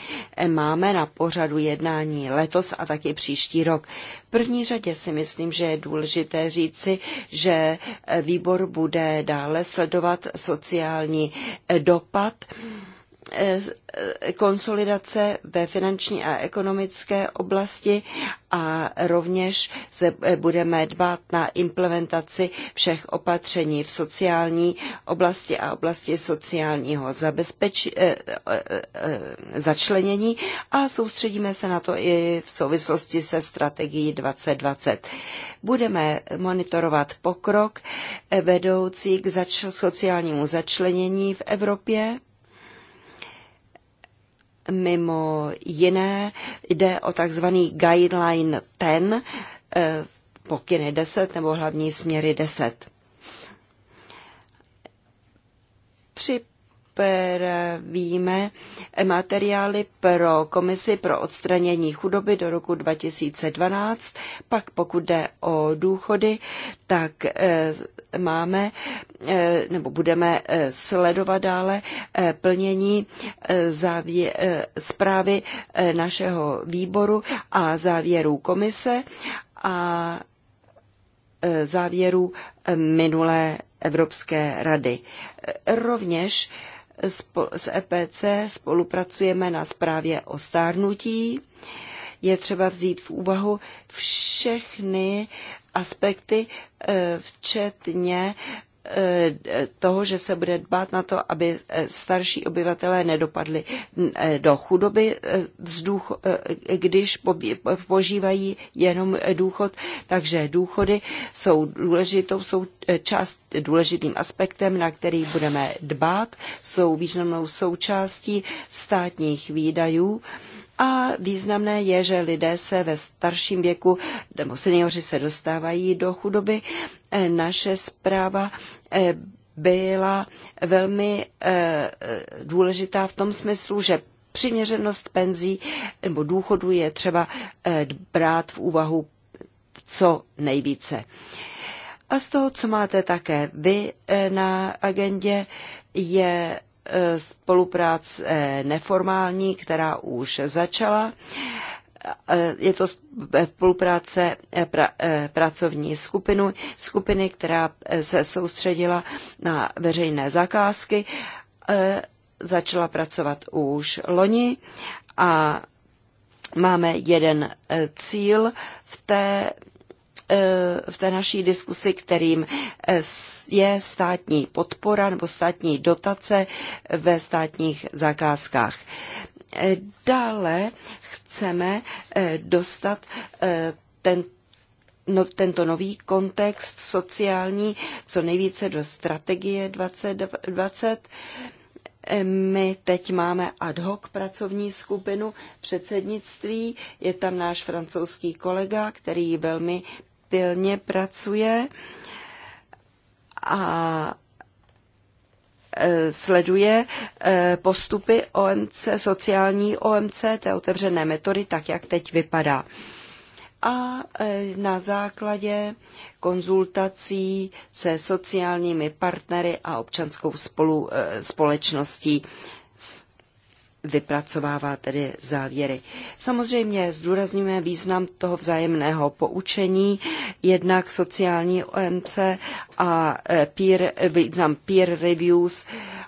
máme na pořadu jednání letos a taky příští rok. V první řadě si myslím, že je důležité říci, že výbor bude dále sledovat sociální dopad Eh, konsolidace ve finanční a ekonomické oblasti a rovněž se eh, budeme dbát na implementaci všech opatření v sociální oblasti a oblasti sociálního zabezpeč... Eh, začlenění a soustředíme se na to i v souvislosti se strategií 2020. Budeme monitorovat pokrok vedoucí k zač- sociálnímu začlenění v Evropě Mimo jiné jde o takzvaný guideline 10, eh, pokyny 10 nebo hlavní směry 10. Při víme materiály pro komisi pro odstranění chudoby do roku 2012. Pak pokud jde o důchody, tak eh, máme eh, nebo budeme eh, sledovat dále plnění závě, zprávy našeho výboru a závěrů komise a závěrů minulé Evropské rady. Rovněž s EPC spolupracujeme na zprávě o stárnutí. Je třeba vzít v úvahu všechny aspekty, eh, včetně toho, že se bude dbát na to, aby eh, starší obyvatelé nedopadli eh, do chudoby, eh, vzduch, když požívají jenom důchod. Takže důchody jsou důležitou, jsou část, důležitým aspektem, na který budeme dbát, jsou významnou součástí státních výdajů. A významné je, že lidé se ve starším věku, nebo seniori se dostávají do chudoby. Naše zpráva Eh, byla velmi eh, důležitá v tom smyslu, že přiměřenost penzí nebo důchodu je třeba eh, brát v úvahu co nejvíce. A z toho, co máte také vy na agendě, je spolupráce neformální, která už začala E, je to e, spolupráce e, pra, pracovní skupinu, skupiny, která se soustředila na veřejné zakázky. Začala pracovat už loni a máme jeden cíl v té v té naší diskusi, kterým je státní podpora nebo státní dotace ve státních zakázkách. Dále chceme eh, dostat eh, ten, no, tento nový kontext sociální co nejvíce do strategie 2020. My teď máme ad hoc pracovní skupinu předsednictví. Je tam náš francouzský kolega, který velmi pilně pracuje. A Eh, sleduje eh, postupy OMC, sociální OMC, té otevřené metody, tak jak teď vypadá. A eh, na základě konzultací se sociálními partnery a občanskou spolu, společností vypracovává tedy závěry. Samozřejmě zdůrazňujeme význam toho vzájemného poučení, jednak sociální OMC a eh, peer, význam peer reviews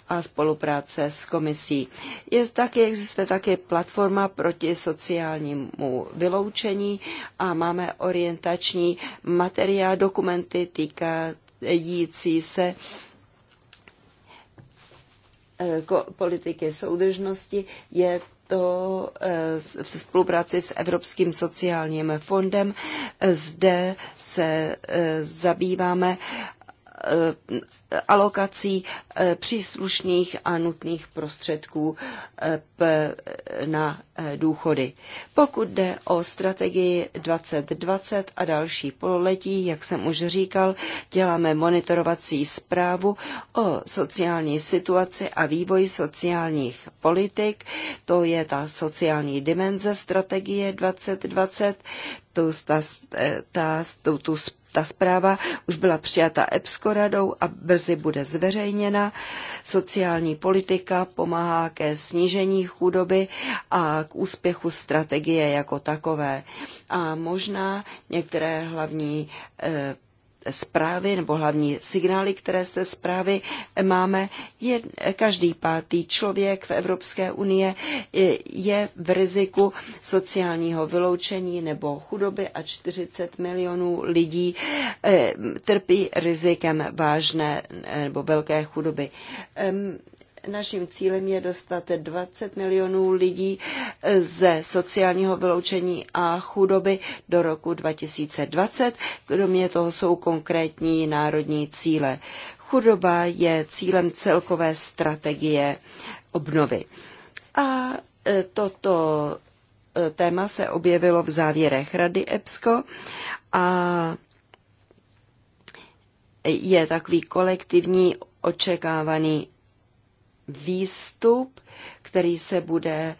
a spolupráce s komisí. Je taky, existuje také platforma proti sociálnímu vyloučení a máme orientační materiál, dokumenty týkající se Eh, politiky soudržnosti je to eh, v spolupráci s Evropským sociálním fondem. Zde se eh, zabýváme alokací eh, příslušných a nutných prostředků eh, na eh, důchody. Pokud jde o strategii 2020 a další pololetí, jak jsem už říkal, děláme monitorovací zprávu o sociální situaci a vývoji sociálních politik. To je ta sociální dimenze strategie 2020. To, ta, ta, tu, tu ta zpráva už byla přijata EPSCO radou a bez brzy bude zveřejněna. Sociální politika pomáhá ke snížení chudoby a k úspěchu strategie jako takové. A možná některé hlavní eh, zprávy nebo hlavní signály, které z té zprávy máme, je každý pátý člověk v Evropské unie je v riziku sociálního vyloučení nebo chudoby a 40 milionů lidí eh, trpí rizikem vážné eh, nebo velké chudoby. Naším cílem je dostat 20 milionů lidí eh, ze sociálního vyloučení a chudoby do roku 2020. Kromě toho jsou konkrétní národní cíle. Chudoba je cílem celkové strategie obnovy. A eh, toto eh, téma se objevilo v závěrech Rady EPSCO a je takový kolektivní očekávaný výstup, který se bude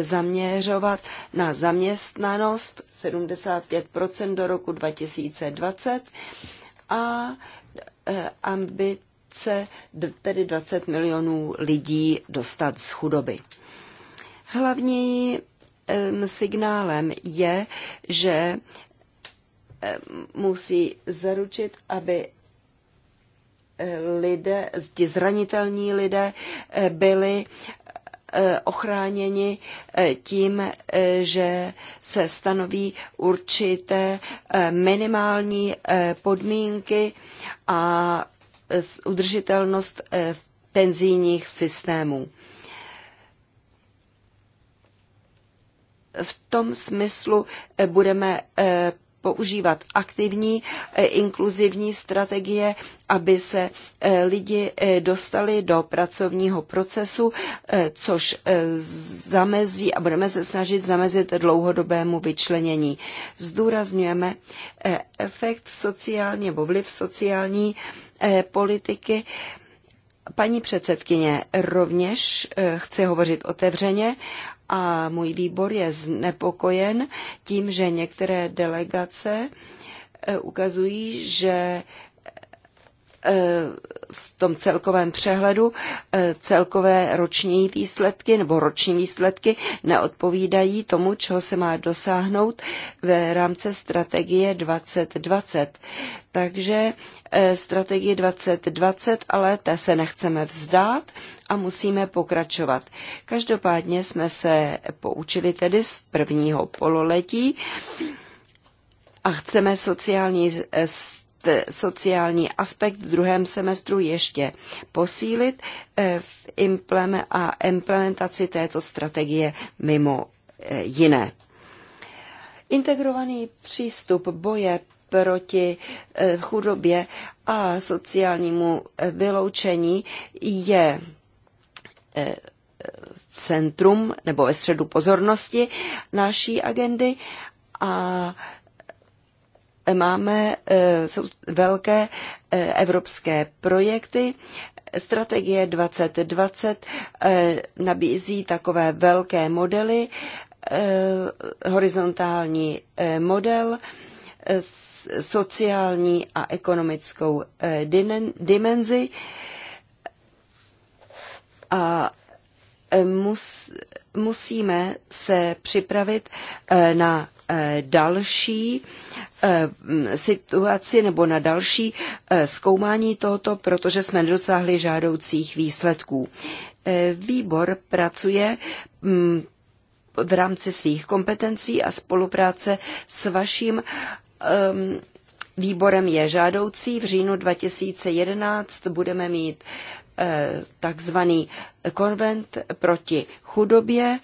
zaměřovat na zaměstnanost 75 do roku 2020 a eh, ambice tedy 20 milionů lidí dostat z chudoby. Hlavní signálem je, že musí zaručit, aby lidé, ti zranitelní lidé eh, byli eh, ochráněni eh, tím, že se stanoví určité minimální podmínky a udržitelnost penzijních systémů. V tom smyslu budeme používat aktivní eh, inkluzivní strategie, aby se eh, lidi eh, dostali do pracovního procesu, což zamezí a budeme se snažit zamezit dlouhodobému vyčlenění. Zdůrazňujeme efekt sociální nebo vliv sociální politiky. Paní předsedkyně rovněž chci hovořit otevřeně a můj výbor je znepokojen tím, že některé delegace eh, ukazují, že Eh, v tom celkovém přehledu eh, celkové roční výsledky nebo roční výsledky neodpovídají tomu, čeho se má dosáhnout v rámci strategie 2020. Takže eh, strategie 2020, ale té se nechceme vzdát a musíme pokračovat. Každopádně jsme se poučili tedy z prvního pololetí a chceme sociální E, sociální aspekt v druhém semestru ještě posílit e, v a implementaci této strategie mimo e, jiné. Integrovaný přístup boje proti chudobě a sociálnímu vyloučení je centrum nebo ve středu pozornosti naší agendy a máme e, jsou velké e, evropské projekty. Strategie 2020 e, nabízí takové velké modely, horizontální model, sociální a ekonomickou dimenzi a mus, musíme se připravit na další Eh, situaci nebo na další eh, zkoumání tohoto, protože jsme nedosáhli žádoucích výsledků. Eh, výbor pracuje mm, v rámci svých kompetencí a spolupráce s vaším výborem je žádoucí. V říjnu 2011 budeme mít takzvaný konvent proti chudobě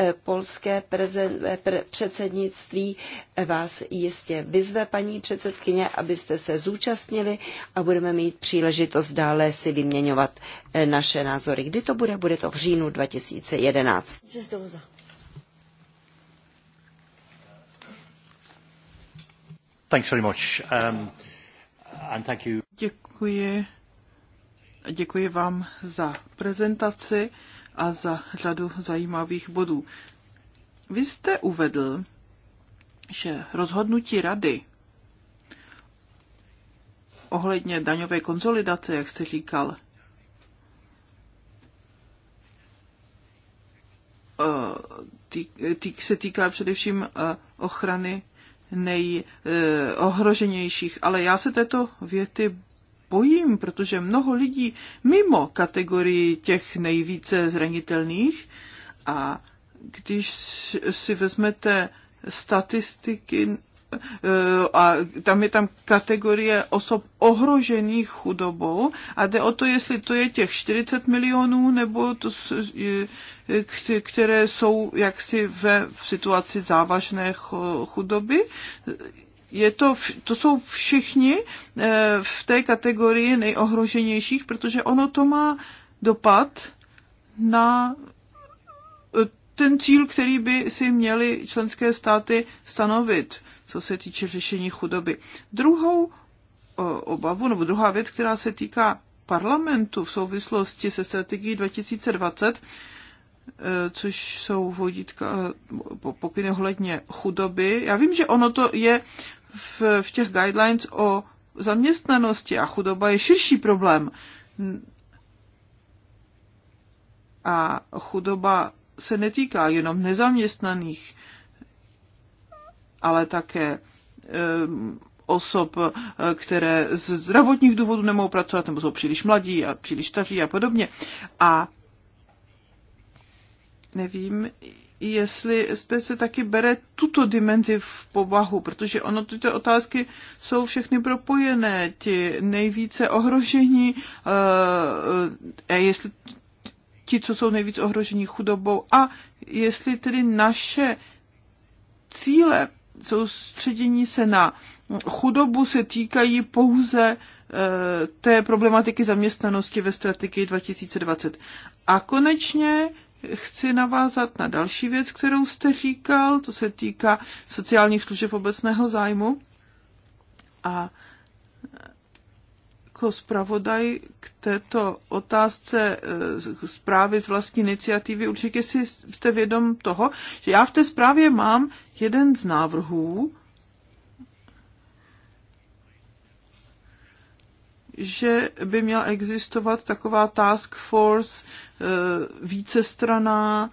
Eh, polské eh, předsednictví eh, vás jistě vyzve, paní předsedkyně, abyste se zúčastnili a budeme mít příležitost dále si vyměňovat naše názory. Kdy to bude? Bude to v říjnu 2011. Thanks very much. Um, and thank you. Děkuji. Děkuji vám za prezentaci a za řadu zajímavých bodů. Vy jste uvedl, že rozhodnutí rady ohledně daňové konsolidace, jak jste říkal, eh, týk, se týká především eh, ochrany nejohroženějších. Eh, Ale já se této věty bojím, protože mnoho lidí mimo kategorii těch nejvíce zranitelných a když si vezmete statistiky eh, a tam je tam kategorie osob ohrožených chudobou a jde o to, jestli to je těch 40 milionů nebo to, které jsou jaksi ve v situaci závažné chudoby je to, to jsou všichni eh, v té kategorii nejohroženějších, protože ono to má dopad na eh, ten cíl, který by si měly členské státy stanovit, co se týče řešení chudoby. Druhou eh, obavu, nebo druhá věc, která se týká parlamentu v souvislosti se strategií 2020, což jsou vodítka, pokyny ohledně chudoby. Já vím, že ono to je v, v těch guidelines o zaměstnanosti a chudoba je širší problém. A chudoba se netýká jenom nezaměstnaných, ale také osob, které z zdravotních důvodů nemohou pracovat, nebo jsou příliš mladí a příliš staří a podobně. A nevím, jestli se taky bere tuto dimenzi v povahu, protože ono tyto otázky jsou všechny propojené, ti nejvíce ohrožení, e, jestli ti, co jsou nejvíc ohrožení chudobou a jestli tedy naše cíle soustředění se na chudobu se týkají pouze eh, té problematiky zaměstnanosti ve strategii 2020. A konečně chci navázat na další věc, kterou jste říkal, to se týká sociálních služeb obecného zájmu. A jako zpravodaj k této otázce eh, zprávy z vlastní iniciativy, určitě si jste vědom toho, že já v té zprávě mám jeden z návrhů, že by měla existovat taková task force eh, vícestraná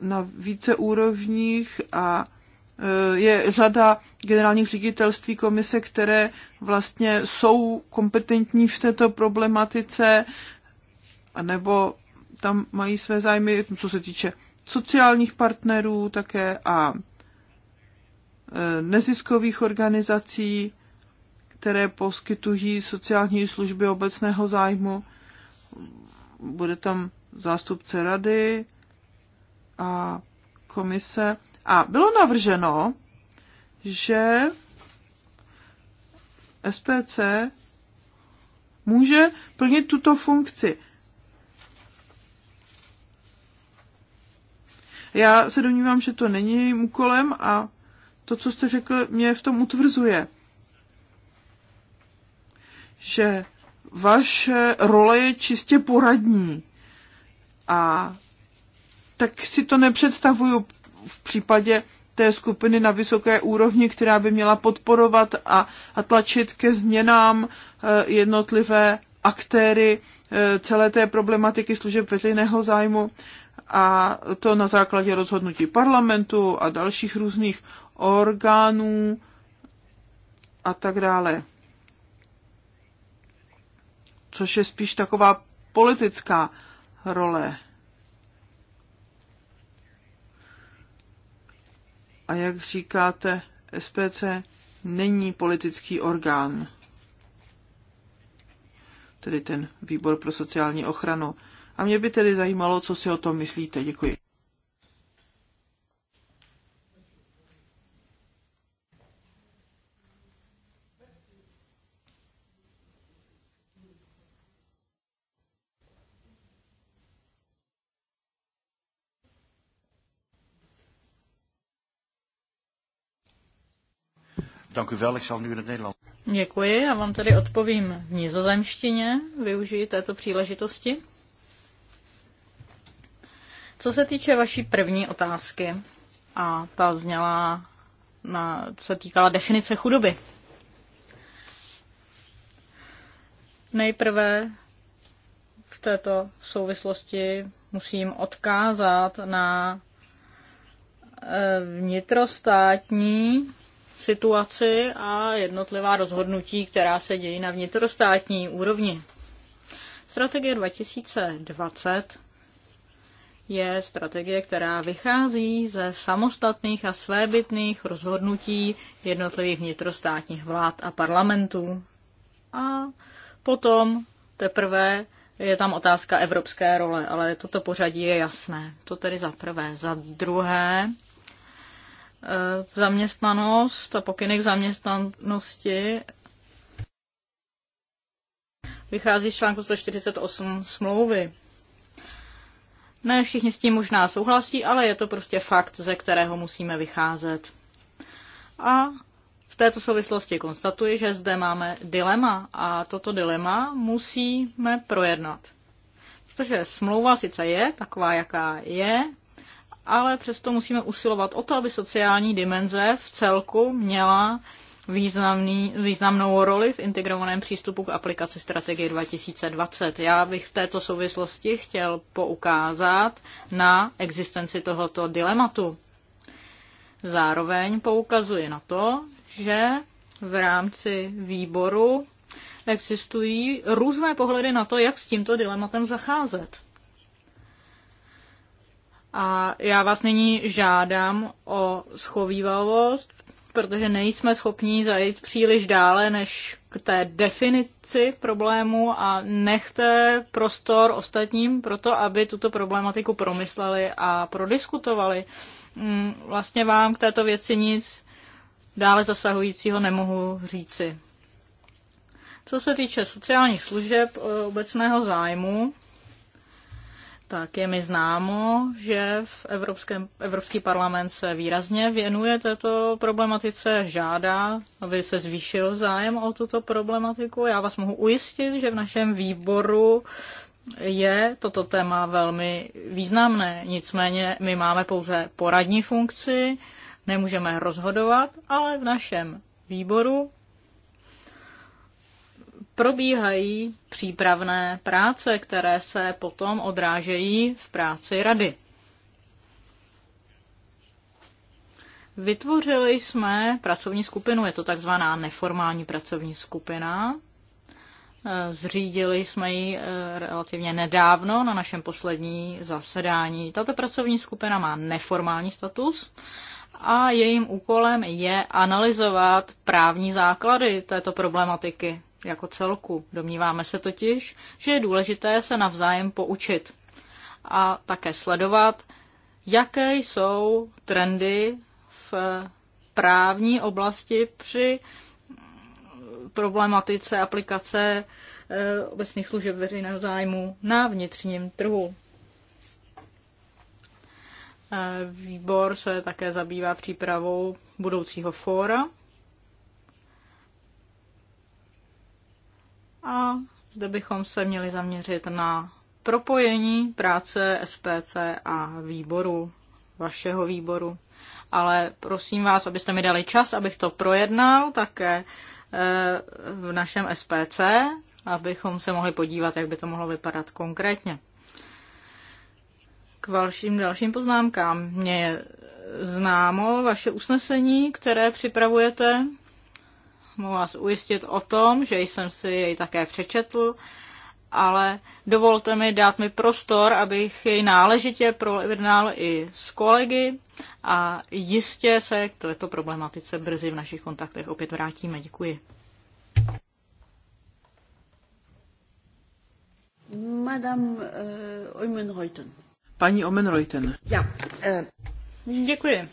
na více úrovních a eh, je řada generálních ředitelství komise, které vlastně jsou kompetentní v této problematice, nebo tam mají své zájmy, co se týče sociálních partnerů také a eh, neziskových organizací které poskytují sociální služby obecného zájmu. Bude tam zástupce rady a komise. A bylo navrženo, že SPC může plnit tuto funkci. Já se domnívám, že to není jejím úkolem a to, co jste řekl, mě v tom utvrzuje že vaše role je čistě poradní. A tak si to nepředstavuju v případě té skupiny na vysoké úrovni, která by měla podporovat a, a tlačit ke změnám eh, jednotlivé aktéry eh, celé té problematiky služeb veřejného zájmu a to na základě rozhodnutí parlamentu a dalších různých orgánů a tak dále což je spíš taková politická role. A jak říkáte, SPC není politický orgán, tedy ten výbor pro sociální ochranu. A mě by tedy zajímalo, co si o tom myslíte. Děkuji. Dank u wel, ik zal nu in het Nederlands. Děkuji, já vám tady odpovím v nizozemštině, využiji této příležitosti. Co se týče vaší první otázky, a ta zněla, na, co se týkala definice chudoby. Nejprve v této souvislosti musím odkázat na eh, vnitrostátní situaci a jednotlivá rozhodnutí, která se dějí na vnitrostátní úrovni. Strategie 2020 je strategie, která vychází ze samostatných a svébytných rozhodnutí jednotlivých vnitrostátních vlád a parlamentů. A potom teprve je tam otázka evropské role, ale toto pořadí je jasné. To tedy za prvé. Za druhé, Eh, zaměstnanost a pokyny k zaměstnanosti vychází z článku 148 smlouvy. Ne všichni s tím možná souhlasí, ale je to prostě fakt, ze kterého musíme vycházet. A v této souvislosti konstatuji, že zde máme dilema a toto dilema musíme projednat. Protože smlouva sice je taková, jaká je, ale přesto musíme usilovat o to, aby sociální dimenze v celku měla významný, významnou roli v integrovaném přístupu k aplikaci strategie 2020. Já bych v této souvislosti chtěl poukázat na existenci tohoto dilematu. Zároveň poukazuji na to, že v rámci výboru existují různé pohledy na to, jak s tímto dilematem zacházet. A já vás nyní žádám o schovývavost, protože nejsme schopni zajít příliš dále než k té definici problému a nechte prostor ostatním pro to, aby tuto problematiku promysleli a prodiskutovali. Mm, vlastně vám k této věci nic dále zasahujícího nemohu říci. Co se týče sociálních služeb e, obecného zájmu, tak je mi známo, že v Evropském, Evropský parlament se výrazně věnuje této problematice, žádá, aby se zvýšil zájem o tuto problematiku. Já vás mohu ujistit, že v našem výboru je toto téma velmi významné. Nicméně my máme pouze poradní funkci, nemůžeme rozhodovat, ale v našem výboru probíhají přípravné práce, které se potom odrážejí v práci rady. Vytvořili jsme pracovní skupinu, je to takzvaná neformální pracovní skupina. Eh, zřídili jsme ji eh, relativně nedávno na našem poslední zasedání. Tato pracovní skupina má neformální status a jejím úkolem je analyzovat právní základy této problematiky jako celku. Domníváme se totiž, že je důležité se navzájem poučit a také sledovat, jaké jsou trendy v právní oblasti při problematice aplikace eh, obecných služeb veřejného zájmu na vnitřním trhu. Eh, výbor se také zabývá přípravou budoucího fóra A zde bychom se měli zaměřit na propojení práce SPC a výboru, vašeho výboru. Ale prosím vás, abyste mi dali čas, abych to projednal také eh, v našem SPC, abychom se mohli podívat, jak by to mohlo vypadat konkrétně. K vašim dalším poznámkám. Mně je známo vaše usnesení, které připravujete mohu vás ujistit o tom, že jsem si jej také přečetl, ale dovolte mi dát mi prostor, abych jej náležitě projednal i s kolegy a jistě se k této problematice brzy v našich kontaktech opět vrátíme. Děkuji. Madame uh, Paní Omenreuten. Ja, uh... Děkuji.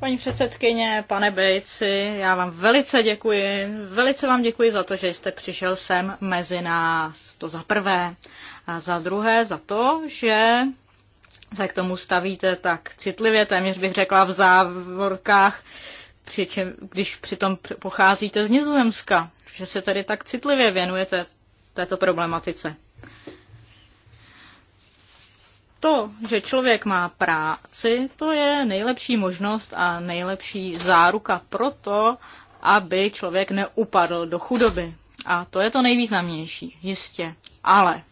Paní předsedkyně, pane Bejci, já vám velice děkuji. Velice vám děkuji za to, že jste přišel sem mezi nás. To za prvé. A za druhé za to, že se k tomu stavíte tak citlivě, téměř bych řekla v závorkách, přičem, když přitom pocházíte z Nizozemska, že se tedy tak citlivě věnujete této problematice to, že člověk má práci, to je nejlepší možnost a nejlepší záruka pro to, aby člověk neupadl do chudoby. A to je to nejvýznamnější, jistě. Ale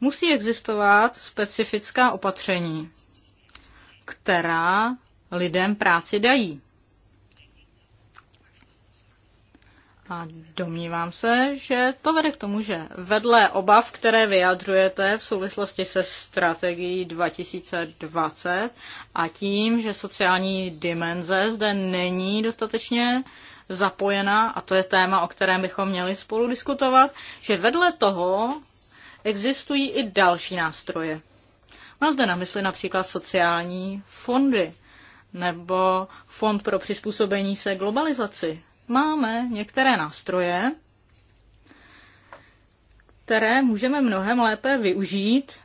musí existovat specifická opatření, která lidem práci dají. A domnívám se, že to vede k tomu, že vedle obav, které vyjadřujete v souvislosti se strategií 2020 a tím, že sociální dimenze zde není dostatečně zapojena, a to je téma, o kterém bychom měli spolu diskutovat, že vedle toho existují i další nástroje. Mám zde na mysli například sociální fondy nebo fond pro přizpůsobení se globalizaci máme některé nástroje, které můžeme mnohem lépe využít,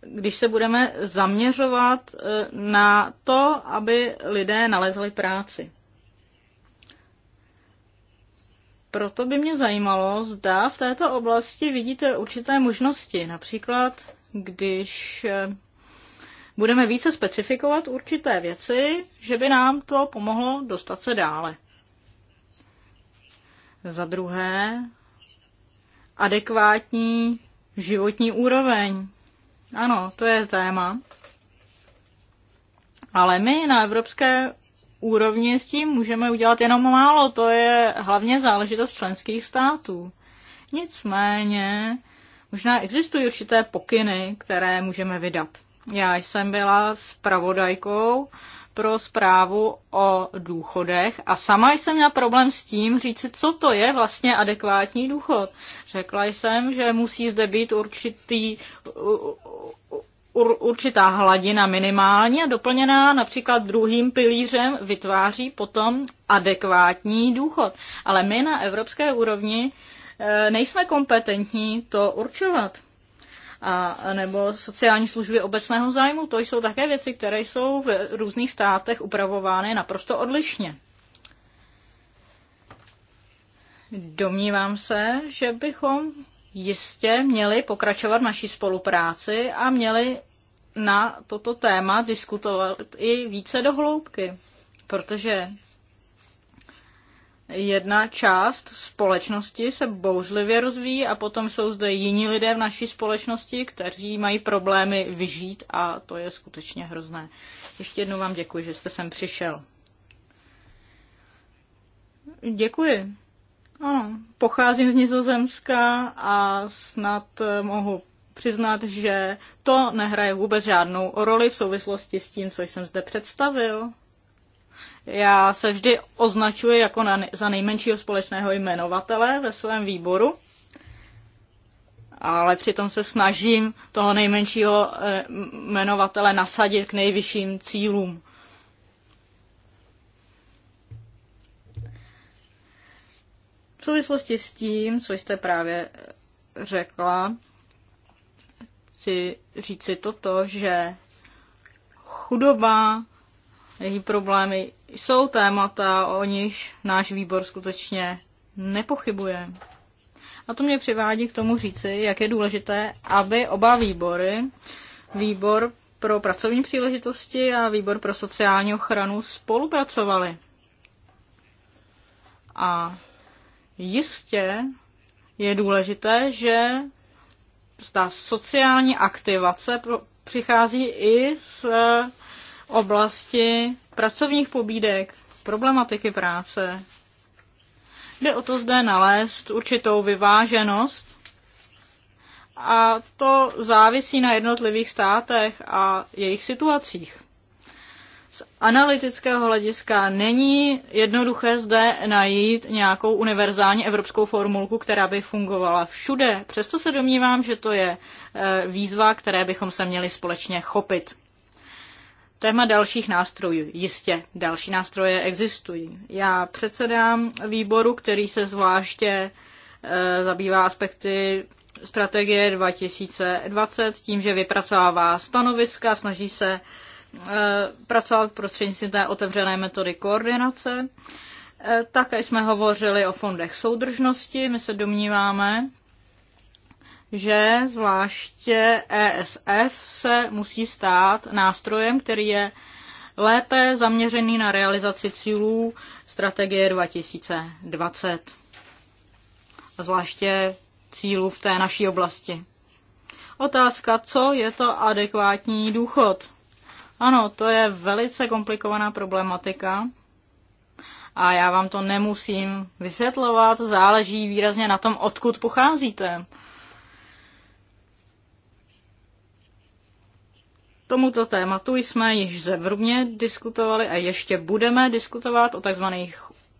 když se budeme zaměřovat e, na to, aby lidé nalezli práci. Proto by mě zajímalo, zda v této oblasti vidíte určité možnosti. Například, když e, budeme více specifikovat určité věci, že by nám to pomohlo dostat se dále. Za druhé, adekvátní životní úroveň. Ano, to je téma. Ale my na evropské úrovni s tím můžeme udělat jenom málo. To je hlavně záležitost členských států. Nicméně, možná existují určité pokyny, které můžeme vydat. Já jsem byla zpravodajkou pro zprávu o důchodech a sama jsem měla problém s tím říct, co to je vlastně adekvátní důchod. Řekla jsem, že musí zde být určitý, určitá hladina minimálně doplněná například druhým pilířem vytváří potom adekvátní důchod. Ale my na evropské úrovni eh, nejsme kompetentní to určovat a nebo sociální služby obecného zájmu. To jsou také věci, které jsou v různých státech upravovány naprosto odlišně. Domnívám se, že bychom jistě měli pokračovat naší spolupráci a měli na toto téma diskutovat i více dohloubky, protože jedna část společnosti se bouřlivě rozvíjí a potom jsou zde jiní lidé v naší společnosti, kteří mají problémy vyžít a to je skutečně hrozné. Ještě jednou vám děkuji, že jste sem přišel. Děkuji. Ano, pocházím z Nizozemska a snad eh, mohu přiznat, že to nehraje vůbec žádnou roli v souvislosti s tím, co jsem zde představil. Já se vždy označuji jako na, za nejmenšího společného jmenovatele ve svém výboru, ale přitom se snažím toho nejmenšího eh, jmenovatele nasadit k nejvyšším cílům. V souvislosti s tím, co jste právě eh, řekla, chci říci toto, že chudoba, její problémy jsou témata, o nich náš výbor skutečně nepochybuje. A to mě přivádí k tomu říci, jak je důležité, aby oba výbory, výbor pro pracovní příležitosti a výbor pro sociální ochranu spolupracovali. A jistě je důležité, že ta sociální aktivace přichází i z eh, oblasti pracovních pobídek, problematiky práce. Jde o to zde nalézt určitou vyváženost a to závisí na jednotlivých státech a jejich situacích. Z analytického hlediska není jednoduché zde najít nějakou univerzální evropskou formulku, která by fungovala všude. Přesto se domnívám, že to je eh, výzva, které bychom se měli společně chopit. Téma dalších nástrojů. Jistě, další nástroje existují. Já předsedám výboru, který se zvláště e, zabývá aspekty strategie 2020 tím, že vypracovává stanoviska, snaží se e, pracovat prostřednictvím té otevřené metody koordinace. E, také jsme hovořili o fondech soudržnosti. My se domníváme, že zvláště ESF se musí stát nástrojem, který je lépe zaměřený na realizaci cílů strategie 2020. A zvláště cílů v té naší oblasti. Otázka, co je to adekvátní důchod? Ano, to je velice komplikovaná problematika a já vám to nemusím vysvětlovat, záleží výrazně na tom, odkud pocházíte. tomuto tématu jsme již zevrubně diskutovali a ještě budeme diskutovat o tzv.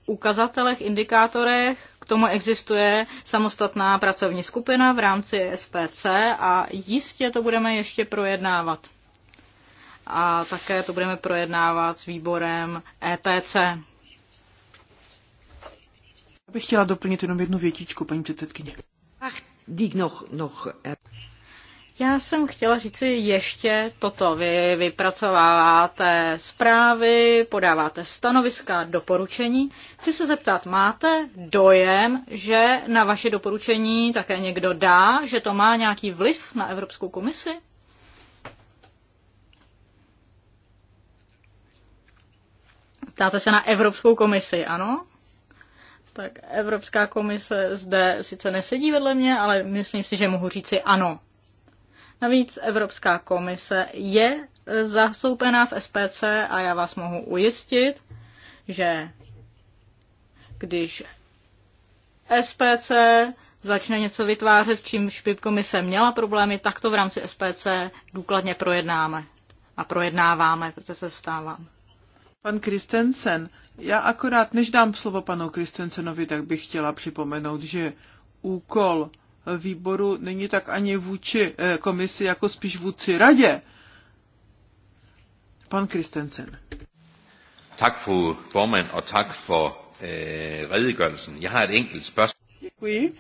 ukazatelech, indikátorech. K tomu existuje samostatná pracovní skupina v rámci SPC a jistě to budeme ještě projednávat. A také to budeme projednávat s výborem EPC. Já bych chtěla doplnit jenom jednu větičku, paní předsedkyně. Ach, dík noch, noch. Eh. Já jsem chtěla říct si ještě toto. Vy vypracováváte zprávy, podáváte stanoviska, doporučení. Chci se zeptat, máte dojem, že na vaše doporučení také někdo dá, že to má nějaký vliv na Evropskou komisi? Ptáte se na Evropskou komisi, ano? Tak Evropská komise zde sice nesedí vedle mě, ale myslím si, že mohu říci ano. Navíc Evropská komise je eh, zastoupená v SPC a já vás mohu ujistit, že když SPC začne něco vytvářet, s čímž by komise měla problémy, tak to v rámci SPC důkladně projednáme a projednáváme, protože se stává. Pan Kristensen, já akorát, než dám slovo panu Kristensenovi, tak bych chtěla připomenout, že úkol výboru není tak ani vůči eh, komisi, jako spíš vůči radě. Pan Kristensen. Tak, fru formand, a tak for eh, redegørelsen. Já har et enkelt spørgsmål. Děkuji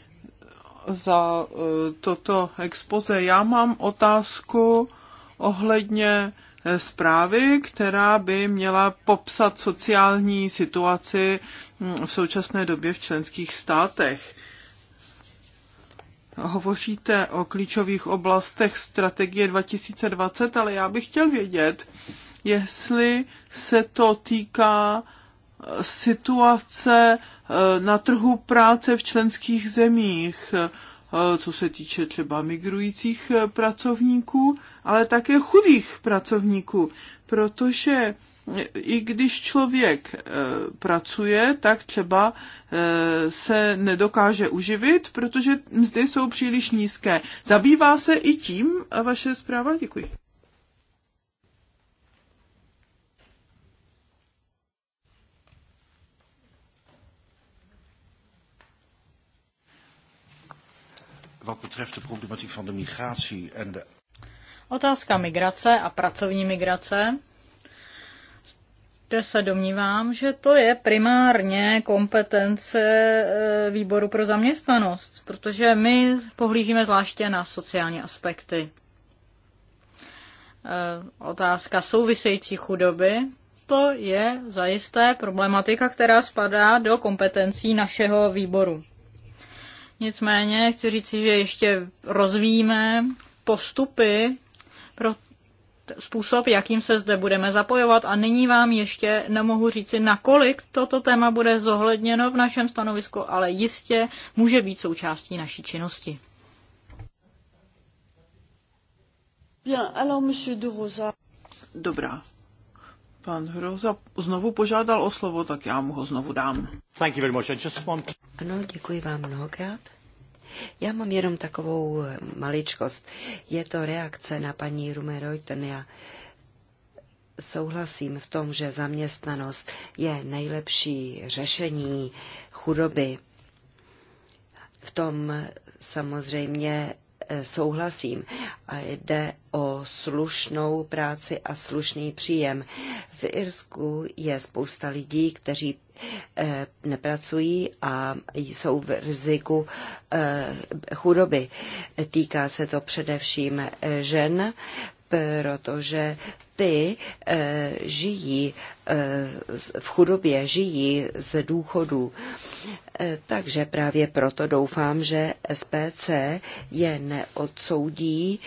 za uh, toto expoze. Já mám otázku ohledně eh, zprávy, která by měla popsat sociální situaci hm, v současné době v členských státech hovoříte o klíčových oblastech strategie 2020, ale já bych chtěl vědět, jestli se to týká eh, situace eh, na trhu práce v členských zemích, eh, co se týče třeba migrujících pracovníků, ale také chudých pracovníků, protože i když člověk pracuje, tak třeba se nedokáže uživit, protože mzdy jsou příliš nízké. Zabývá se i tím a vaše zpráva? Děkuji. Otázka migrace a pracovní migrace že se domnívám, že to je primárně kompetence eh, výboru pro zaměstnanost, protože my pohlížíme zvláště na sociální aspekty. Eh, otázka související chudoby, to je zajisté problematika, která spadá do kompetencí našeho výboru. Nicméně chci říci, že ještě rozvíjíme postupy pro způsob, jakým se zde budeme zapojovat a nyní vám ještě nemohu říci, nakolik toto téma bude zohledněno v našem stanovisku, ale jistě může být součástí naší činnosti. Dobrá. Pan Hroza znovu požádal o slovo, tak já mu ho znovu dám. Thank you very much. I just want... Ano, děkuji vám mnohokrát. Já mám jenom takovou eh, maličkost. Je to reakce na paní Rumeroyten. Já souhlasím v tom, že zaměstnanost je nejlepší řešení chudoby. V tom samozřejmě eh, souhlasím. A jde o slušnou práci a slušný příjem. V Irsku je spousta lidí, kteří Eh, nepracují a jsou v riziku eh, chudoby. Týká se to především eh, žen, protože ty žijí v chudobě, žijí z důchodů. takže právě proto doufám, že SPC je neodsoudí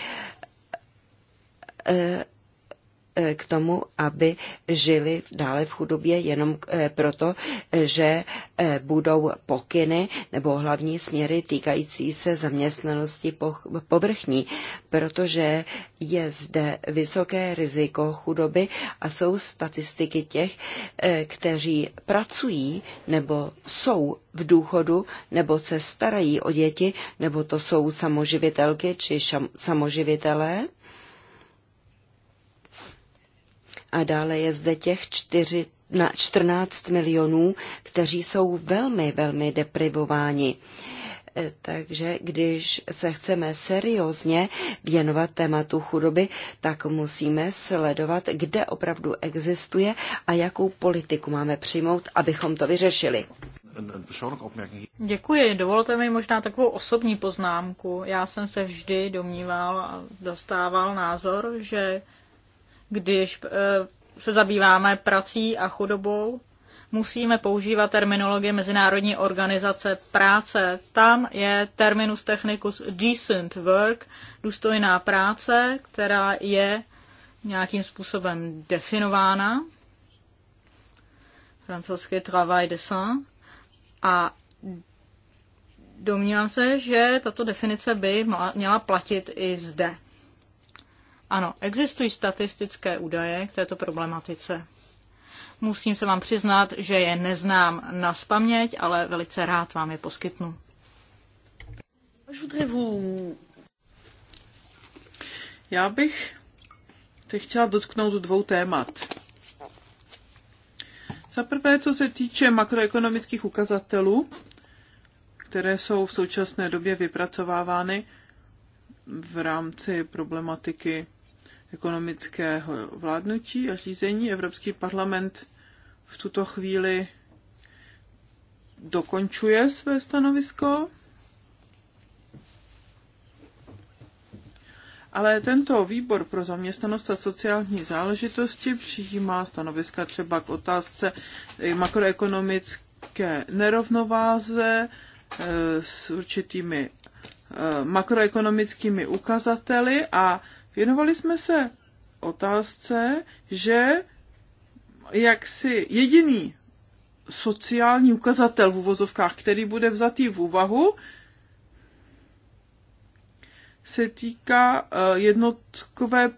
Eh, k tomu, aby žili dále v chudobě jenom eh, proto, že eh, budou pokyny nebo hlavní směry týkající se zaměstnanosti povrchní, protože je zde vysoké riziko chudoby a jsou statistiky těch, kteří pracují nebo jsou v důchodu nebo se starají o děti, nebo to jsou samoživitelky či šam, samoživitelé A dále je zde těch čtyři, na 14 milionů, kteří jsou velmi, velmi deprivováni. E, takže když se chceme seriózně věnovat tématu chudoby, tak musíme sledovat, kde opravdu existuje a jakou politiku máme přijmout, abychom to vyřešili. Děkuji. Dovolte mi možná takovou osobní poznámku. Já jsem se vždy domníval a dostával názor, že když eh, se zabýváme prací a chudobou, musíme používat terminologie Mezinárodní organizace práce. Tam je terminus technicus decent work, důstojná práce, která je nějakým způsobem definována, francouzsky travail decent, a domnívám se, že tato definice by měla platit i zde. Ano, existují statistické údaje k této problematice. Musím se vám přiznat, že je neznám na spaměť, ale velice rád vám je poskytnu. Já bych se chtěla dotknout dvou témat. Za prvé, co se týče makroekonomických ukazatelů, které jsou v současné době vypracovávány v rámci problematiky ekonomického vládnutí a řízení. Evropský parlament v tuto chvíli dokončuje své stanovisko. Ale tento výbor pro zaměstnanost a sociální záležitosti přijímá stanoviska třeba k otázce makroekonomické nerovnováze e, s určitými e, makroekonomickými ukazateli a Věnovali jsme se otázce, že jak si jediný sociální ukazatel v uvozovkách, který bude vzatý v úvahu, se týká eh, jednotkové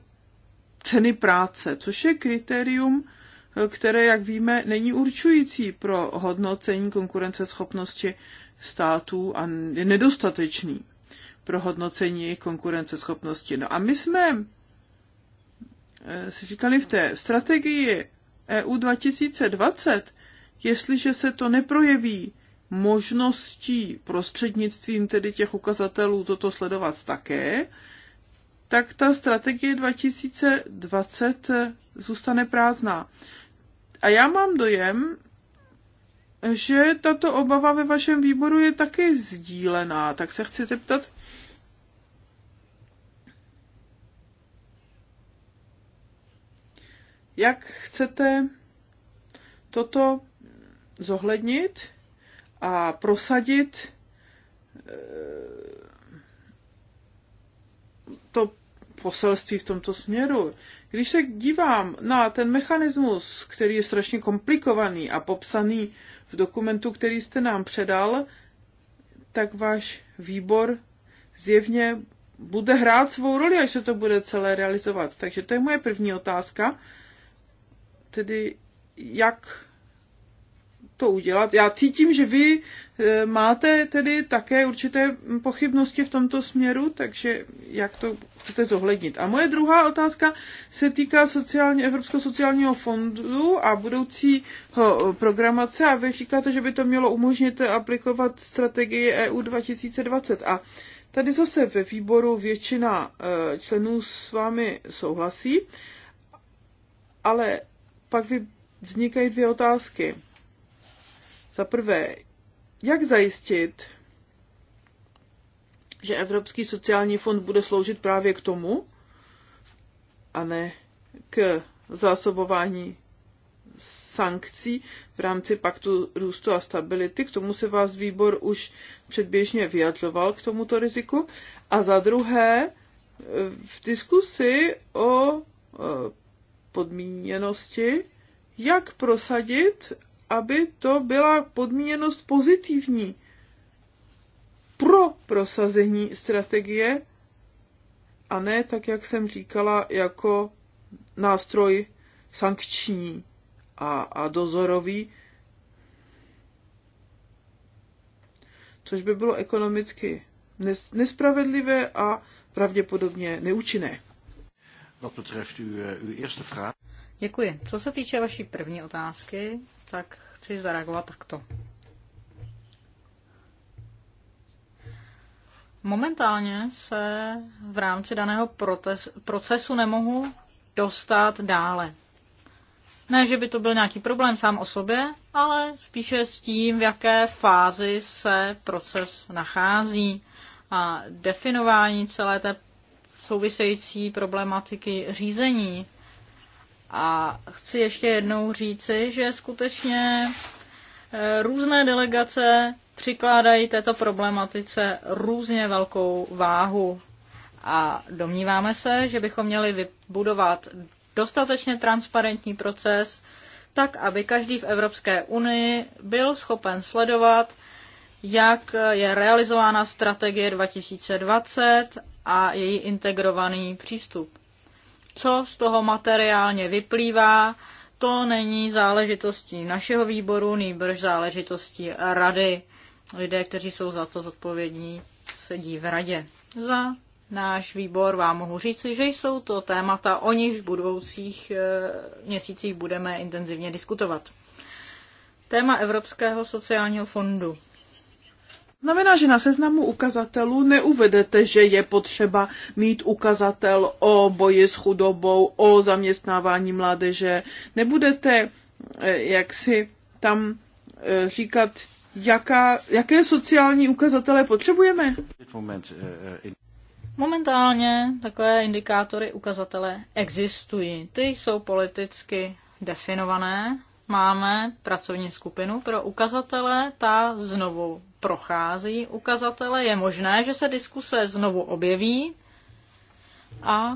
ceny práce, což je kritérium, eh, které, jak víme, není určující pro hodnocení konkurenceschopnosti států a je nedostatečný pro hodnocení jejich konkurenceschopnosti. No a my jsme eh, si říkali v té strategii EU 2020, jestliže se to neprojeví možností prostřednictvím tedy těch ukazatelů toto sledovat také, tak ta strategie 2020 eh, zůstane prázdná. A já mám dojem, že tato obava ve vašem výboru je taky sdílená, tak se chci zeptat, Jak chcete toto zohlednit a prosadit eh, to poselství v tomto směru. Když se dívám na ten mechanismus, který je strašně komplikovaný a popsaný v dokumentu, který jste nám předal, tak váš výbor zjevně bude hrát svou roli, až se to bude celé realizovat. Takže to je moje první otázka tedy jak to udělat. Já cítím, že vy eh, máte tedy také určité pochybnosti v tomto směru, takže jak to chcete zohlednit. A moje druhá otázka se týká sociálně, Evropského sociálního fondu a budoucí programace a vy říkáte, že by to mělo umožnit aplikovat strategii EU 2020 a Tady zase ve výboru většina eh, členů s vámi souhlasí, ale pak vznikají dvě otázky. Za prvé, jak zajistit, že Evropský sociální fond bude sloužit právě k tomu, a ne k zásobování sankcí v rámci paktu růstu a stability. K tomu se vás výbor už předběžně vyjadřoval k tomuto riziku. A za druhé, v diskusi o podmíněnosti, jak prosadit, aby to byla podmíněnost pozitivní pro prosazení strategie a ne tak, jak jsem říkala, jako nástroj sankční a, a dozorový, což by bylo ekonomicky nespravedlivé a pravděpodobně neúčinné. Eh, Děkuji. Co se týče vaší první otázky, tak chci zareagovat takto. Momentálně se v rámci daného procesu nemohu dostat dále. Ne, že by to byl nějaký problém sám o sobě, ale spíše s tím, v jaké fázi se proces nachází. A definování celé té související problematiky řízení. A chci ještě jednou říci, že skutečně eh, různé delegace přikládají této problematice různě velkou váhu. A domníváme se, že bychom měli vybudovat dostatečně transparentní proces, tak aby každý v Evropské unii byl schopen sledovat, jak je realizována strategie 2020 a její integrovaný přístup. Co z toho materiálně vyplývá, to není záležitostí našeho výboru, nýbrž záležitostí rady. Lidé, kteří jsou za to zodpovědní, sedí v radě. Za náš výbor vám mohu říci, že jsou to témata, o nichž v budoucích eh, měsících budeme intenzivně diskutovat. Téma Evropského sociálního fondu. Znamená, že na seznamu ukazatelů neuvedete, že je potřeba mít ukazatel o boji s chudobou, o zaměstnávání mládeže. Nebudete eh, jak si tam eh, říkat, jaká, jaké sociální ukazatele potřebujeme? Momentálně takové indikátory, ukazatele existují. Ty jsou politicky definované. Máme pracovní skupinu pro ukazatele, ta znovu prochází ukazatele, je možné, že se diskuse znovu objeví a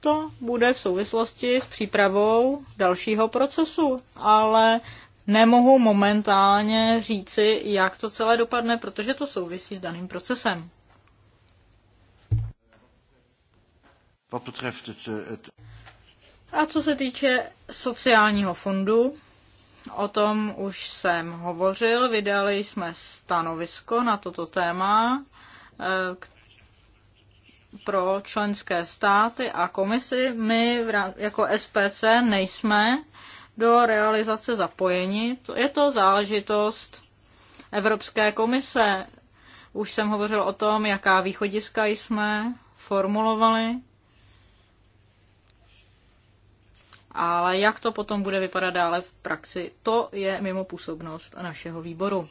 to bude v souvislosti s přípravou dalšího procesu, ale nemohu momentálně říci, jak to celé dopadne, protože to souvisí s daným procesem. Eh, a co se týče sociálního fondu, O tom už jsem hovořil, vydali jsme stanovisko na toto téma eh, pro členské státy a komisi. My jako SPC nejsme do realizace zapojeni. Je to záležitost Evropské komise. Už jsem hovořil o tom, jaká východiska jsme formulovali ale jak to potom bude vypadat dále v praxi, to je mimo působnost našeho výboru.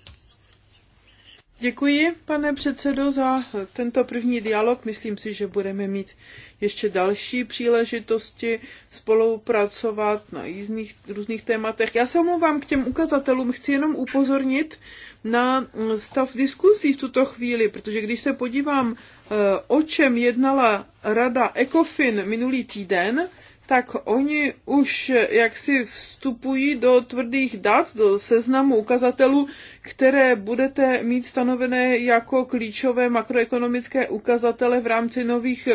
Děkuji, pane předsedo, za tento první dialog. Myslím si, že budeme mít ještě další příležitosti spolupracovat na jízdných, různých tématech. Já se omlouvám k těm ukazatelům, chci jenom upozornit na stav diskuzí v tuto chvíli, protože když se podívám, eh, o čem jednala rada ECOFIN minulý týden, tak oni už jaksi vstupují do tvrdých dat, do seznamu ukazatelů, které budete mít stanovené jako klíčové makroekonomické ukazatele v rámci nových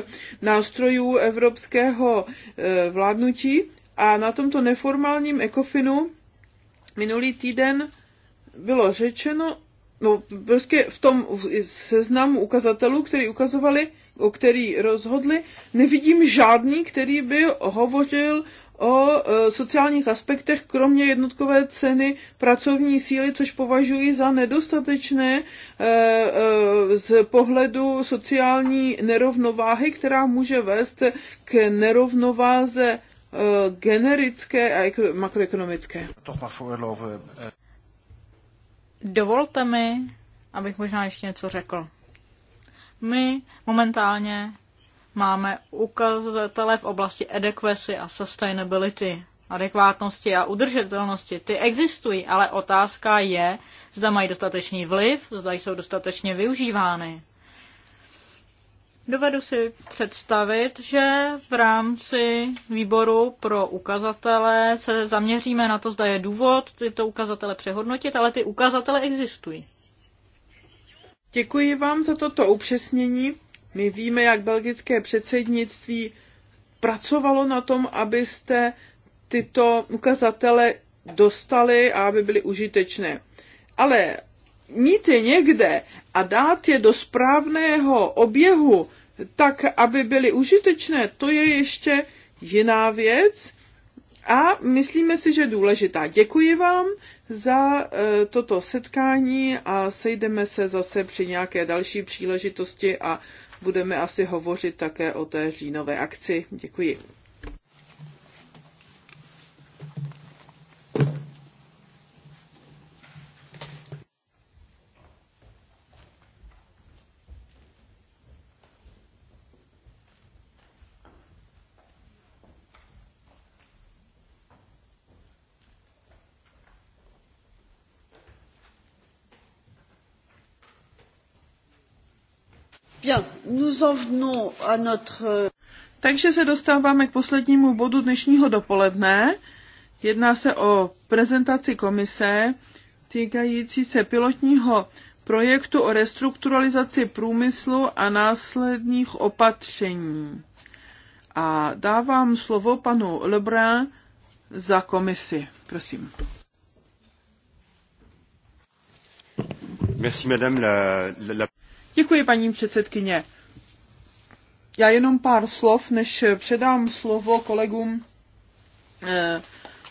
nástrojů evropského eh, vládnutí. A na tomto neformálním ekofinu minulý týden bylo řečeno, no prostě v tom seznamu ukazatelů, který ukazovali, o který rozhodli, nevidím žádný, který by hovořil o e, sociálních aspektech, kromě jednotkové ceny pracovní síly, což považuji za nedostatečné e, e, z pohledu sociální nerovnováhy, která může vést k nerovnováze generické a makroekonomické. Dovolte mi, abych možná ještě něco řekl. My momentálně máme ukazatele v oblasti adequacy a sustainability, adekvátnosti a udržitelnosti. Ty existují, ale otázka je, zda mají dostatečný vliv, zda jsou dostatečně využívány. Dovedu si představit, že v rámci výboru pro ukazatele se zaměříme na to, zda je důvod tyto ukazatele přehodnotit, ale ty ukazatele existují. Děkuji vám za toto upřesnění. My víme, jak belgické předsednictví pracovalo na tom, abyste tyto ukazatele dostali a aby byly užitečné. Ale mít je někde a dát je do správného oběhu, tak aby byly užitečné, to je ještě jiná věc, a myslíme si, že důležitá. Děkuji vám za e, toto setkání a sejdeme se zase při nějaké další příležitosti a budeme asi hovořit také o té říjnové akci. Děkuji. Euh, Takže se dostáváme k poslednímu bodu dnešního dopoledne. Jedná se o prezentaci komise týkající se pilotního projektu o restrukturalizaci průmyslu a následných opatření. A dávám slovo panu Lebrun za komisi. Prosím. Merci, madame la, la... Děkuji, paní předsedkyně. Já jenom pár slov, než předám slovo kolegům eh,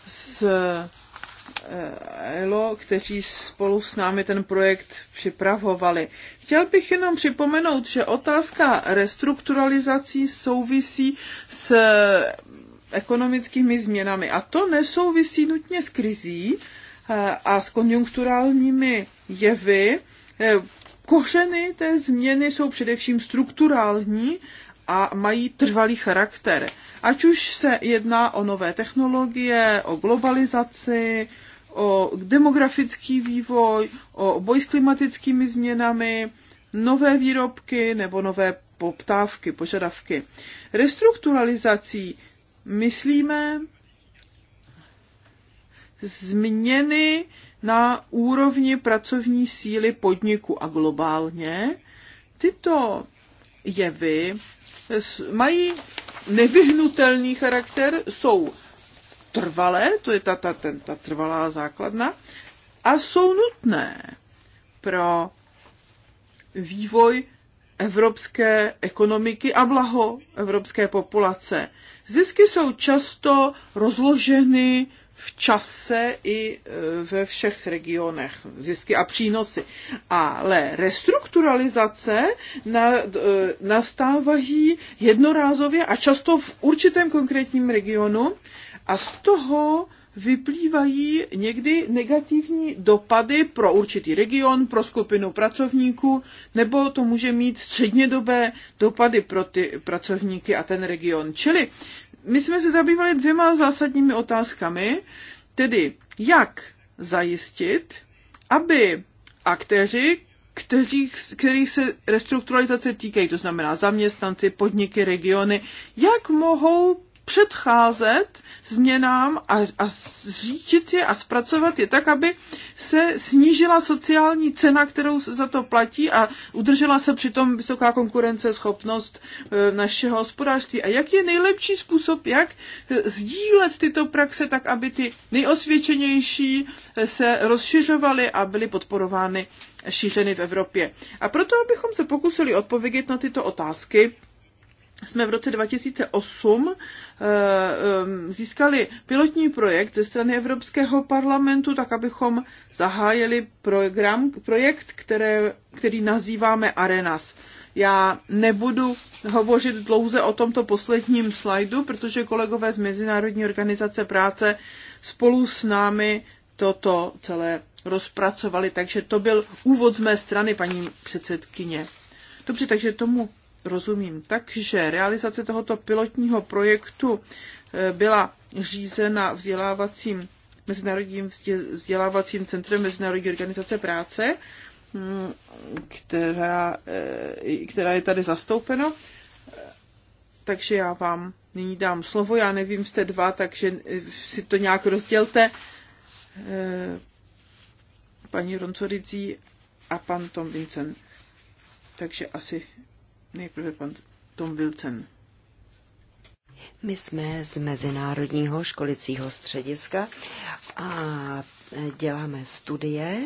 z eh, ELO, kteří spolu s námi ten projekt připravovali. Chtěl bych jenom připomenout, že otázka restrukturalizací souvisí s ekonomickými změnami. A to nesouvisí nutně s krizí eh, a s konjunkturálními jevy, kořeny té změny jsou především strukturální a mají trvalý charakter. Ať už se jedná o nové technologie, o globalizaci, o demografický vývoj, o boj s klimatickými změnami, nové výrobky nebo nové poptávky, požadavky. Restrukturalizací myslíme změny na úrovni pracovní síly podniku a globálně tyto jevy mají nevyhnutelný charakter, jsou trvalé, to je ta, ta, ten, ta trvalá základna, a jsou nutné pro vývoj evropské ekonomiky a blaho evropské populace. Zisky jsou často rozloženy v čase i e, ve všech regionech, zisky a přínosy. Ale restrukturalizace e, nastávají jednorázově a často v určitém konkrétním regionu a z toho vyplývají někdy negativní dopady pro určitý region, pro skupinu pracovníků, nebo to může mít střednědobé dopady pro ty pracovníky a ten region. Čili my jsme se zabývali dvěma zásadními otázkami, tedy jak zajistit, aby aktéři, kteří, kterých se restrukturalizace týkají, to znamená zaměstnanci, podniky, regiony, jak mohou předcházet změnám a, a zřídit je a zpracovat je tak, aby se snížila sociální cena, kterou za to platí a udržela se přitom vysoká konkurenceschopnost e, našeho hospodářství. A jak je nejlepší způsob, jak sdílet tyto praxe tak, aby ty nejosvědčenější e, se rozšiřovaly a byly podporovány šířeny v Evropě. A proto, abychom se pokusili odpovědět na tyto otázky, jsme v roce 2008 eh, eh, získali pilotní projekt ze strany Evropského parlamentu, tak abychom zahájili program, projekt, které, který nazýváme Arenas. Já nebudu hovořit dlouze o tomto posledním slajdu, protože kolegové z Mezinárodní organizace práce spolu s námi toto celé rozpracovali, takže to byl úvod z mé strany, paní předsedkyně. Dobře, takže tomu rozumím. Takže realizace tohoto pilotního projektu eh, byla řízena vzdělávacím mezinárodním vzdělávacím centrem Mezinárodní organizace práce, hm, která, eh, která je tady zastoupena. Takže já vám nyní dám slovo. Já nevím, jste dva, takže eh, si to nějak rozdělte. Paní Roncoricí a pan Tom Vincent. Takže asi Nejprve pan Tom Wilson. My jsme z Mezinárodního školicího střediska a děláme studie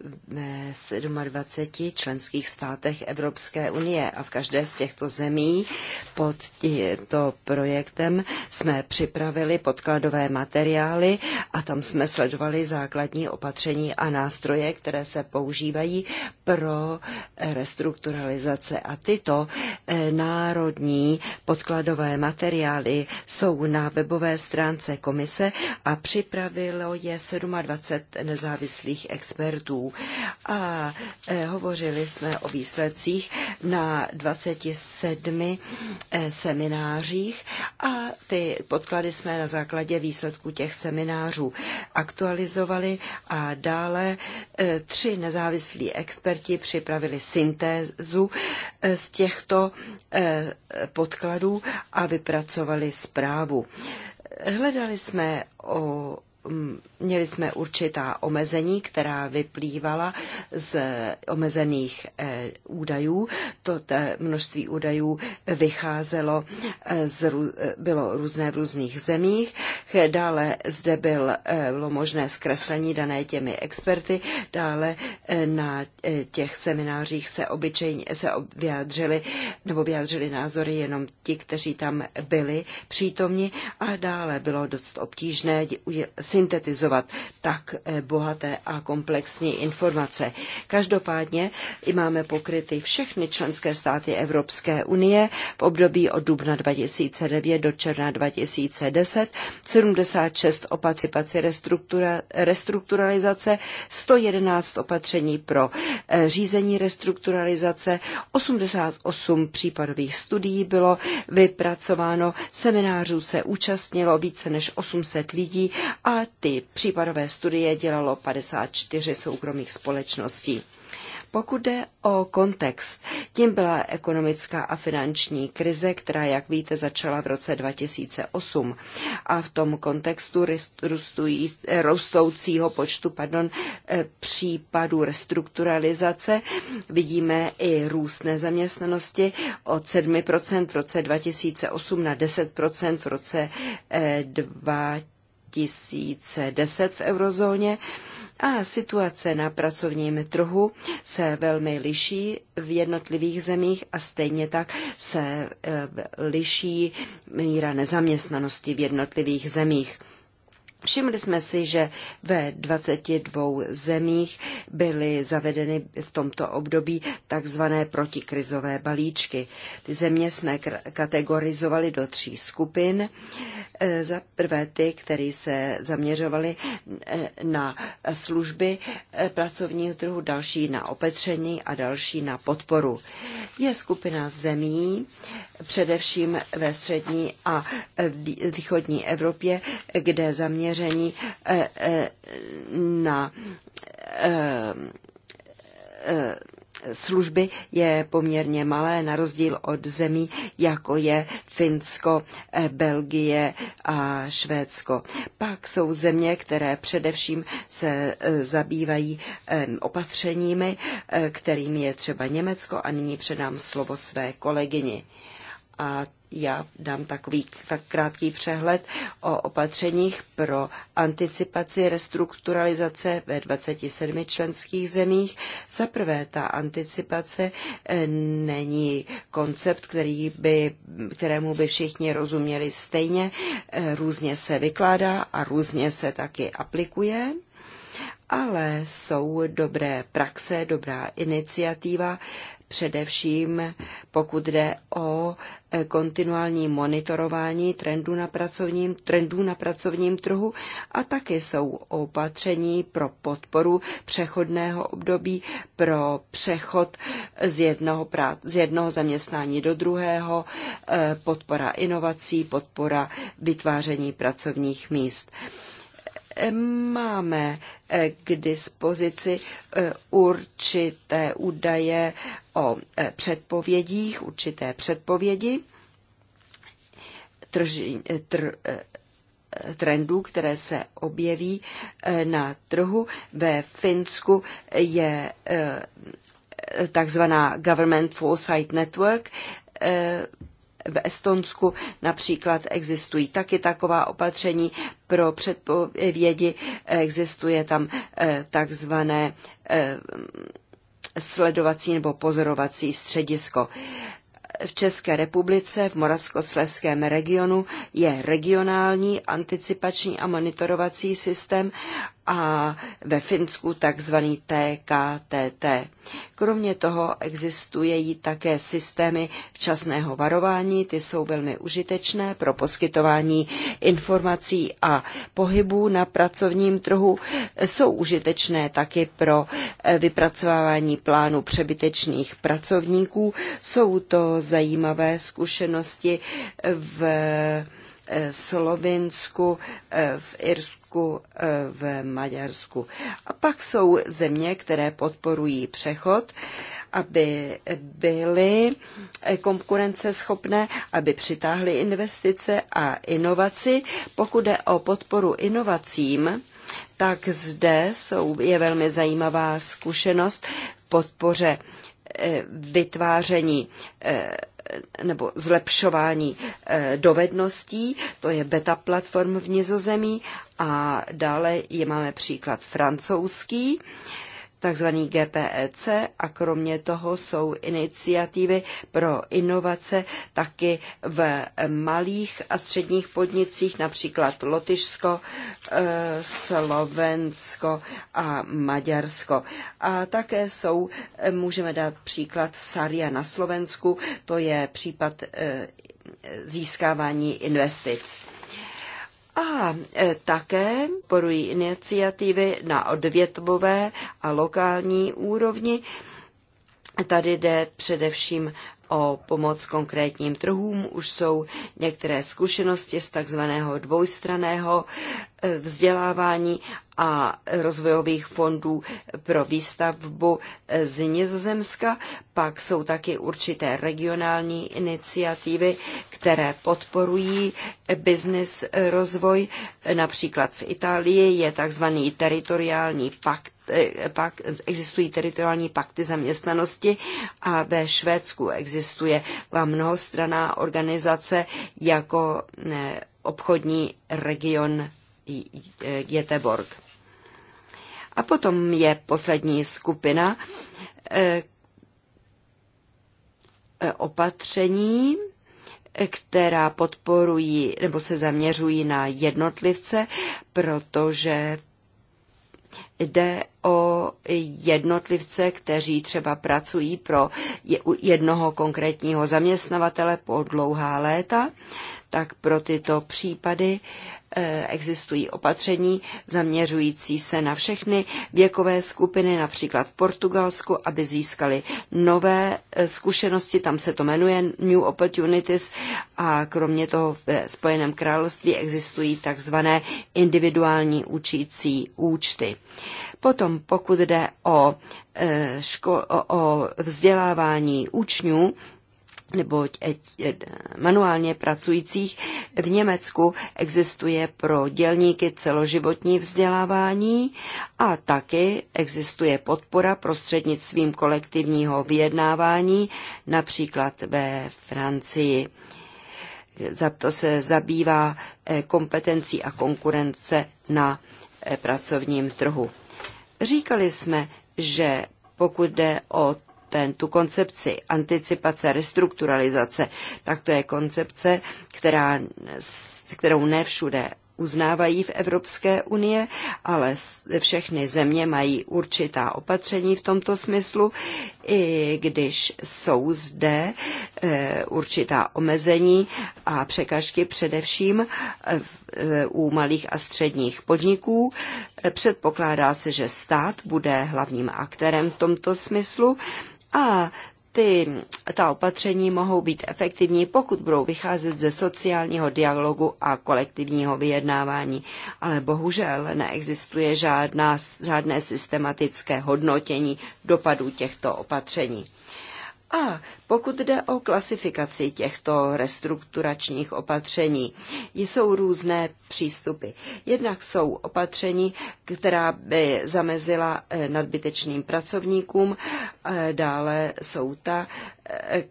27 členských státech Evropské unie a v každé z těchto zemí pod tímto projektem jsme připravili podkladové materiály a tam jsme sledovali základní opatření a nástroje, které se používají pro restrukturalizace. A tyto eh, národní podkladové materiály jsou na webové stránce komise a připravilo je 27 nezávislých expertů a e, hovořili jsme o výsledcích na 27 e, seminářích a ty podklady jsme na základě výsledků těch seminářů aktualizovali a dále e, tři nezávislí experti připravili syntézu z těchto podkladů a vypracovali zprávu. Hledali jsme o měli jsme určitá omezení, která vyplývala z omezených eh, údajů. To množství údajů vycházelo, eh, z, eh, bylo různé v různých zemích. Dále zde byl, bylo možné zkreslení dané těmi experty. Dále na těch seminářích se obyčejně se vyjádřili nebo vyjádřili názory jenom ti, kteří tam byli přítomni a dále bylo dost obtížné syntetizovat zpracovat tak eh, bohaté a komplexní informace. Každopádně i máme pokryty všechny členské státy Evropské unie v období od dubna 2009 do června 2010, 76 opatření restruktura, restrukturalizace, 111 opatření pro eh, řízení restrukturalizace, 88 případových studií bylo vypracováno, seminářů se účastnilo více než 800 lidí a ty Případové studie dělalo 54 soukromých společností. Pokud jde o kontext, tím byla ekonomická a finanční krize, která, jak víte, začala v roce 2008 a v tom kontextu rostují, rostoucího počtu pardon, eh, případů restrukturalizace vidíme i růst nezaměstnanosti od 7% v roce 2008 na 10% v roce 2000 eh, 2010 v eurozóně a situace na pracovním trhu se velmi liší v jednotlivých zemích a stejně tak se eh, liší míra nezaměstnanosti v jednotlivých zemích. Všimli jsme si, že ve 22 zemích byly zavedeny v tomto období takzvané protikrizové balíčky. Ty země jsme kategorizovali do tří skupin. Eh, za prvé ty, které se zaměřovaly eh, na služby eh, pracovního trhu, další na opetření a další na podporu. Je skupina zemí, především ve střední a východní Evropě, kde zaměření na služby je poměrně malé, na rozdíl od zemí, jako je Finsko, eh, Belgie a Švédsko. Pak jsou země, které především se eh, zabývají opatřeními, eh, kterým je třeba Německo a nyní předám slovo své kolegyni a já dám takový tak krátký přehled o opatřeních pro anticipaci restrukturalizace ve 27 členských zemích. Za prvé, ta anticipace eh, není koncept, který by, kterému by všichni rozuměli stejně. Eh, různě se vykládá a různě se taky aplikuje ale jsou dobré praxe, dobrá iniciativa, především pokud jde o eh, kontinuální monitorování trendů na pracovním, trendů na pracovním trhu a také jsou opatření pro podporu přechodného období pro přechod z jednoho, z jednoho zaměstnání do druhého, eh, podpora inovací, podpora vytváření pracovních míst máme eh, k dispozici eh, určité údaje o eh, předpovědích, určité předpovědi trži, tr, trendů, které se objeví na trhu. Ve Finsku je takzvaná Government Foresight Network, v Estonsku například existují taky taková opatření pro předpovědi, existuje tam eh, takzvané eh, sledovací nebo pozorovací středisko. V České republice, v Moravskosleském regionu, je regionální anticipační a monitorovací systém a ve Finsku takzvaný TKTT. Kromě toho existují také systémy včasného varování, ty jsou velmi užitečné pro poskytování informací a pohybů na pracovním trhu. Jsou užitečné taky pro eh, vypracovávání plánu přebytečných pracovníků. Jsou to zajímavé zkušenosti v eh, Slovinsku, eh, v Irsku výrobku eh, v Maďarsku. A pak jsou země, které podporují přechod, aby byly eh, konkurenceschopné, aby přitáhly investice a inovaci. Pokud jde o podporu inovacím, tak zde jsou, je velmi zajímavá zkušenost podpoře eh, vytváření nebo zlepšování eh, dovedností, to je beta platform v Nizozemí a dále je máme příklad francouzský, takzvaný GPEC a kromě toho jsou iniciativy pro inovace taky v malých a středních podnicích, například Lotyšsko, eh, Slovensko a Maďarsko. A také jsou, eh, můžeme dát příklad Saria na Slovensku, to je případ eh, získávání investic a e, také porují iniciativy na odvětvové a lokální úrovni. Tady jde především o pomoc konkrétním trhům. Už jsou některé zkušenosti z takzvaného dvojstraného vzdělávání a rozvojových fondů pro výstavbu z Nizozemska. Pak jsou taky určité regionální iniciativy, které podporují biznis rozvoj. Například v Itálii je takzvaný teritoriální pakt eh, pak existují teritoriální pakty zaměstnanosti a ve Švédsku existuje mnohostraná organizace jako obchodní region Göteborg. A potom je poslední skupina eh, eh, opatření, která podporují nebo se zaměřují na jednotlivce, protože jde o jednotlivce, kteří třeba pracují pro jednoho konkrétního zaměstnavatele po dlouhá léta, tak pro tyto případy eh, E, existují opatření zaměřující se na všechny věkové skupiny, například v Portugalsku, aby získali nové e, zkušenosti, tam se to jmenuje New Opportunities a kromě toho v Spojeném království existují takzvané individuální učící účty. Potom, pokud jde o, e, ško- o vzdělávání učňů, neboť manuálně pracujících v Německu existuje pro dělníky celoživotní vzdělávání a taky existuje podpora prostřednictvím kolektivního vyjednávání, například ve Francii. Za to se zabývá eh, kompetencí a konkurence na eh, pracovním trhu. Říkali jsme, že pokud jde o ten, tu koncepci anticipace, restrukturalizace, tak to je koncepce, která, kterou ne všude uznávají v Evropské unie, ale všechny země mají určitá opatření v tomto smyslu, i když jsou zde eh, určitá omezení a překažky především eh, eh, u malých a středních podniků. Předpokládá se, že stát bude hlavním aktérem v tomto smyslu a ty, ta opatření mohou být efektivní, pokud budou vycházet ze sociálního dialogu a kolektivního vyjednávání. Ale bohužel neexistuje žádná, žádné systematické hodnotění dopadů těchto opatření. A pokud jde o klasifikaci těchto restrukturačních opatření, jsou různé přístupy. Jednak jsou opatření, která by zamezila eh, nadbytečným pracovníkům, eh, dále jsou ta, eh,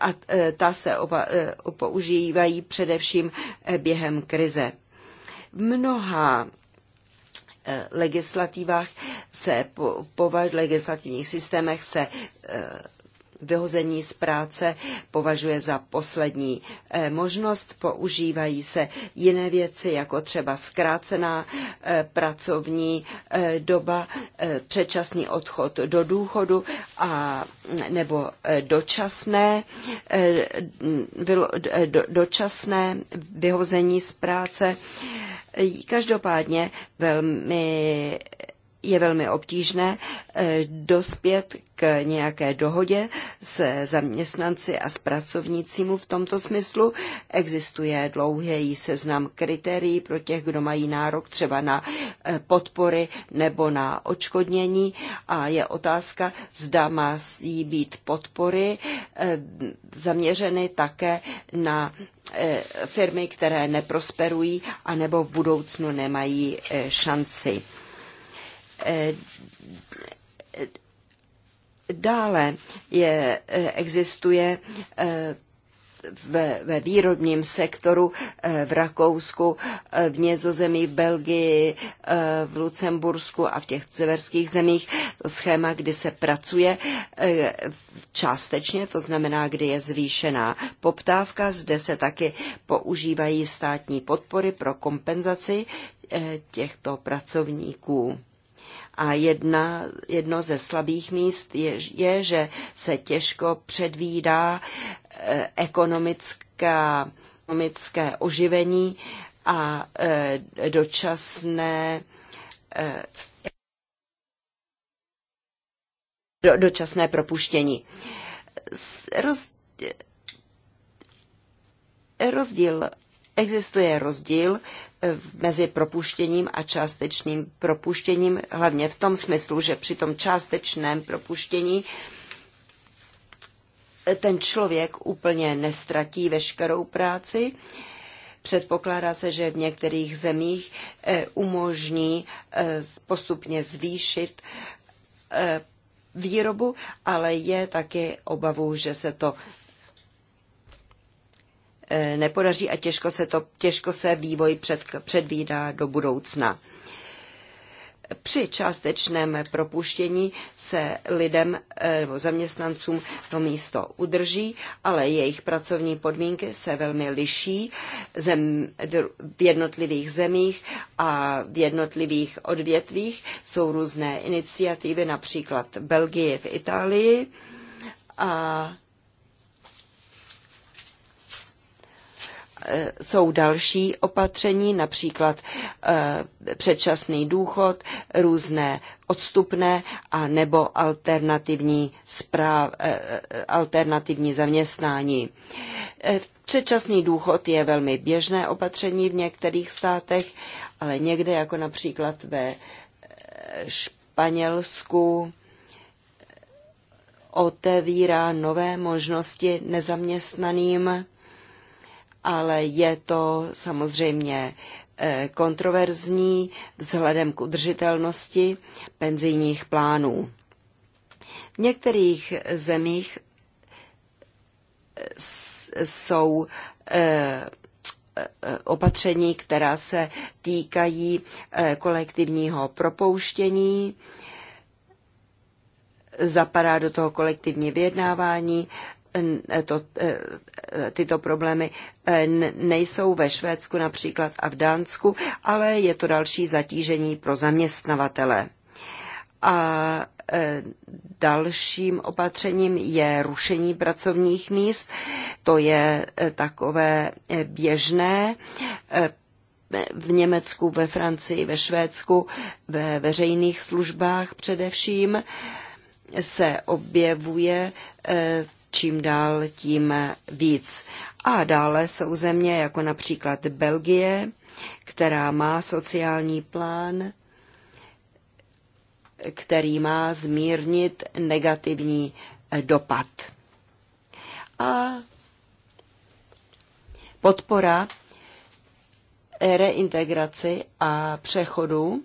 a ta se používají především během krize. V mnoha Eh, legislativách se po, považ, legislativních systémech se eh, vyhození z práce považuje za poslední eh, možnost. Používají se jiné věci, jako třeba zkrácená pracovní doba, předčasný odchod do důchodu a nebo dočasné, dočasné vyhození z práce Každopádně velmi, je velmi obtížné eh, dospět k nějaké dohodě se zaměstnanci a s pracovníci mu v tomto smyslu. Existuje dlouhý seznam kritérií pro těch, kdo mají nárok třeba na eh, podpory nebo na očkodnění a je otázka, zda má jí být podpory eh, zaměřeny také na eh, firmy, které neprosperují nebo v budoucnu nemají šanci Dále je, eh, existuje eh, ve, ve výrobním sektoru eh, v Rakousku, v Nězozemí, v Belgii, v Lucembursku a v těch severských zemích schéma, kdy se pracuje částečně, to znamená, kdy je zvýšená poptávka. Zde se taky používají státní podpory pro kompenzaci těchto pracovníků. A jedna, jedno ze slabých míst je, je, že se těžko předvídá eh, ekonomická, ekonomické oživení a eh, dočasné eh, do, dočasné propuštění. Roz, rozdíl Existuje rozdíl eh, mezi propuštěním a částečným propuštěním, hlavně v tom smyslu, že při tom částečném propuštění eh, ten člověk úplně nestratí veškerou práci. Předpokládá se, že v některých zemích eh, umožní postupně zvýšit výrobu, ale je také obavu, že se to Eh, nepodaří a těžko se, to, těžko se vývoj před, předvídá do budoucna. Při částečném propuštění se lidem eh, nebo zaměstnancům to místo udrží, ale jejich pracovní podmínky se velmi liší zem, v jednotlivých zemích a v jednotlivých odvětvích. Jsou různé iniciativy, například v Belgii, v Itálii a Eh, jsou další opatření, například eh, předčasný důchod, různé odstupné a nebo alternativní, správ, eh, alternativní zaměstnání. Předčasný důchod je velmi běžné opatření v některých státech, ale někde, jako například ve Španělsku, otevírá nové možnosti nezaměstnaným ale je to samozřejmě eh, kontroverzní vzhledem k udržitelnosti penzijních plánů. V některých zemích eh, jsou eh, opatření, která se týkají kolektivního propouštění, zapadá do toho kolektivní vyjednávání, Eh, to, eh, tyto problémy eh, nejsou ve Švédsku například a v Dánsku, ale je to další zatížení pro zaměstnavatele. A dalším opatřením je rušení pracovních míst. To je takové běžné v Německu, ve Francii, ve Švédsku, ve veřejných službách především se objevuje čím dál tím víc. A dále jsou země jako například Belgie, která má sociální plán, který má zmírnit negativní eh, dopad. A podpora eh, reintegraci a přechodu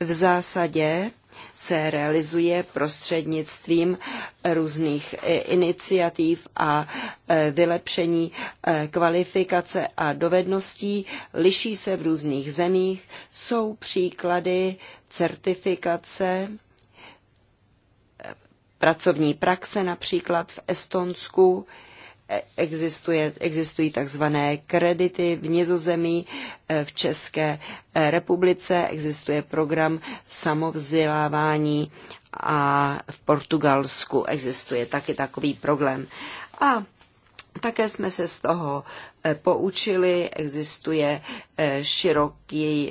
v zásadě se realizuje prostřednictvím různých e, iniciativ a e, vylepšení e, kvalifikace a dovedností, liší se v různých zemích, jsou příklady certifikace pracovní praxe například v Estonsku, E, existuje, existují takzvané kredity v Nizozemí, e, v České e, republice, existuje program samovzdělávání a v Portugalsku existuje taky takový program. A také jsme se z toho poučili, existuje široký,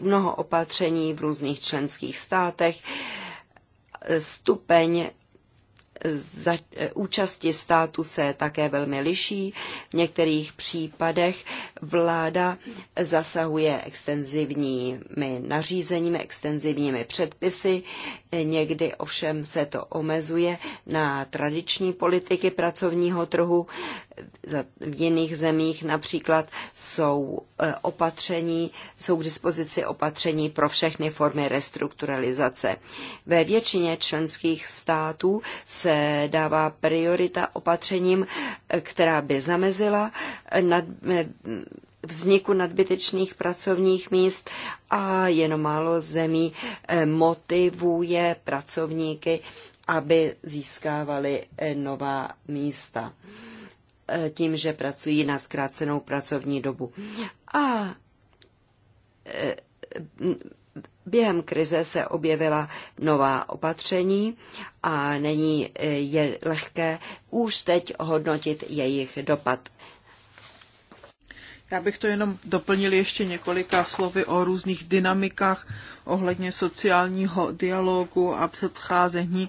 mnoho opatření v různých členských státech, stupeň za, účasti státu se také velmi liší. V některých případech vláda zasahuje extenzivními nařízeními, extenzivními předpisy. Někdy ovšem se to omezuje na tradiční politiky pracovního trhu v jiných zemích například jsou e, opatření, jsou k dispozici opatření pro všechny formy restrukturalizace. Ve většině členských států se dává priorita opatřením, e, která by zamezila e, nad, vzniku nadbytečných pracovních míst a jenom málo zemí motivuje pracovníky, aby získávali nová místa. E, tím, že pracují na zkrácenou pracovní dobu. A e, během krize se objevila nová opatření a není e, je lehké už teď hodnotit jejich dopad. Já bych to jenom doplnil ještě několika slovy o různých dynamikách ohledně sociálního dialogu a předcházení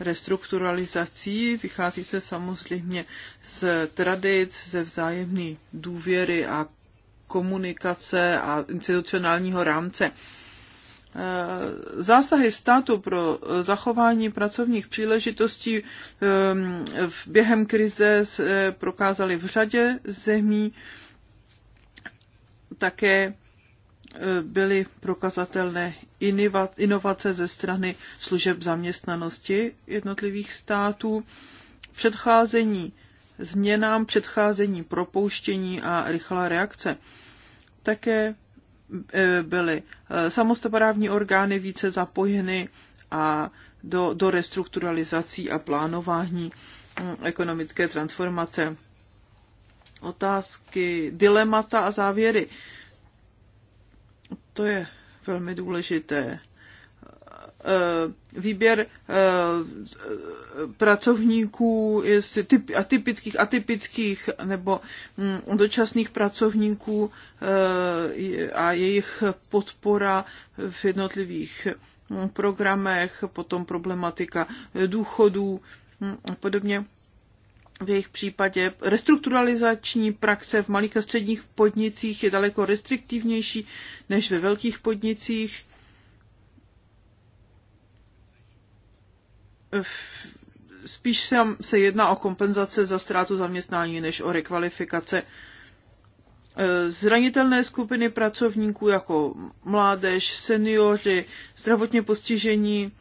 restrukturalizací. Vychází se samozřejmě z tradic, ze vzájemné důvěry a komunikace a institucionálního rámce. Eh, zásahy státu pro zachování pracovních příležitostí ehm, během krize se prokázaly v řadě zemí. Také E, byly prokazatelné inovace ze strany služeb zaměstnanosti jednotlivých států, předcházení změnám, předcházení propouštění a rychlá reakce. Také e, byly e, samostatprávní orgány více zapojeny a do, do restrukturalizací a plánování mm, ekonomické transformace. Otázky, dilemata a závěry to je velmi důležité. Eh, výběr eh, pracovníků atypických, atypických nebo hm, dočasných pracovníků eh, a jejich podpora v jednotlivých hm, programech, potom problematika důchodů hm, a podobně v jejich případě restrukturalizační praxe v malých a středních podnicích je daleko restriktivnější než ve velkých podnicích. Spíš se jedná o kompenzace za ztrátu zaměstnání než o rekvalifikace. E, zranitelné skupiny pracovníků jako mládež, seniori, zdravotně postižení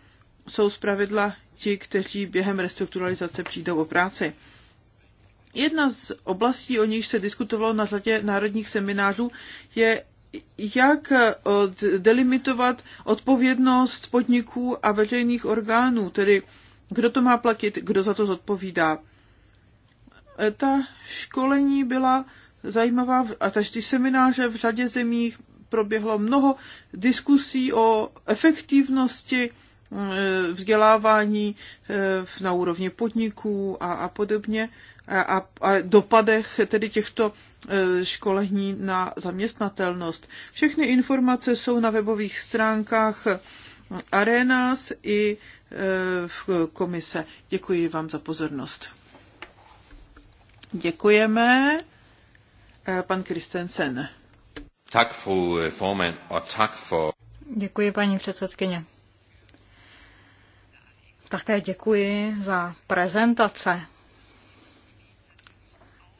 jsou zpravidla ti, kteří během restrukturalizace přijdou o práci. Jedna z oblastí, o níž se diskutovalo na řadě národních seminářů, je jak eh, delimitovat odpovědnost podniků a veřejných orgánů, tedy kdo to má platit, kdo za to zodpovídá. Eh, ta školení byla zajímavá a ty semináře v řadě zemích proběhlo mnoho diskusí o efektivnosti eh, vzdělávání na úrovni podniků a, a podobně a, a dopadech tedy těchto e, školení na zaměstnatelnost. Všechny informace jsou na webových stránkách Arenas i e, v komise. Děkuji vám za pozornost. Děkujeme. E, pan Kristensen. Tak, fru a tak for... Děkuji, paní předsedkyně. Také děkuji za prezentace.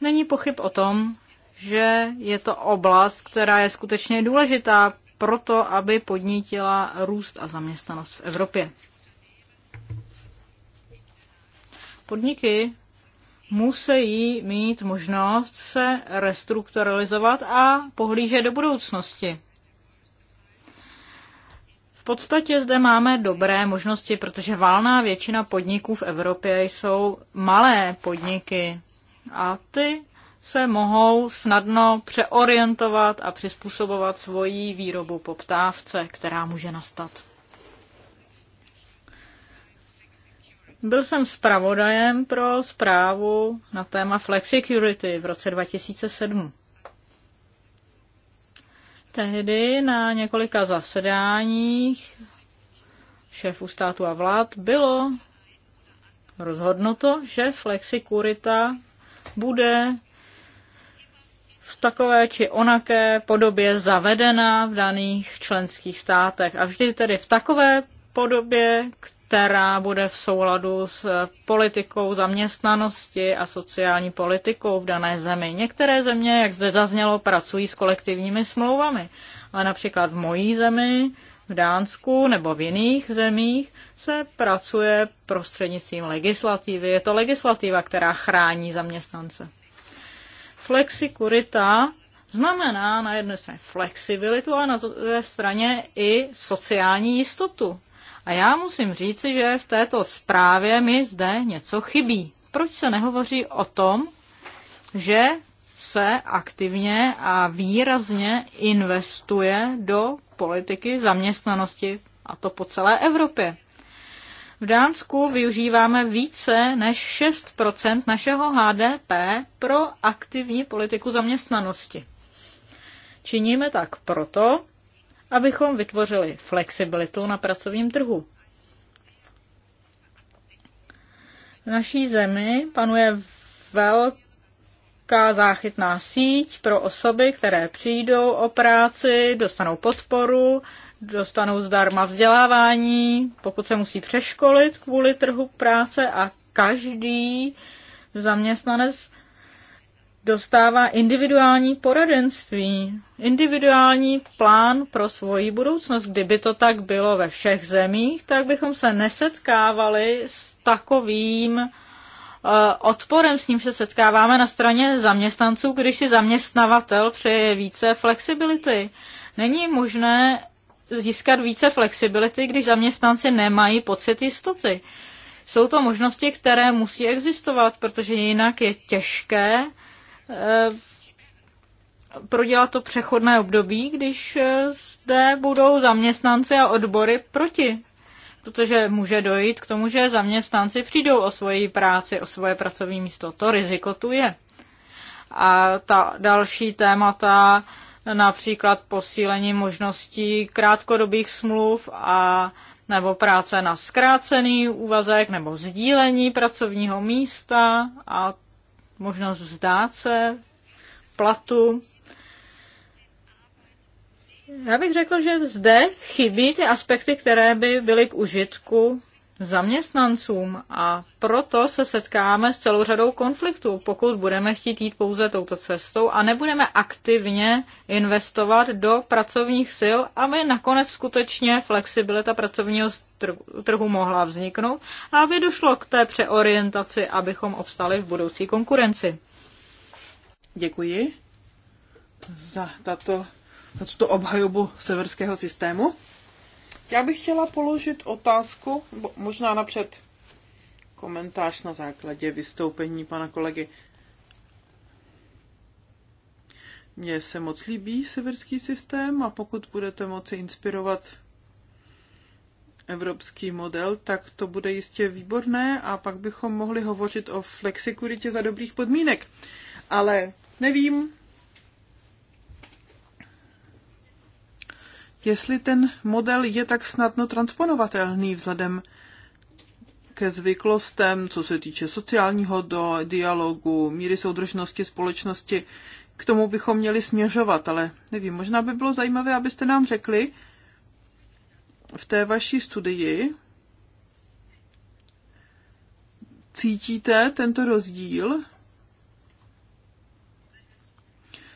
Není pochyb o tom, že je to oblast, která je skutečně důležitá pro to, aby podnítila růst a zaměstnanost v Evropě. Podniky musí mít možnost se restrukturalizovat a pohlížet do budoucnosti. V podstatě zde máme dobré možnosti, protože válná většina podniků v Evropě jsou malé podniky, a ty se mohou snadno přeorientovat a přizpůsobovat svoji výrobu poptávce, která může nastat. Byl jsem zpravodajem pro zprávu na téma Flexicurity v roce 2007. Tehdy na několika zasedáních šéfů státu a vlád bylo rozhodnuto, že Flexicurita bude v takové či onaké podobě zavedena v daných členských státech. A vždy tedy v takové podobě, která bude v souladu s politikou zaměstnanosti a sociální politikou v dané zemi. Některé země, jak zde zaznělo, pracují s kolektivními smlouvami, ale například v mojí zemi v Dánsku nebo v jiných zemích se pracuje prostřednictvím legislativy. Je to legislativa, která chrání zaměstnance. Flexikurita znamená na jedné straně flexibilitu a na druhé straně i sociální jistotu. A já musím říci, že v této zprávě mi zde něco chybí. Proč se nehovoří o tom, že se aktivně a výrazně investuje do politiky zaměstnanosti, a to po celé Evropě. V Dánsku využíváme více než 6 našeho HDP pro aktivní politiku zaměstnanosti. Činíme tak proto, abychom vytvořili flexibilitu na pracovním trhu. V naší zemi panuje velký velká záchytná síť pro osoby, které přijdou o práci, dostanou podporu, dostanou zdarma vzdělávání, pokud se musí přeškolit kvůli trhu práce a každý zaměstnanec dostává individuální poradenství, individuální plán pro svoji budoucnost. Kdyby to tak bylo ve všech zemích, tak bychom se nesetkávali s takovým Eh, odporem, s ním se setkáváme na straně zaměstnanců, když si zaměstnavatel přeje více flexibility. Není možné získat více flexibility, když zaměstnanci nemají pocit jistoty. Jsou to možnosti, které musí existovat, protože jinak je těžké eh, prodělat to přechodné období, když eh, zde budou zaměstnanci a odbory proti protože může dojít k tomu, že zaměstnanci přijdou o svoji práci, o svoje pracovní místo. To riziko tu je. A ta další témata, například posílení možností krátkodobých smluv a nebo práce na zkrácený úvazek, nebo sdílení pracovního místa a možnost vzdát se platu já bych řekl, že zde chybí ty aspekty, které by byly k užitku zaměstnancům a proto se setkáme s celou řadou konfliktů, pokud budeme chtít jít pouze touto cestou a nebudeme aktivně investovat do pracovních sil, aby nakonec skutečně flexibilita pracovního trhu mohla vzniknout a aby došlo k té přeorientaci, abychom obstali v budoucí konkurenci. Děkuji za tato na tuto obhajobu severského systému. Já bych chtěla položit otázku, možná napřed komentář na základě vystoupení pana kolegy. Mně se moc líbí severský systém a pokud budete moci inspirovat evropský model, tak to bude jistě výborné a pak bychom mohli hovořit o flexikuritě za dobrých podmínek. Ale nevím, jestli ten model je tak snadno transponovatelný vzhledem ke zvyklostem, co se týče sociálního do dialogu, míry soudržnosti společnosti. K tomu bychom měli směřovat, ale nevím, možná by bylo zajímavé, abyste nám řekli v té vaší studii, cítíte tento rozdíl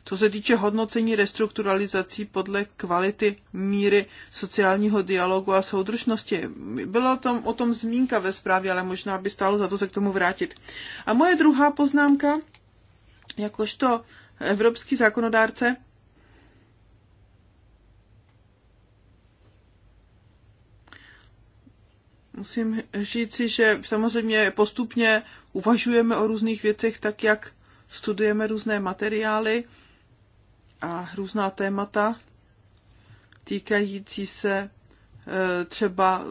Co se týče hodnocení restrukturalizací podle kvality míry sociálního dialogu a soudržnosti, byla tam o tom zmínka ve zprávě, ale možná by stálo za to se k tomu vrátit. A moje druhá poznámka, jakožto evropský zákonodárce, musím říci, že samozřejmě postupně uvažujeme o různých věcech tak, jak studujeme různé materiály a různá témata týkající se e, třeba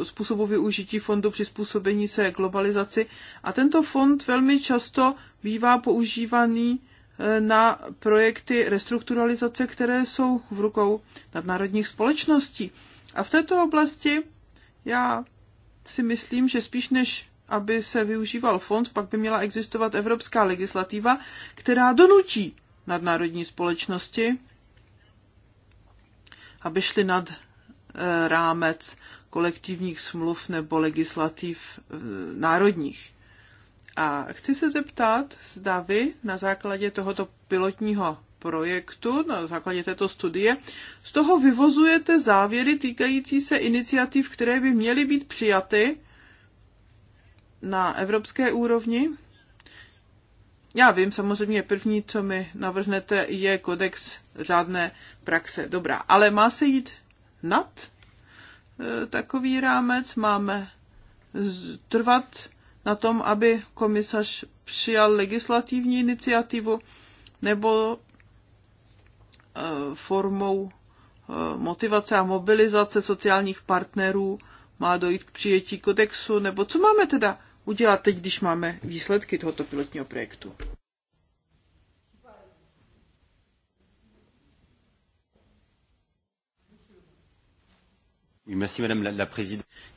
e, způsobu využití fondu přizpůsobení se globalizaci. A tento fond velmi často bývá používaný e, na projekty restrukturalizace, které jsou v rukou nadnárodních společností. A v této oblasti já si myslím, že spíš než aby se využíval fond, pak by měla existovat evropská legislativa, která donutí nadnárodní společnosti, aby šly nad eh, rámec kolektivních smluv nebo legislativ eh, národních. A chci se zeptat, zda vy na základě tohoto pilotního projektu, na základě této studie, z toho vyvozujete závěry týkající se iniciativ, které by měly být přijaty na evropské úrovni? Já vím, samozřejmě první, co mi navrhnete, je kodex řádné praxe. Dobrá, ale má se jít nad e, takový rámec, máme trvat na tom, aby komisař přijal legislativní iniciativu nebo e, formou e, motivace a mobilizace sociálních partnerů má dojít k přijetí kodexu, nebo co máme teda udělat teď, když máme výsledky tohoto pilotního projektu?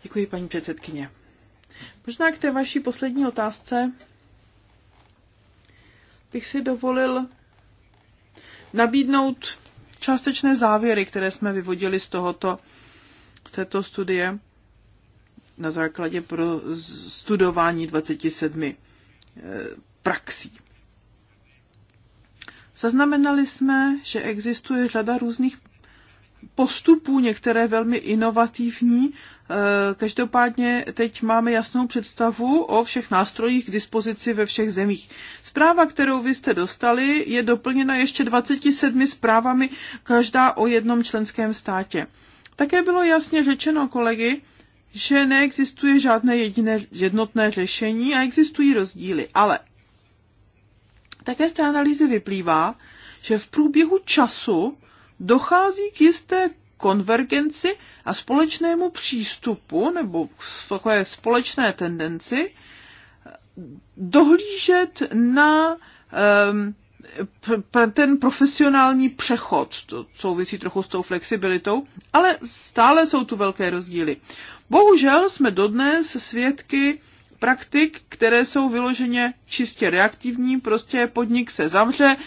Děkuji, paní předsedkyně. Možná k té vaší poslední otázce bych si dovolil nabídnout částečné závěry, které jsme vyvodili z tohoto z této studie na základě pro studování 27 eh, praxí. Zaznamenali jsme, že existuje řada různých postupů, některé velmi inovativní. Eh, každopádně teď máme jasnou představu o všech nástrojích k dispozici ve všech zemích. Zpráva, kterou vy jste dostali, je doplněna ještě 27 zprávami, každá o jednom členském státě. Také bylo jasně řečeno kolegy, že neexistuje žádné jediné jednotné řešení a existují rozdíly. Ale také z té analýzy vyplývá, že v průběhu času dochází k jisté konvergenci a společnému přístupu nebo takové společné tendenci dohlížet na um, ten profesionální přechod, to souvisí trochu s tou flexibilitou, ale stále jsou tu velké rozdíly. Bohužel jsme dodnes svědky praktik, které jsou vyloženě čistě reaktivní, prostě podnik se zavře,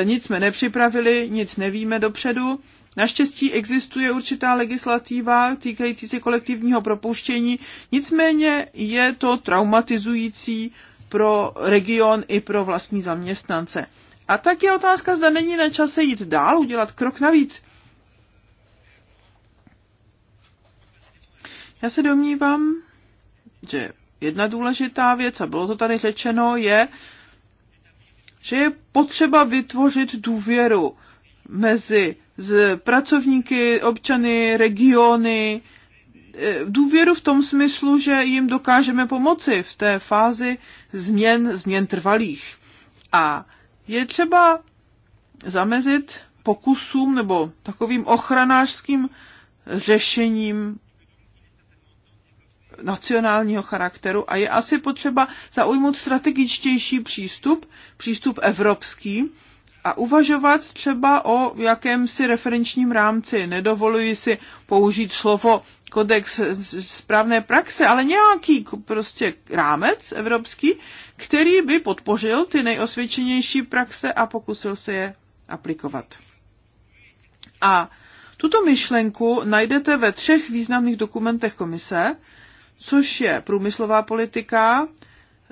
e, nic jsme nepřipravili, nic nevíme dopředu. Naštěstí existuje určitá legislativa týkající se kolektivního propouštění, nicméně je to traumatizující pro region i pro vlastní zaměstnance. A tak je otázka, zda není na čase jít dál, udělat krok navíc. Já se domnívám, že jedna důležitá věc, a bylo to tady řečeno, je, že je potřeba vytvořit důvěru mezi z pracovníky, občany, regiony, eh, důvěru v tom smyslu, že jim dokážeme pomoci v té fázi změn, změn trvalých. A je třeba zamezit pokusům nebo takovým ochranářským řešením nacionálního charakteru a je asi potřeba zaujmout strategičtější přístup, přístup evropský a uvažovat třeba o jakémsi referenčním rámci. Nedovoluji si použít slovo kodex správné praxe, ale nějaký prostě rámec evropský, který by podpořil ty nejosvědčenější praxe a pokusil se je aplikovat. A tuto myšlenku najdete ve třech významných dokumentech komise, což je průmyslová politika,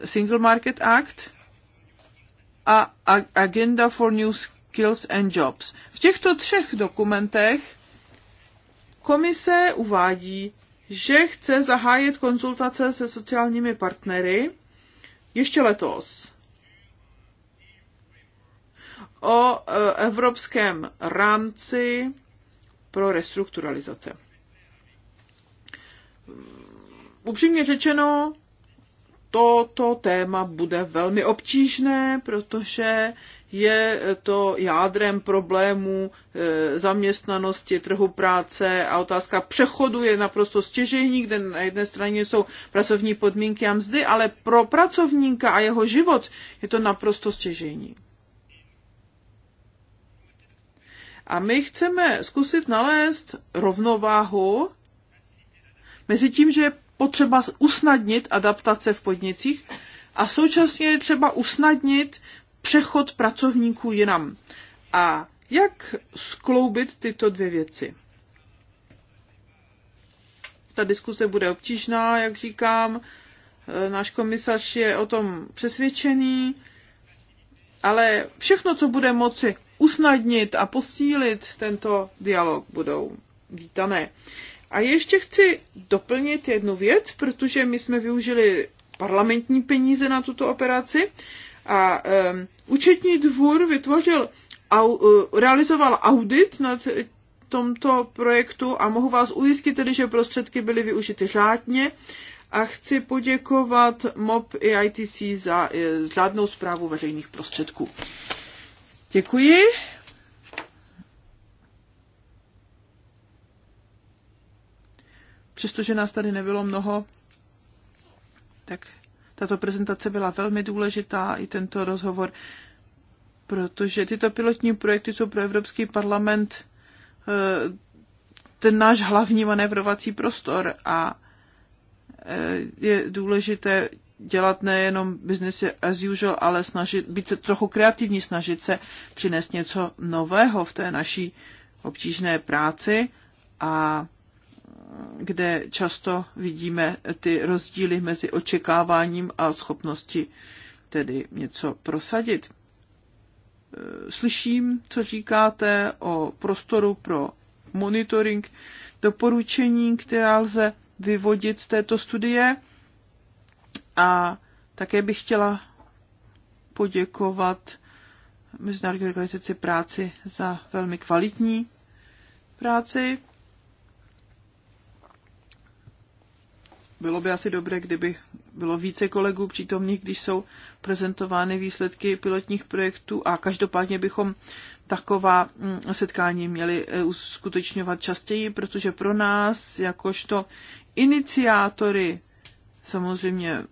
Single Market Act a Agenda for New Skills and Jobs. V těchto třech dokumentech Komise uvádí, že chce zahájit konzultace se sociálními partnery ještě letos o e, evropském rámci pro restrukturalizace. Upřímně řečeno, toto téma bude velmi obtížné, protože je to jádrem problémů e, zaměstnanosti, trhu práce a otázka přechodu je naprosto stěžejní, kde na jedné straně jsou pracovní podmínky a mzdy, ale pro pracovníka a jeho život je to naprosto stěžejní. A my chceme zkusit nalézt rovnováhu mezi tím, že je potřeba usnadnit adaptace v podnicích a současně je třeba usnadnit přechod pracovníků jinam. A jak skloubit tyto dvě věci? Ta diskuse bude obtížná, jak říkám. E, náš komisař je o tom přesvědčený, ale všechno, co bude moci usnadnit a posílit tento dialog, budou vítané. A ještě chci doplnit jednu věc, protože my jsme využili parlamentní peníze na tuto operaci a um, účetní dvůr vytvořil, au, e, realizoval audit nad tomto projektu a mohu vás ujistit tedy, že prostředky byly využity řádně a chci poděkovat MOP i ITC za e, řádnou zprávu veřejných prostředků. Děkuji. Přestože nás tady nebylo mnoho, tak tato prezentace byla velmi důležitá, i tento rozhovor, protože tyto pilotní projekty jsou pro Evropský parlament eh, ten náš hlavní manévrovací prostor a eh, je důležité dělat nejenom business as usual, ale snažit, být se trochu kreativní, snažit se přinést něco nového v té naší obtížné práci a kde často vidíme ty rozdíly mezi očekáváním a schopností tedy něco prosadit. E, slyším, co říkáte o prostoru pro monitoring, doporučení, která lze vyvodit z této studie. A také bych chtěla poděkovat Mezinárodní organizaci práci za velmi kvalitní práci bylo by asi dobré, kdyby bylo více kolegů přítomných, když jsou prezentovány výsledky pilotních projektů a každopádně bychom taková mm, setkání měli eh, uskutečňovat častěji, protože pro nás, jakožto iniciátory, samozřejmě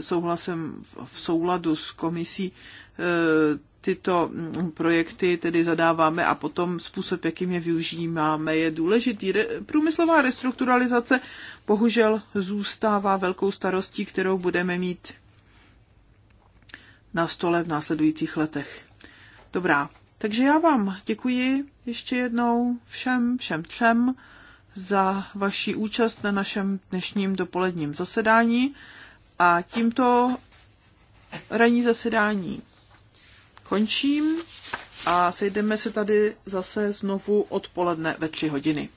souhlasem v souladu s komisí e, tyto mm, projekty tedy zadáváme a potom způsob, jakým je využíváme, je důležitý. Průmyslová restrukturalizace bohužel zůstává velkou starostí, kterou budeme mít na stole v následujících letech. Dobrá, takže já vám děkuji ještě jednou všem, všem třem za vaši účast na našem dnešním dopoledním zasedání. A tímto ranní zasedání končím a sejdeme se tady zase znovu odpoledne ve tři hodiny.